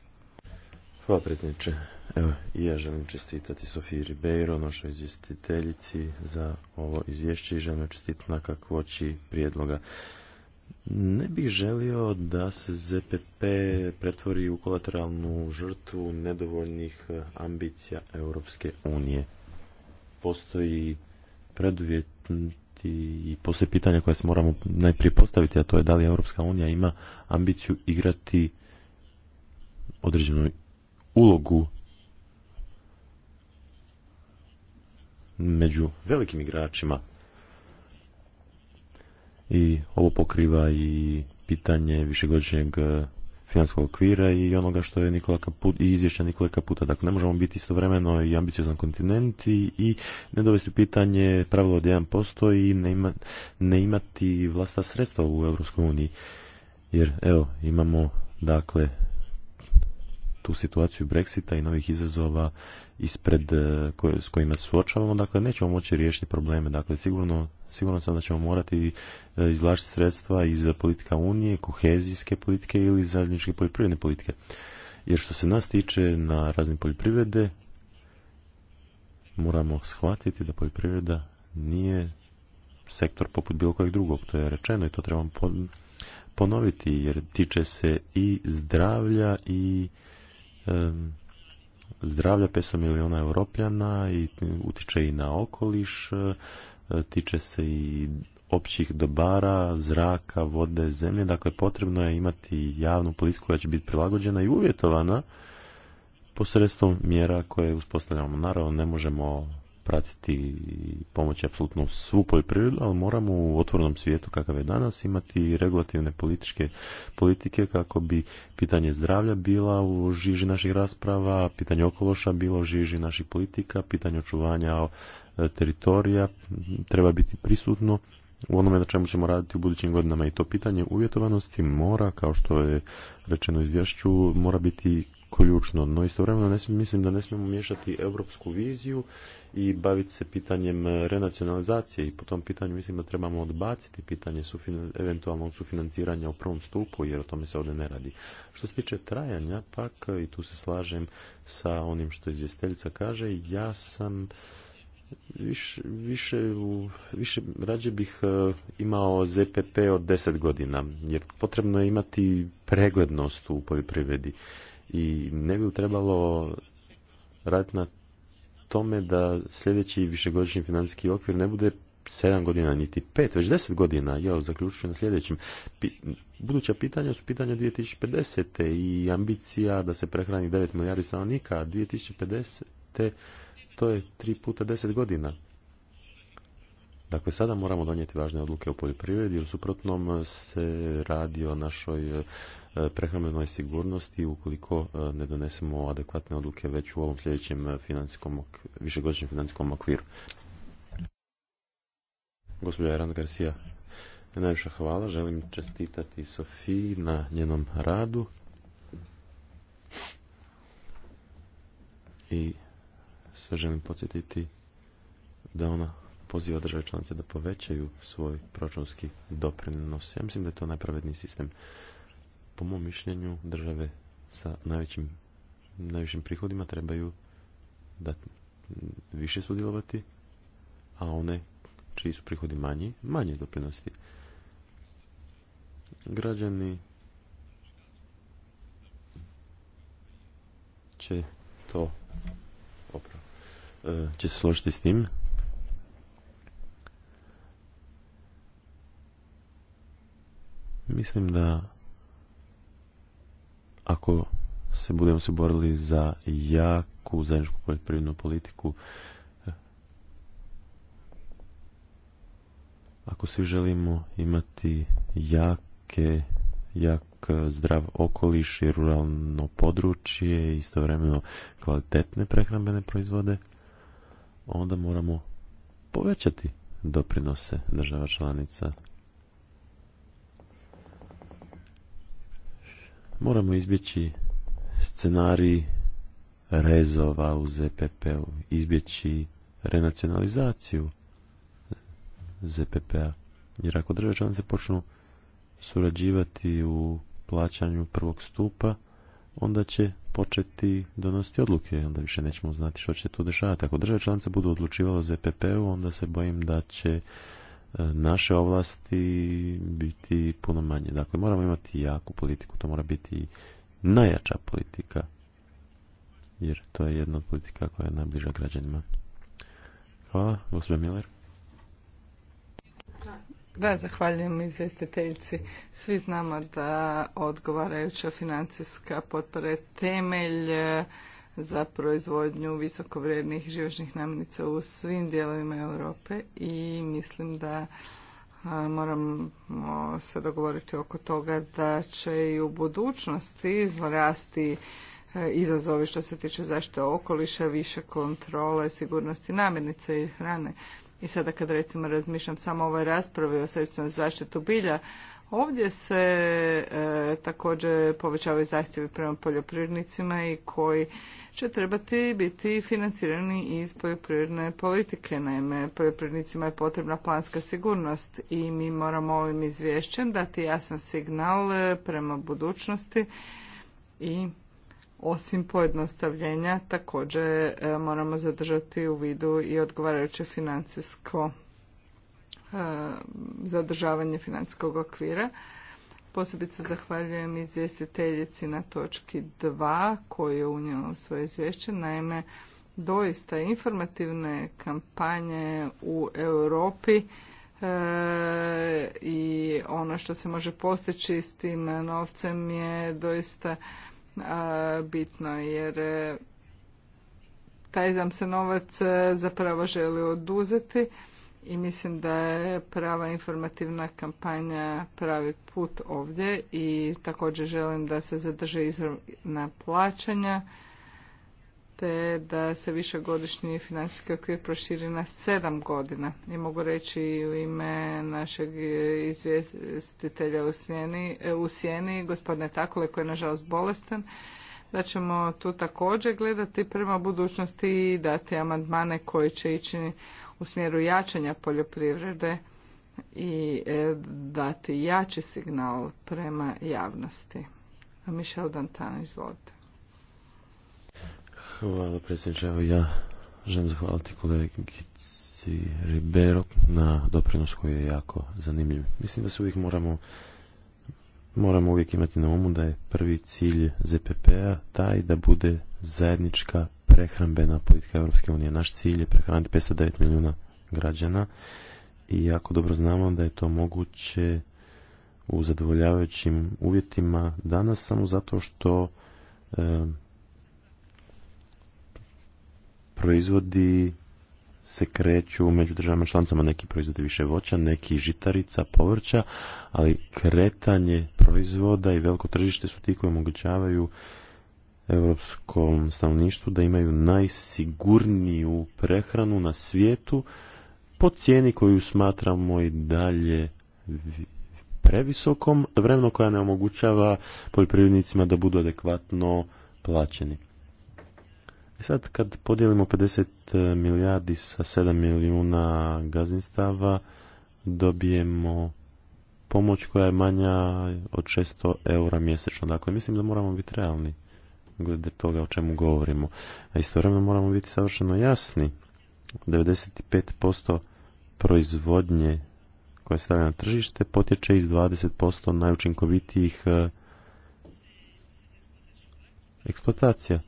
Hvala predsjedniče. Evo, i ja želim čestitati Sofiji Ribeiro, našoj izvjestiteljici, za ovo izvješće i želim čestitati na kakvoći prijedloga. Ne bih želio da se ZPP pretvori u kolateralnu žrtvu nedovoljnih e, ambicija Europske unije. Postoji preduvjet i postoje pitanja koje se moramo najprije postaviti, a to je da li Europska unija ima ambiciju igrati određenu ulogu među velikim igračima i ovo pokriva i pitanje višegodišnjeg e, financijskog okvira i onoga što je Nikola Kaput, i izvješća Nikola Kaputa. Dakle, ne možemo biti istovremeno i ambiciozan kontinent i, i ne dovesti u pitanje pravilo od 1% i ne, imati vlasta sredstva u Europskoj uniji. Jer, evo, imamo, dakle, tu situaciju Brexita i novih izazova ispred e, s kojima se suočavamo, dakle nećemo moći riješiti probleme. Dakle, sigurno, sigurno sam da ćemo morati e, izvlačiti sredstva iz politika Unije, kohezijske politike ili zajedničke poljoprivredne politike. Jer što se nas tiče na raznim poljoprivrede, moramo shvatiti da poljoprivreda nije sektor poput bilo kojeg drugog. To je rečeno i to trebamo ponoviti jer tiče se i zdravlja i zdravlja 500 milijuna europljana i utiče i na okoliš, e, tiče se i općih dobara, zraka, vode, zemlje. Dakle, potrebno je imati javnu politiku koja će biti prilagođena i uvjetovana posredstvom mjera koje uspostavljamo. Naravno, ne možemo pratiti i pomoći apsolutno svu poljoprivredu, ali moramo u otvornom svijetu kakav je danas imati regulativne političke politike kako bi pitanje zdravlja bila u žiži naših rasprava, pitanje okološa bilo u žiži naših politika, pitanje očuvanja e, teritorija treba biti prisutno u onome na čemu ćemo raditi u budućim godinama i to pitanje uvjetovanosti mora, kao što je rečeno u izvješću, mora biti ključno. No istovremeno ne mislim da ne smijemo miješati europsku viziju i baviti se pitanjem e, renacionalizacije i po tom pitanju mislim da trebamo odbaciti pitanje sufin, eventualnog sufinanciranja u prvom stupu jer o tome se ovdje ne radi. Što se tiče trajanja pak e, i tu se slažem sa onim što izvjestiteljica kaže, ja sam Više, više, više rađe bih e, imao ZPP od deset godina, jer potrebno je imati preglednost u poljoprivredi i ne bi trebalo raditi na tome da sljedeći višegodišnji financijski okvir ne bude sedam godina, niti pet, već deset godina. Ja zaključujem na sljedećim. Buduća pitanja su pitanja 2050. i ambicija da se prehrani devet milijardi stanovnika, a 2050. to je tri puta deset godina. Dakle, sada moramo donijeti važne odluke o poljoprivredi, jer suprotnom se radi o našoj prehrambenoj sigurnosti ukoliko e, ne donesemo adekvatne odluke već u ovom sljedećem e, financijskom, višegodišnjem financijskom okviru. Gospođa Garcia, najviše hvala. Želim čestitati Sofiji na njenom radu. I sve želim podsjetiti da ona poziva države članice da povećaju svoj proračunski doprinos. Ja mislim da je to najpravedniji sistem po mom mišljenju države sa najvećim, najvišim prihodima trebaju da više sudjelovati, a one čiji su prihodi manji, manje doprinosti. Građani će to opravo, e, će se složiti s tim. Mislim da ako se budemo se borili za jaku zajedničku poljoprivrednu politiku, eh, ako svi želimo imati jake, jak zdrav okoliš i ruralno područje i istovremeno kvalitetne prehrambene proizvode, onda moramo povećati doprinose država članica Moramo izbjeći scenarij rezova u ZPP-u, izbjeći renacionalizaciju ZPP-a. Jer ako države članice počnu surađivati u plaćanju prvog stupa, onda će početi donositi odluke, onda više nećemo znati što će tu dešavati. Ako države članice budu odlučivalo o ZPP-u, onda se bojim da će E, naše ovlasti biti puno manje. Dakle, moramo imati jaku politiku, to mora biti najjača politika, jer to je jedna od politika koja je najbliža građanima. Hvala, gospođa Miller. Da, zahvaljujem izvjestiteljici. Svi znamo da odgovarajuća financijska potpore temelj za proizvodnju visokovrijednih živašnih namirnica u svim dijelovima Europe i mislim da moramo se dogovoriti oko toga da će i u budućnosti izrasti e, izazovi što se tiče zaštite okoliša, više kontrole, sigurnosti namirnice i hrane. I sada kad recimo razmišljam samo o ovoj raspravi o sredstvima za zaštitu bilja, Ovdje se e, također povećavaju zahtjevi prema poljoprivrednicima i koji će trebati biti financirani iz poljoprivredne politike. Naime, poljoprivrednicima je potrebna planska sigurnost i mi moramo ovim izvješćem dati jasan signal e, prema budućnosti i osim pojednostavljenja također e, moramo zadržati u vidu i odgovarajuće financijsko za održavanje financijskog okvira. Posebice zahvaljujem izvjestiteljici na točki 2 koji je unijela u svoje izvješće. Naime, doista informativne kampanje u Europi e, i ono što se može postići s tim novcem je doista e, bitno jer e, taj nam se novac zapravo želi oduzeti i mislim da je prava informativna kampanja pravi put ovdje i također želim da se zadrže izravna plaćanja te da se višegodišnji financijski okvir proširi na sedam godina. I mogu reći u ime našeg izvjestitelja u Sjeni, u gospodine Takule, koji je nažalost bolestan, da ćemo tu također gledati prema budućnosti i dati amandmane koji će ići u smjeru jačanja poljoprivrede i e, dati jači signal prema javnosti. Mišel Dantana, izvolite. Hvala predsjedniče. ja želim zahvaliti kolegici Ribero na doprinos koji je jako zanimljiv. Mislim da se uvijek moramo moramo uvijek imati na umu da je prvi cilj ZPP-a taj da bude zajednička prehrambena politika Europske unije. Naš cilj je prehraniti 509 milijuna građana i jako dobro znamo da je to moguće u zadovoljavajućim uvjetima danas samo zato što proizvodi se kreću među državama članicama, neki proizvodi više voća, neki žitarica, povrća, ali kretanje proizvoda i veliko tržište su ti koji omogućavaju europskom stanovništvu da imaju najsigurniju prehranu na svijetu po cijeni koju smatramo i dalje previsokom, vremeno koja ne omogućava poljoprivrednicima da budu adekvatno plaćeni. I e sad kad podijelimo 50 e, milijardi sa 7 milijuna gazinstava, dobijemo pomoć koja je manja od 600 eura mjesečno. Dakle, mislim da moramo biti realni glede toga o čemu govorimo. A istovremeno moramo biti savršeno jasni. 95% proizvodnje koje se stavlja na tržište potječe iz 20% najučinkovitijih e, eksploatacija.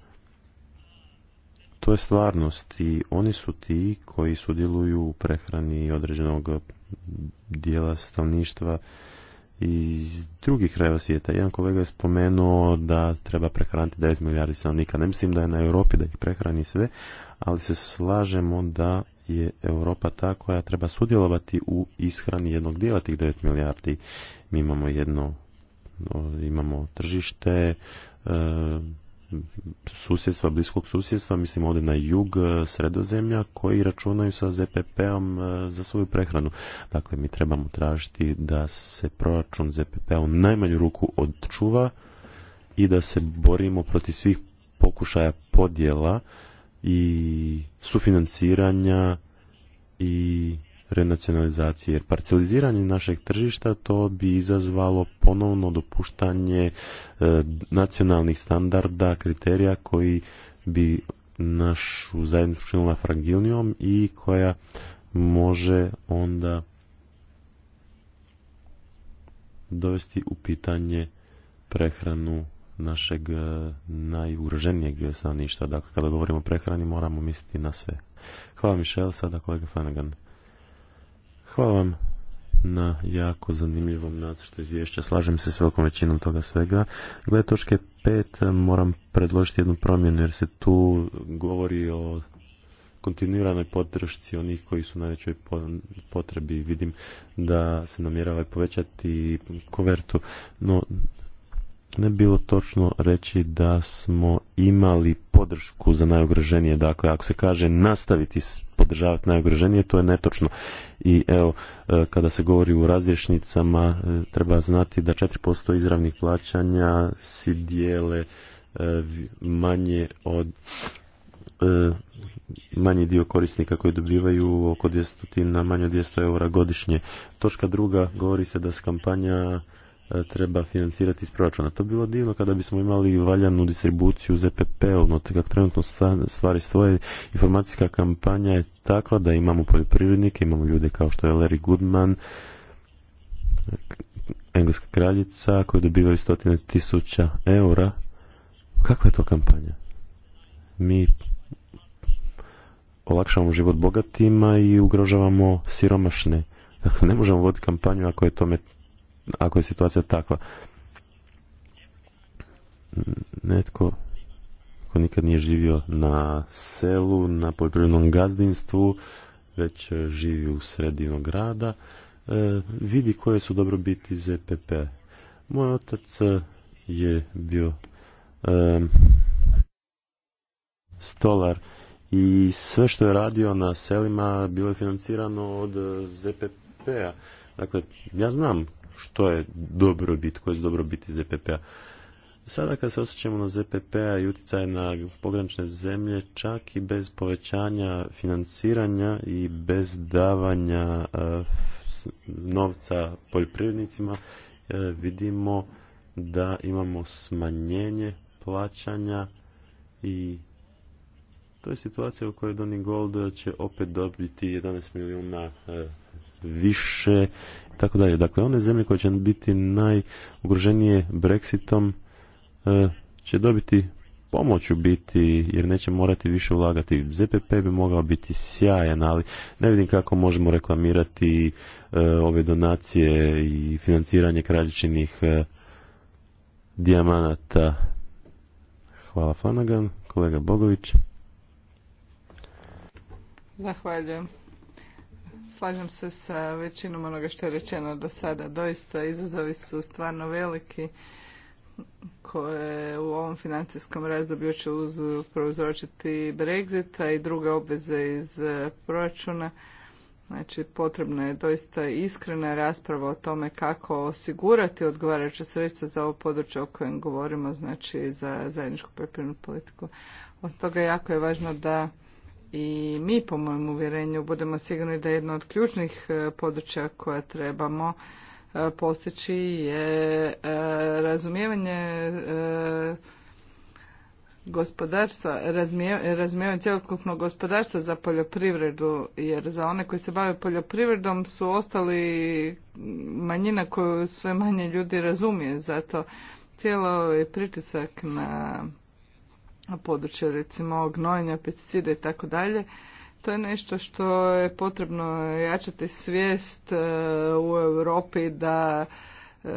To je stvarnost i oni su ti koji sudjeluju u prehrani određenog dijela stanovništva iz drugih krajeva svijeta. Jedan kolega je spomenuo da treba prehraniti 9 milijardi stanovnika. Ne mislim da je na Europi da ih prehrani sve, ali se slažemo da je Europa ta koja treba sudjelovati u ishrani jednog dijela tih 9 milijardi. Mi imamo jedno imamo tržište e, susjedstva, bliskog susjedstva, mislim ovdje na jug e, sredozemlja, koji računaju sa ZPP-om e, za svoju prehranu. Dakle, mi trebamo tražiti da se proračun ZPP-a u najmanju ruku odčuva i da se borimo protiv svih pokušaja podjela i sufinanciranja i renacionalizacije. Jer parceliziranje našeg tržišta to bi izazvalo ponovno dopuštanje e, nacionalnih standarda, kriterija koji bi našu zajednicu činila fragilnijom i koja može onda dovesti u pitanje prehranu našeg e, najugroženijeg stanovništva. Dakle, kada govorimo o prehrani, moramo misliti na sve. Hvala Mišel, sada kolega Flanagan. Hvala vam na jako zanimljivom nacrtu izvješća. Slažem se s velikom većinom toga svega. Glede točke pet, moram predložiti jednu promjenu jer se tu govori o kontinuiranoj podršci onih koji su najvećoj potrebi. Vidim da se namjerava povećati kovertu, no ne bilo točno reći da smo imali podršku za najugroženije. Dakle, ako se kaže nastaviti podržavati najugroženije, to je netočno. I evo, e, kada se govori u razrješnicama, e, treba znati da 4% izravnih plaćanja si dijele e, manje od manji dio korisnika koji dobivaju oko 200 na manje od 200 eura godišnje. Točka druga govori se da se kampanja E, treba financirati iz proračuna. To bi bilo divno kada bismo imali valjanu distribuciju ZPP-ovno, p-a, kako trenutno stvari stoje, informacijska kampanja je takva da imamo poljoprivrednike, imamo ljude kao što je Larry Goodman, engleska kraljica, koji dobivaju stotine tisuća eura. Kakva je to kampanja? Mi olakšavamo život bogatima i ugrožavamo siromašne. Dakle, ne možemo voditi kampanju ako je tome ako je situacija takva. Netko ko nikad nije živio na selu, na poljoprivrednom gazdinstvu, već e, živi u sredinu grada, e, vidi koje su dobrobiti ZPP. E Moj otac je bio stolar i sve što je radio na selima bilo je financirano od ZPP-a. Dakle, ja znam što je dobrobit, koje su dobrobiti ZPP-a. Sada kad se osjećamo na ZPP-a i utjecaj na pogranične zemlje, čak i bez povećanja financiranja i bez davanja e, novca poljoprivrednicima, e, vidimo da imamo smanjenje plaćanja i to je situacija u kojoj Donny Gold će opet dobiti 11 milijuna e, više tako dalje. Dakle, one zemlje koje će biti najugroženije Brexitom e, će dobiti pomoć u biti jer neće morati više ulagati. ZPP bi mogao biti sjajan, ali ne vidim kako možemo reklamirati e, ove donacije i financiranje kraljičinih e, dijamanata. Hvala Flanagan, kolega Bogović. Zahvaljujem. Slažem se sa većinom onoga što je rečeno do sada. Doista izazovi su stvarno veliki koje u ovom financijskom razdoblju će uz, prouzročiti Brexita i druge obveze iz e, proračuna. Znači, potrebna je doista iskrena rasprava o tome kako osigurati odgovarajuća sredstva za ovo područje o kojem govorimo, znači za zajedničku poljoprivrednu politiku. Od toga jako je važno da i mi po mojem uvjerenju budemo sigurni da jedno od ključnih e, područja koja trebamo e, postići je e, razumijevanje gospodarstva, razmijevanje cjelokupnog gospodarstva za poljoprivredu, jer za one koji se bave poljoprivredom su ostali manjina koju sve manje ljudi razumije, zato cijelo je ovaj pritisak na područje recimo gnojenja, pesticida i tako dalje. To je nešto što je potrebno jačati svijest e, u Europi da e,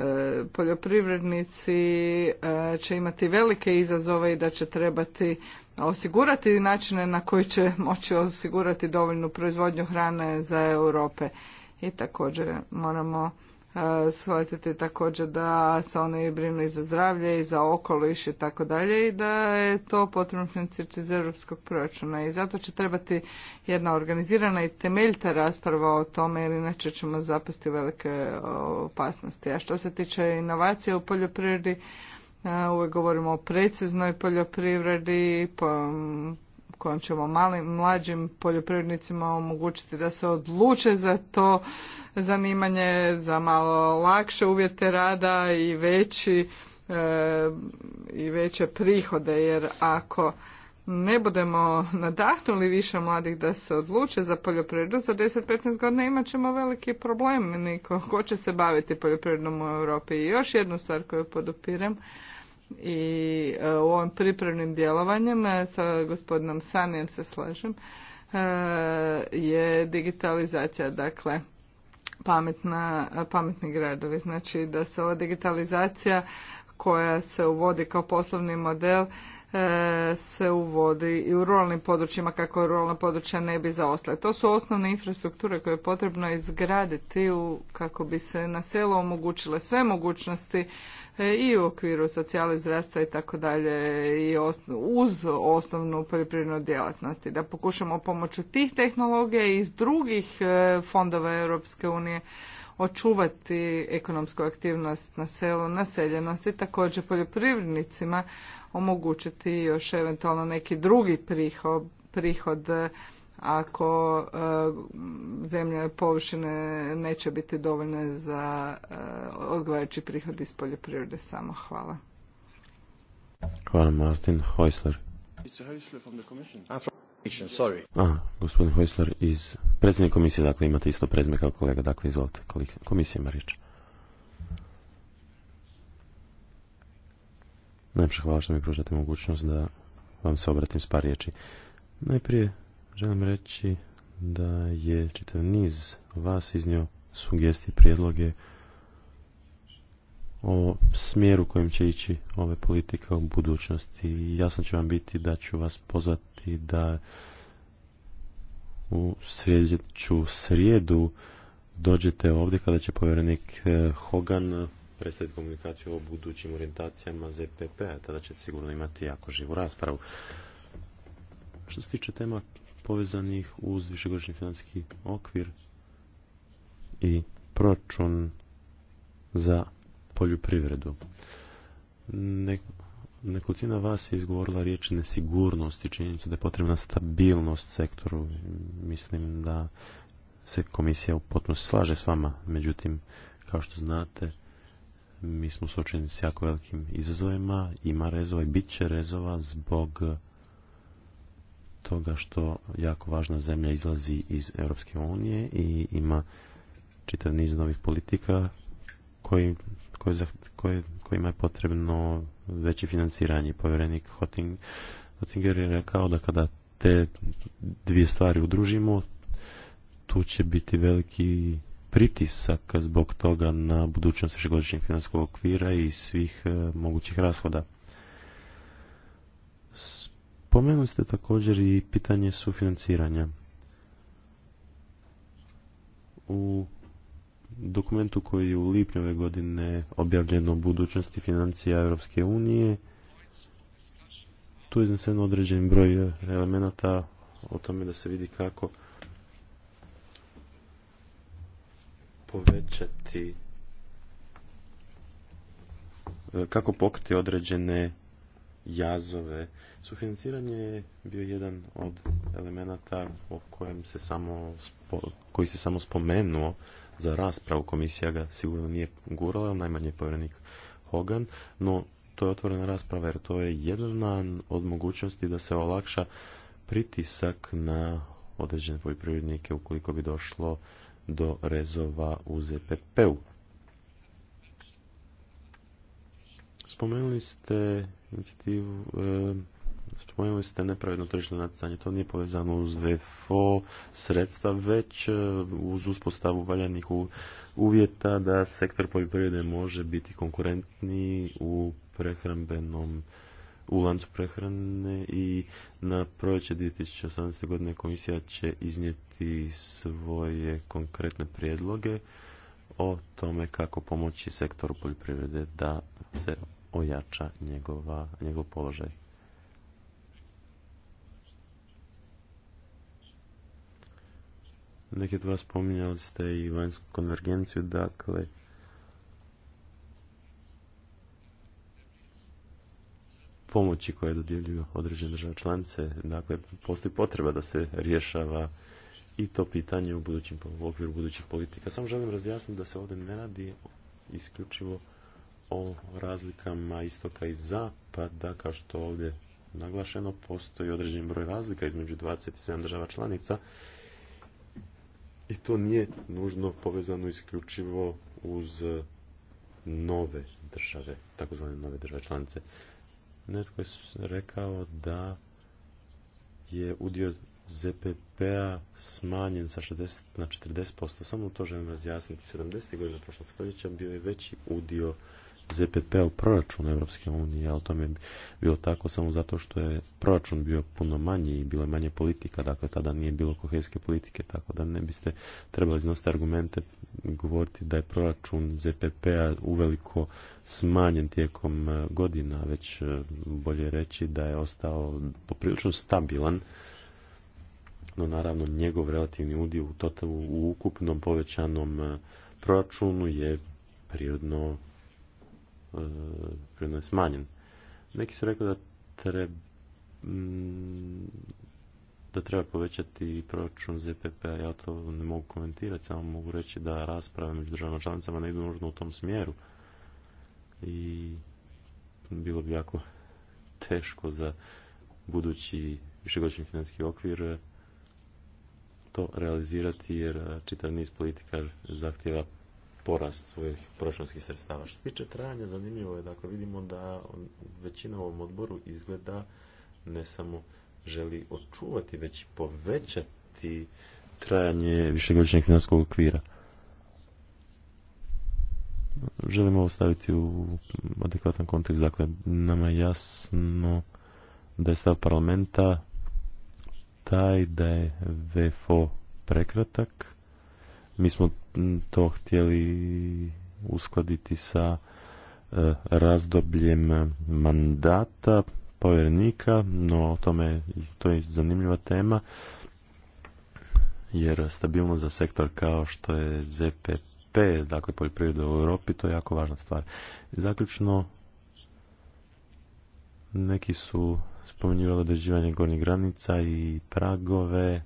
poljoprivrednici e, će imati velike izazove i da će trebati osigurati načine na koji će moći osigurati dovoljnu proizvodnju hrane za Europe. I također moramo shvatiti također da se one brinu i za zdravlje i za okoliš i tako dalje i da je to potrebno financirati iz europskog proračuna i zato će trebati jedna organizirana i temeljita rasprava o tome jer inače ćemo zapasti velike opasnosti. A što se tiče inovacija u poljoprivredi, uvijek govorimo o preciznoj poljoprivredi, po kojom ćemo malim mlađim poljoprivrednicima omogućiti da se odluče za to zanimanje, za malo lakše uvjete rada i veći e, i veće prihode jer ako ne budemo nadahnuli više mladih da se odluče za poljoprivredu, za 10-15 godina imat ćemo veliki problem. Niko, ko će se baviti poljoprivredom u Europi? I još jednu stvar koju podupirem i e, u ovim pripremnim djelovanjem e, sa gospodinom Sanijem se slažem e, je digitalizacija, dakle pametna, pametni gradovi. Znači da se ova digitalizacija koja se uvodi kao poslovni model se uvodi i u ruralnim područjima kako ruralna područja ne bi zaostale. To su osnovne infrastrukture koje je potrebno izgraditi u, kako bi se na selu omogućile sve mogućnosti E, i u okviru socijale, zdravstva i tako dalje i uz osnovnu poljoprivrednu djelatnost i da pokušamo pomoću tih tehnologija i iz drugih e, fondova Europske unije očuvati ekonomsku aktivnost na selu, naseljenost i također poljoprivrednicima omogućiti još eventualno neki drugi prihod, prihod ako e, zemlje površine neće biti dovoljne za e, odgovarajući prihod iz poljoprivrede samo. Hvala. Hvala Martin Heusler. Ah, A, gospodin Hojsler iz predsjednik komisije, dakle imate isto prezme kao kolega, dakle izvolite, komisija ima riječ. najprije hvala što mi pružate mogućnost da vam se obratim s par riječi. Najprije Želim reći da je čitav niz vas iznio sugestije, prijedloge o smjeru kojim će ići ove politika u budućnosti. Jasno će vam biti da ću vas pozvati da u sljedeću srijedu dođete ovdje kada će povjerenik eh, Hogan eh, predstaviti komunikaciju o budućim orijentacijama ZPP-a. Tada ćete sigurno imati jako živu raspravu. Što se tiče tema povezanih uz višegodišnji financijski okvir i proračun za poljoprivredu. Ne, nekolicina vas je izgovorila riječ nesigurnost i činjenicu da je potrebna stabilnost sektoru. Mislim da se komisija u potpunosti slaže s vama, međutim, kao što znate, mi smo suočeni s jako velikim izazovima, ima rezova i bit će rezova zbog toga što jako važna zemlja izlazi iz Europske unije i ima čitav niz novih politika koji, kojima je potrebno veće financiranje. Povjerenik Hotting, Hottinger je rekao da kada te dvije stvari udružimo, tu će biti veliki pritisak zbog toga na budućnost višegodišnjeg financijskog okvira i svih eh, mogućih rashoda. Pomenuli ste također i pitanje sufinanciranja. U dokumentu koji je u lipnju ove godine objavljen o budućnosti financija Europske unije, tu je izneseno određen broj elemenata o tome da se vidi kako povećati kako pokriti određene jazove Sufinanciranje je bio jedan od elemenata o kojem se samo, koji se samo spomenuo za raspravu. Komisija ga sigurno nije gurala, najmanje povjerenik Hogan, no to je otvorena rasprava jer to je jedna od mogućnosti da se olakša pritisak na određene poljoprivrednike ukoliko bi došlo do rezova u ZPP-u. Spomenuli ste inicijativu spomenuli ste nepravedno tržišno natjecanje, to nije povezano uz VFO sredstva, već e, uz uspostavu valjanih uvjeta da sektor poljoprivrede može biti konkurentni u prehrambenom u lancu prehrane i na proljeće 2018. godine komisija će iznijeti svoje konkretne prijedloge o tome kako pomoći sektoru poljoprivrede da se ojača njegov položaj. Neki od vas spominjali ste i vanjsku konvergenciju, dakle, pomoći koje dodjeljuju određene države članice. Dakle, postoji potreba da se rješava i to pitanje u, budućim, u okviru budućih politika. Samo želim razjasniti da se ovdje ne radi isključivo o razlikama istoka i zapada, kao što ovdje naglašeno, postoji određen broj razlika između 27 država članica i to nije nužno povezano isključivo uz e, nove države, takozvane nove države članice. Netko je rekao da je udio ZPP-a smanjen sa 60 na 40%. Samo to želim razjasniti. 70. godina prošlog stoljeća bio je veći udio zpp u proračun Europske unije, ali tome je bilo tako samo zato što je proračun bio puno manji i bilo je manje politika, dakle tada nije bilo kohezijske politike, tako da ne biste trebali iznositi argumente govoriti da je proračun ZPP-a uveliko smanjen tijekom e, godina, već e, bolje reći da je ostao poprilično stabilan no naravno njegov relativni udio u u ukupnom povećanom e, proračunu je prirodno prirodno smanjen. Neki su rekli da treba mm, da treba povećati proračun ZPP, ja to ne mogu komentirati, samo mogu reći da rasprave među državama članicama ne idu nužno u tom smjeru. I bilo bi jako teško za budući višegodišnji financijski okvir to realizirati jer čitav niz politika zahtjeva porast svojih proračunskih sredstava. Što se tiče trajanja, zanimljivo je, dakle vidimo da većina u ovom odboru izgleda ne samo želi očuvati, već i povećati trajanje višegodišnjeg finanskog okvira. Želimo ovo staviti u adekvatan kontekst. Dakle, nama je jasno da je stav parlamenta taj da je VFO prekratak. Mi smo to htjeli uskladiti sa e, razdobljem mandata povjerenika, no o tome to je zanimljiva tema jer stabilnost za sektor kao što je ZPP, dakle poljoprivreda u Europi, to je jako važna stvar. Zaključno, neki su spominjali određivanje gornjih granica i pragove,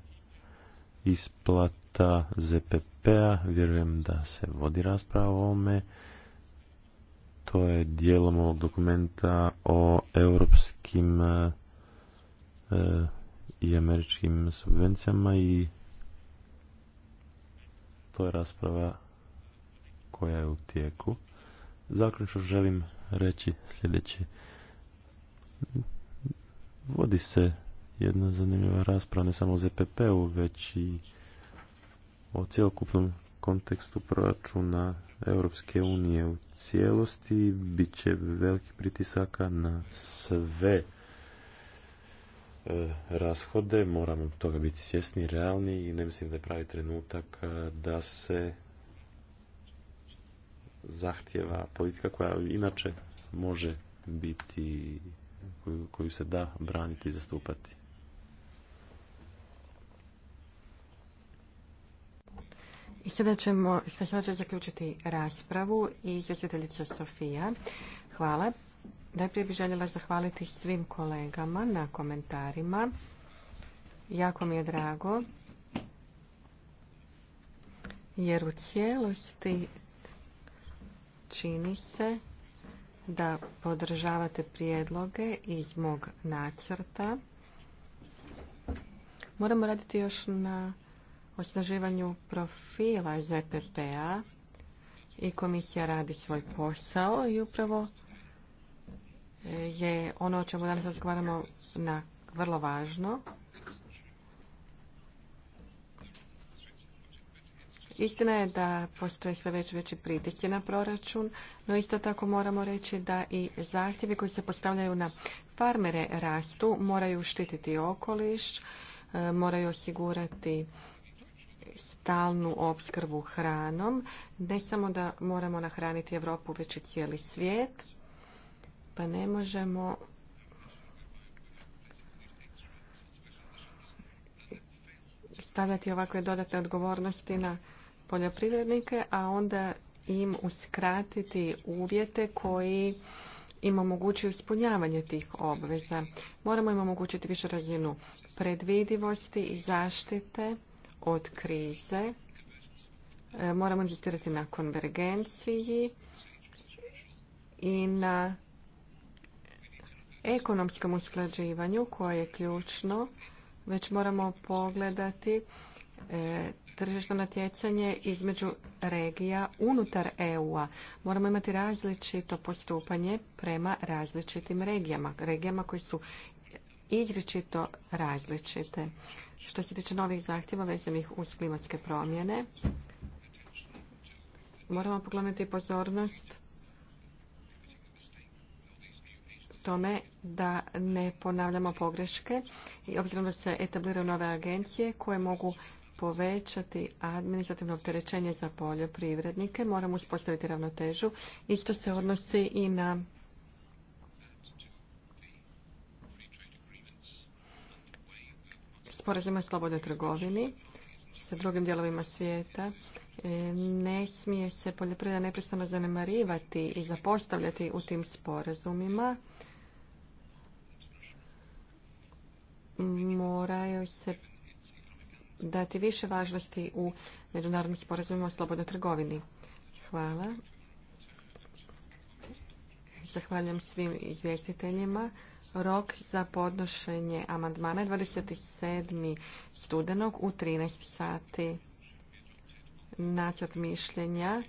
isplat ta ZPP-a. Vjerujem da se vodi rasprava o ovome. To je dijelom ovog dokumenta o europskim e, i američkim subvencijama i to je rasprava koja je u tijeku. Zaključno želim reći sljedeće. Vodi se jedna zanimljiva rasprava ne samo o ZPP-u, već i o cjelokupnom kontekstu proračuna Europske unije u cijelosti bit će velikih pritisaka na sve e, rashode, moramo toga biti svjesni, realni i ne mislim da je pravi trenutak e, da se zahtjeva politika koja inače može biti koju se da braniti i zastupati. I sada ćemo, zaključiti raspravu i izvjestiteljica Sofija. Hvala. Najprije bih željela zahvaliti svim kolegama na komentarima. Jako mi je drago jer u cijelosti čini se da podržavate prijedloge iz mog nacrta. Moramo raditi još na osnaživanju profila ZPP-a i komisija radi svoj posao i upravo e, je ono o čemu danas razgovaramo na vrlo važno. Istina je da postoje sve već veći pritisci na proračun, no isto tako moramo reći da i zahtjevi koji se postavljaju na farmere rastu, moraju štititi okoliš, e, moraju osigurati stalnu opskrbu hranom. Ne samo da moramo nahraniti Europu, već i cijeli svijet. Pa ne možemo stavljati ovakve dodatne odgovornosti na poljoprivrednike, a onda im uskratiti uvjete koji im omogućuju ispunjavanje tih obveza. Moramo im omogućiti više razinu predvidivosti i zaštite od krize. E, moramo inzistirati na konvergenciji i na ekonomskom usklađivanju koje je ključno, već moramo pogledati e, tržišno natjecanje između regija unutar EU-a. Moramo imati različito postupanje prema različitim regijama, regijama koje su izričito različite. Što se tiče novih zahtjeva vezanih uz klimatske promjene, moramo pogledati pozornost tome da ne ponavljamo pogreške i obzirom da se etabliraju nove agencije koje mogu povećati administrativno opterećenje za poljoprivrednike, moramo uspostaviti ravnotežu. Isto se odnosi i na sporazuma o slobodnoj trgovini sa drugim dijelovima svijeta e, ne smije se poljoprivreda neprestano zanemarivati i zapostavljati u tim sporazumima. Moraju se dati više važnosti u međunarodnim sporazumima o slobodnoj trgovini. Hvala. Zahvaljujem svim izvjestiteljima. Rok za podnošenje amandmana je 27. studenog u 13 sati. Nacrt mišljenja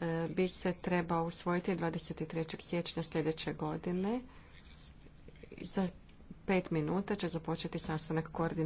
e, bi se trebao usvojiti 23. siječnja sljedeće godine. Za pet minuta će započeti sastanak koordinacije.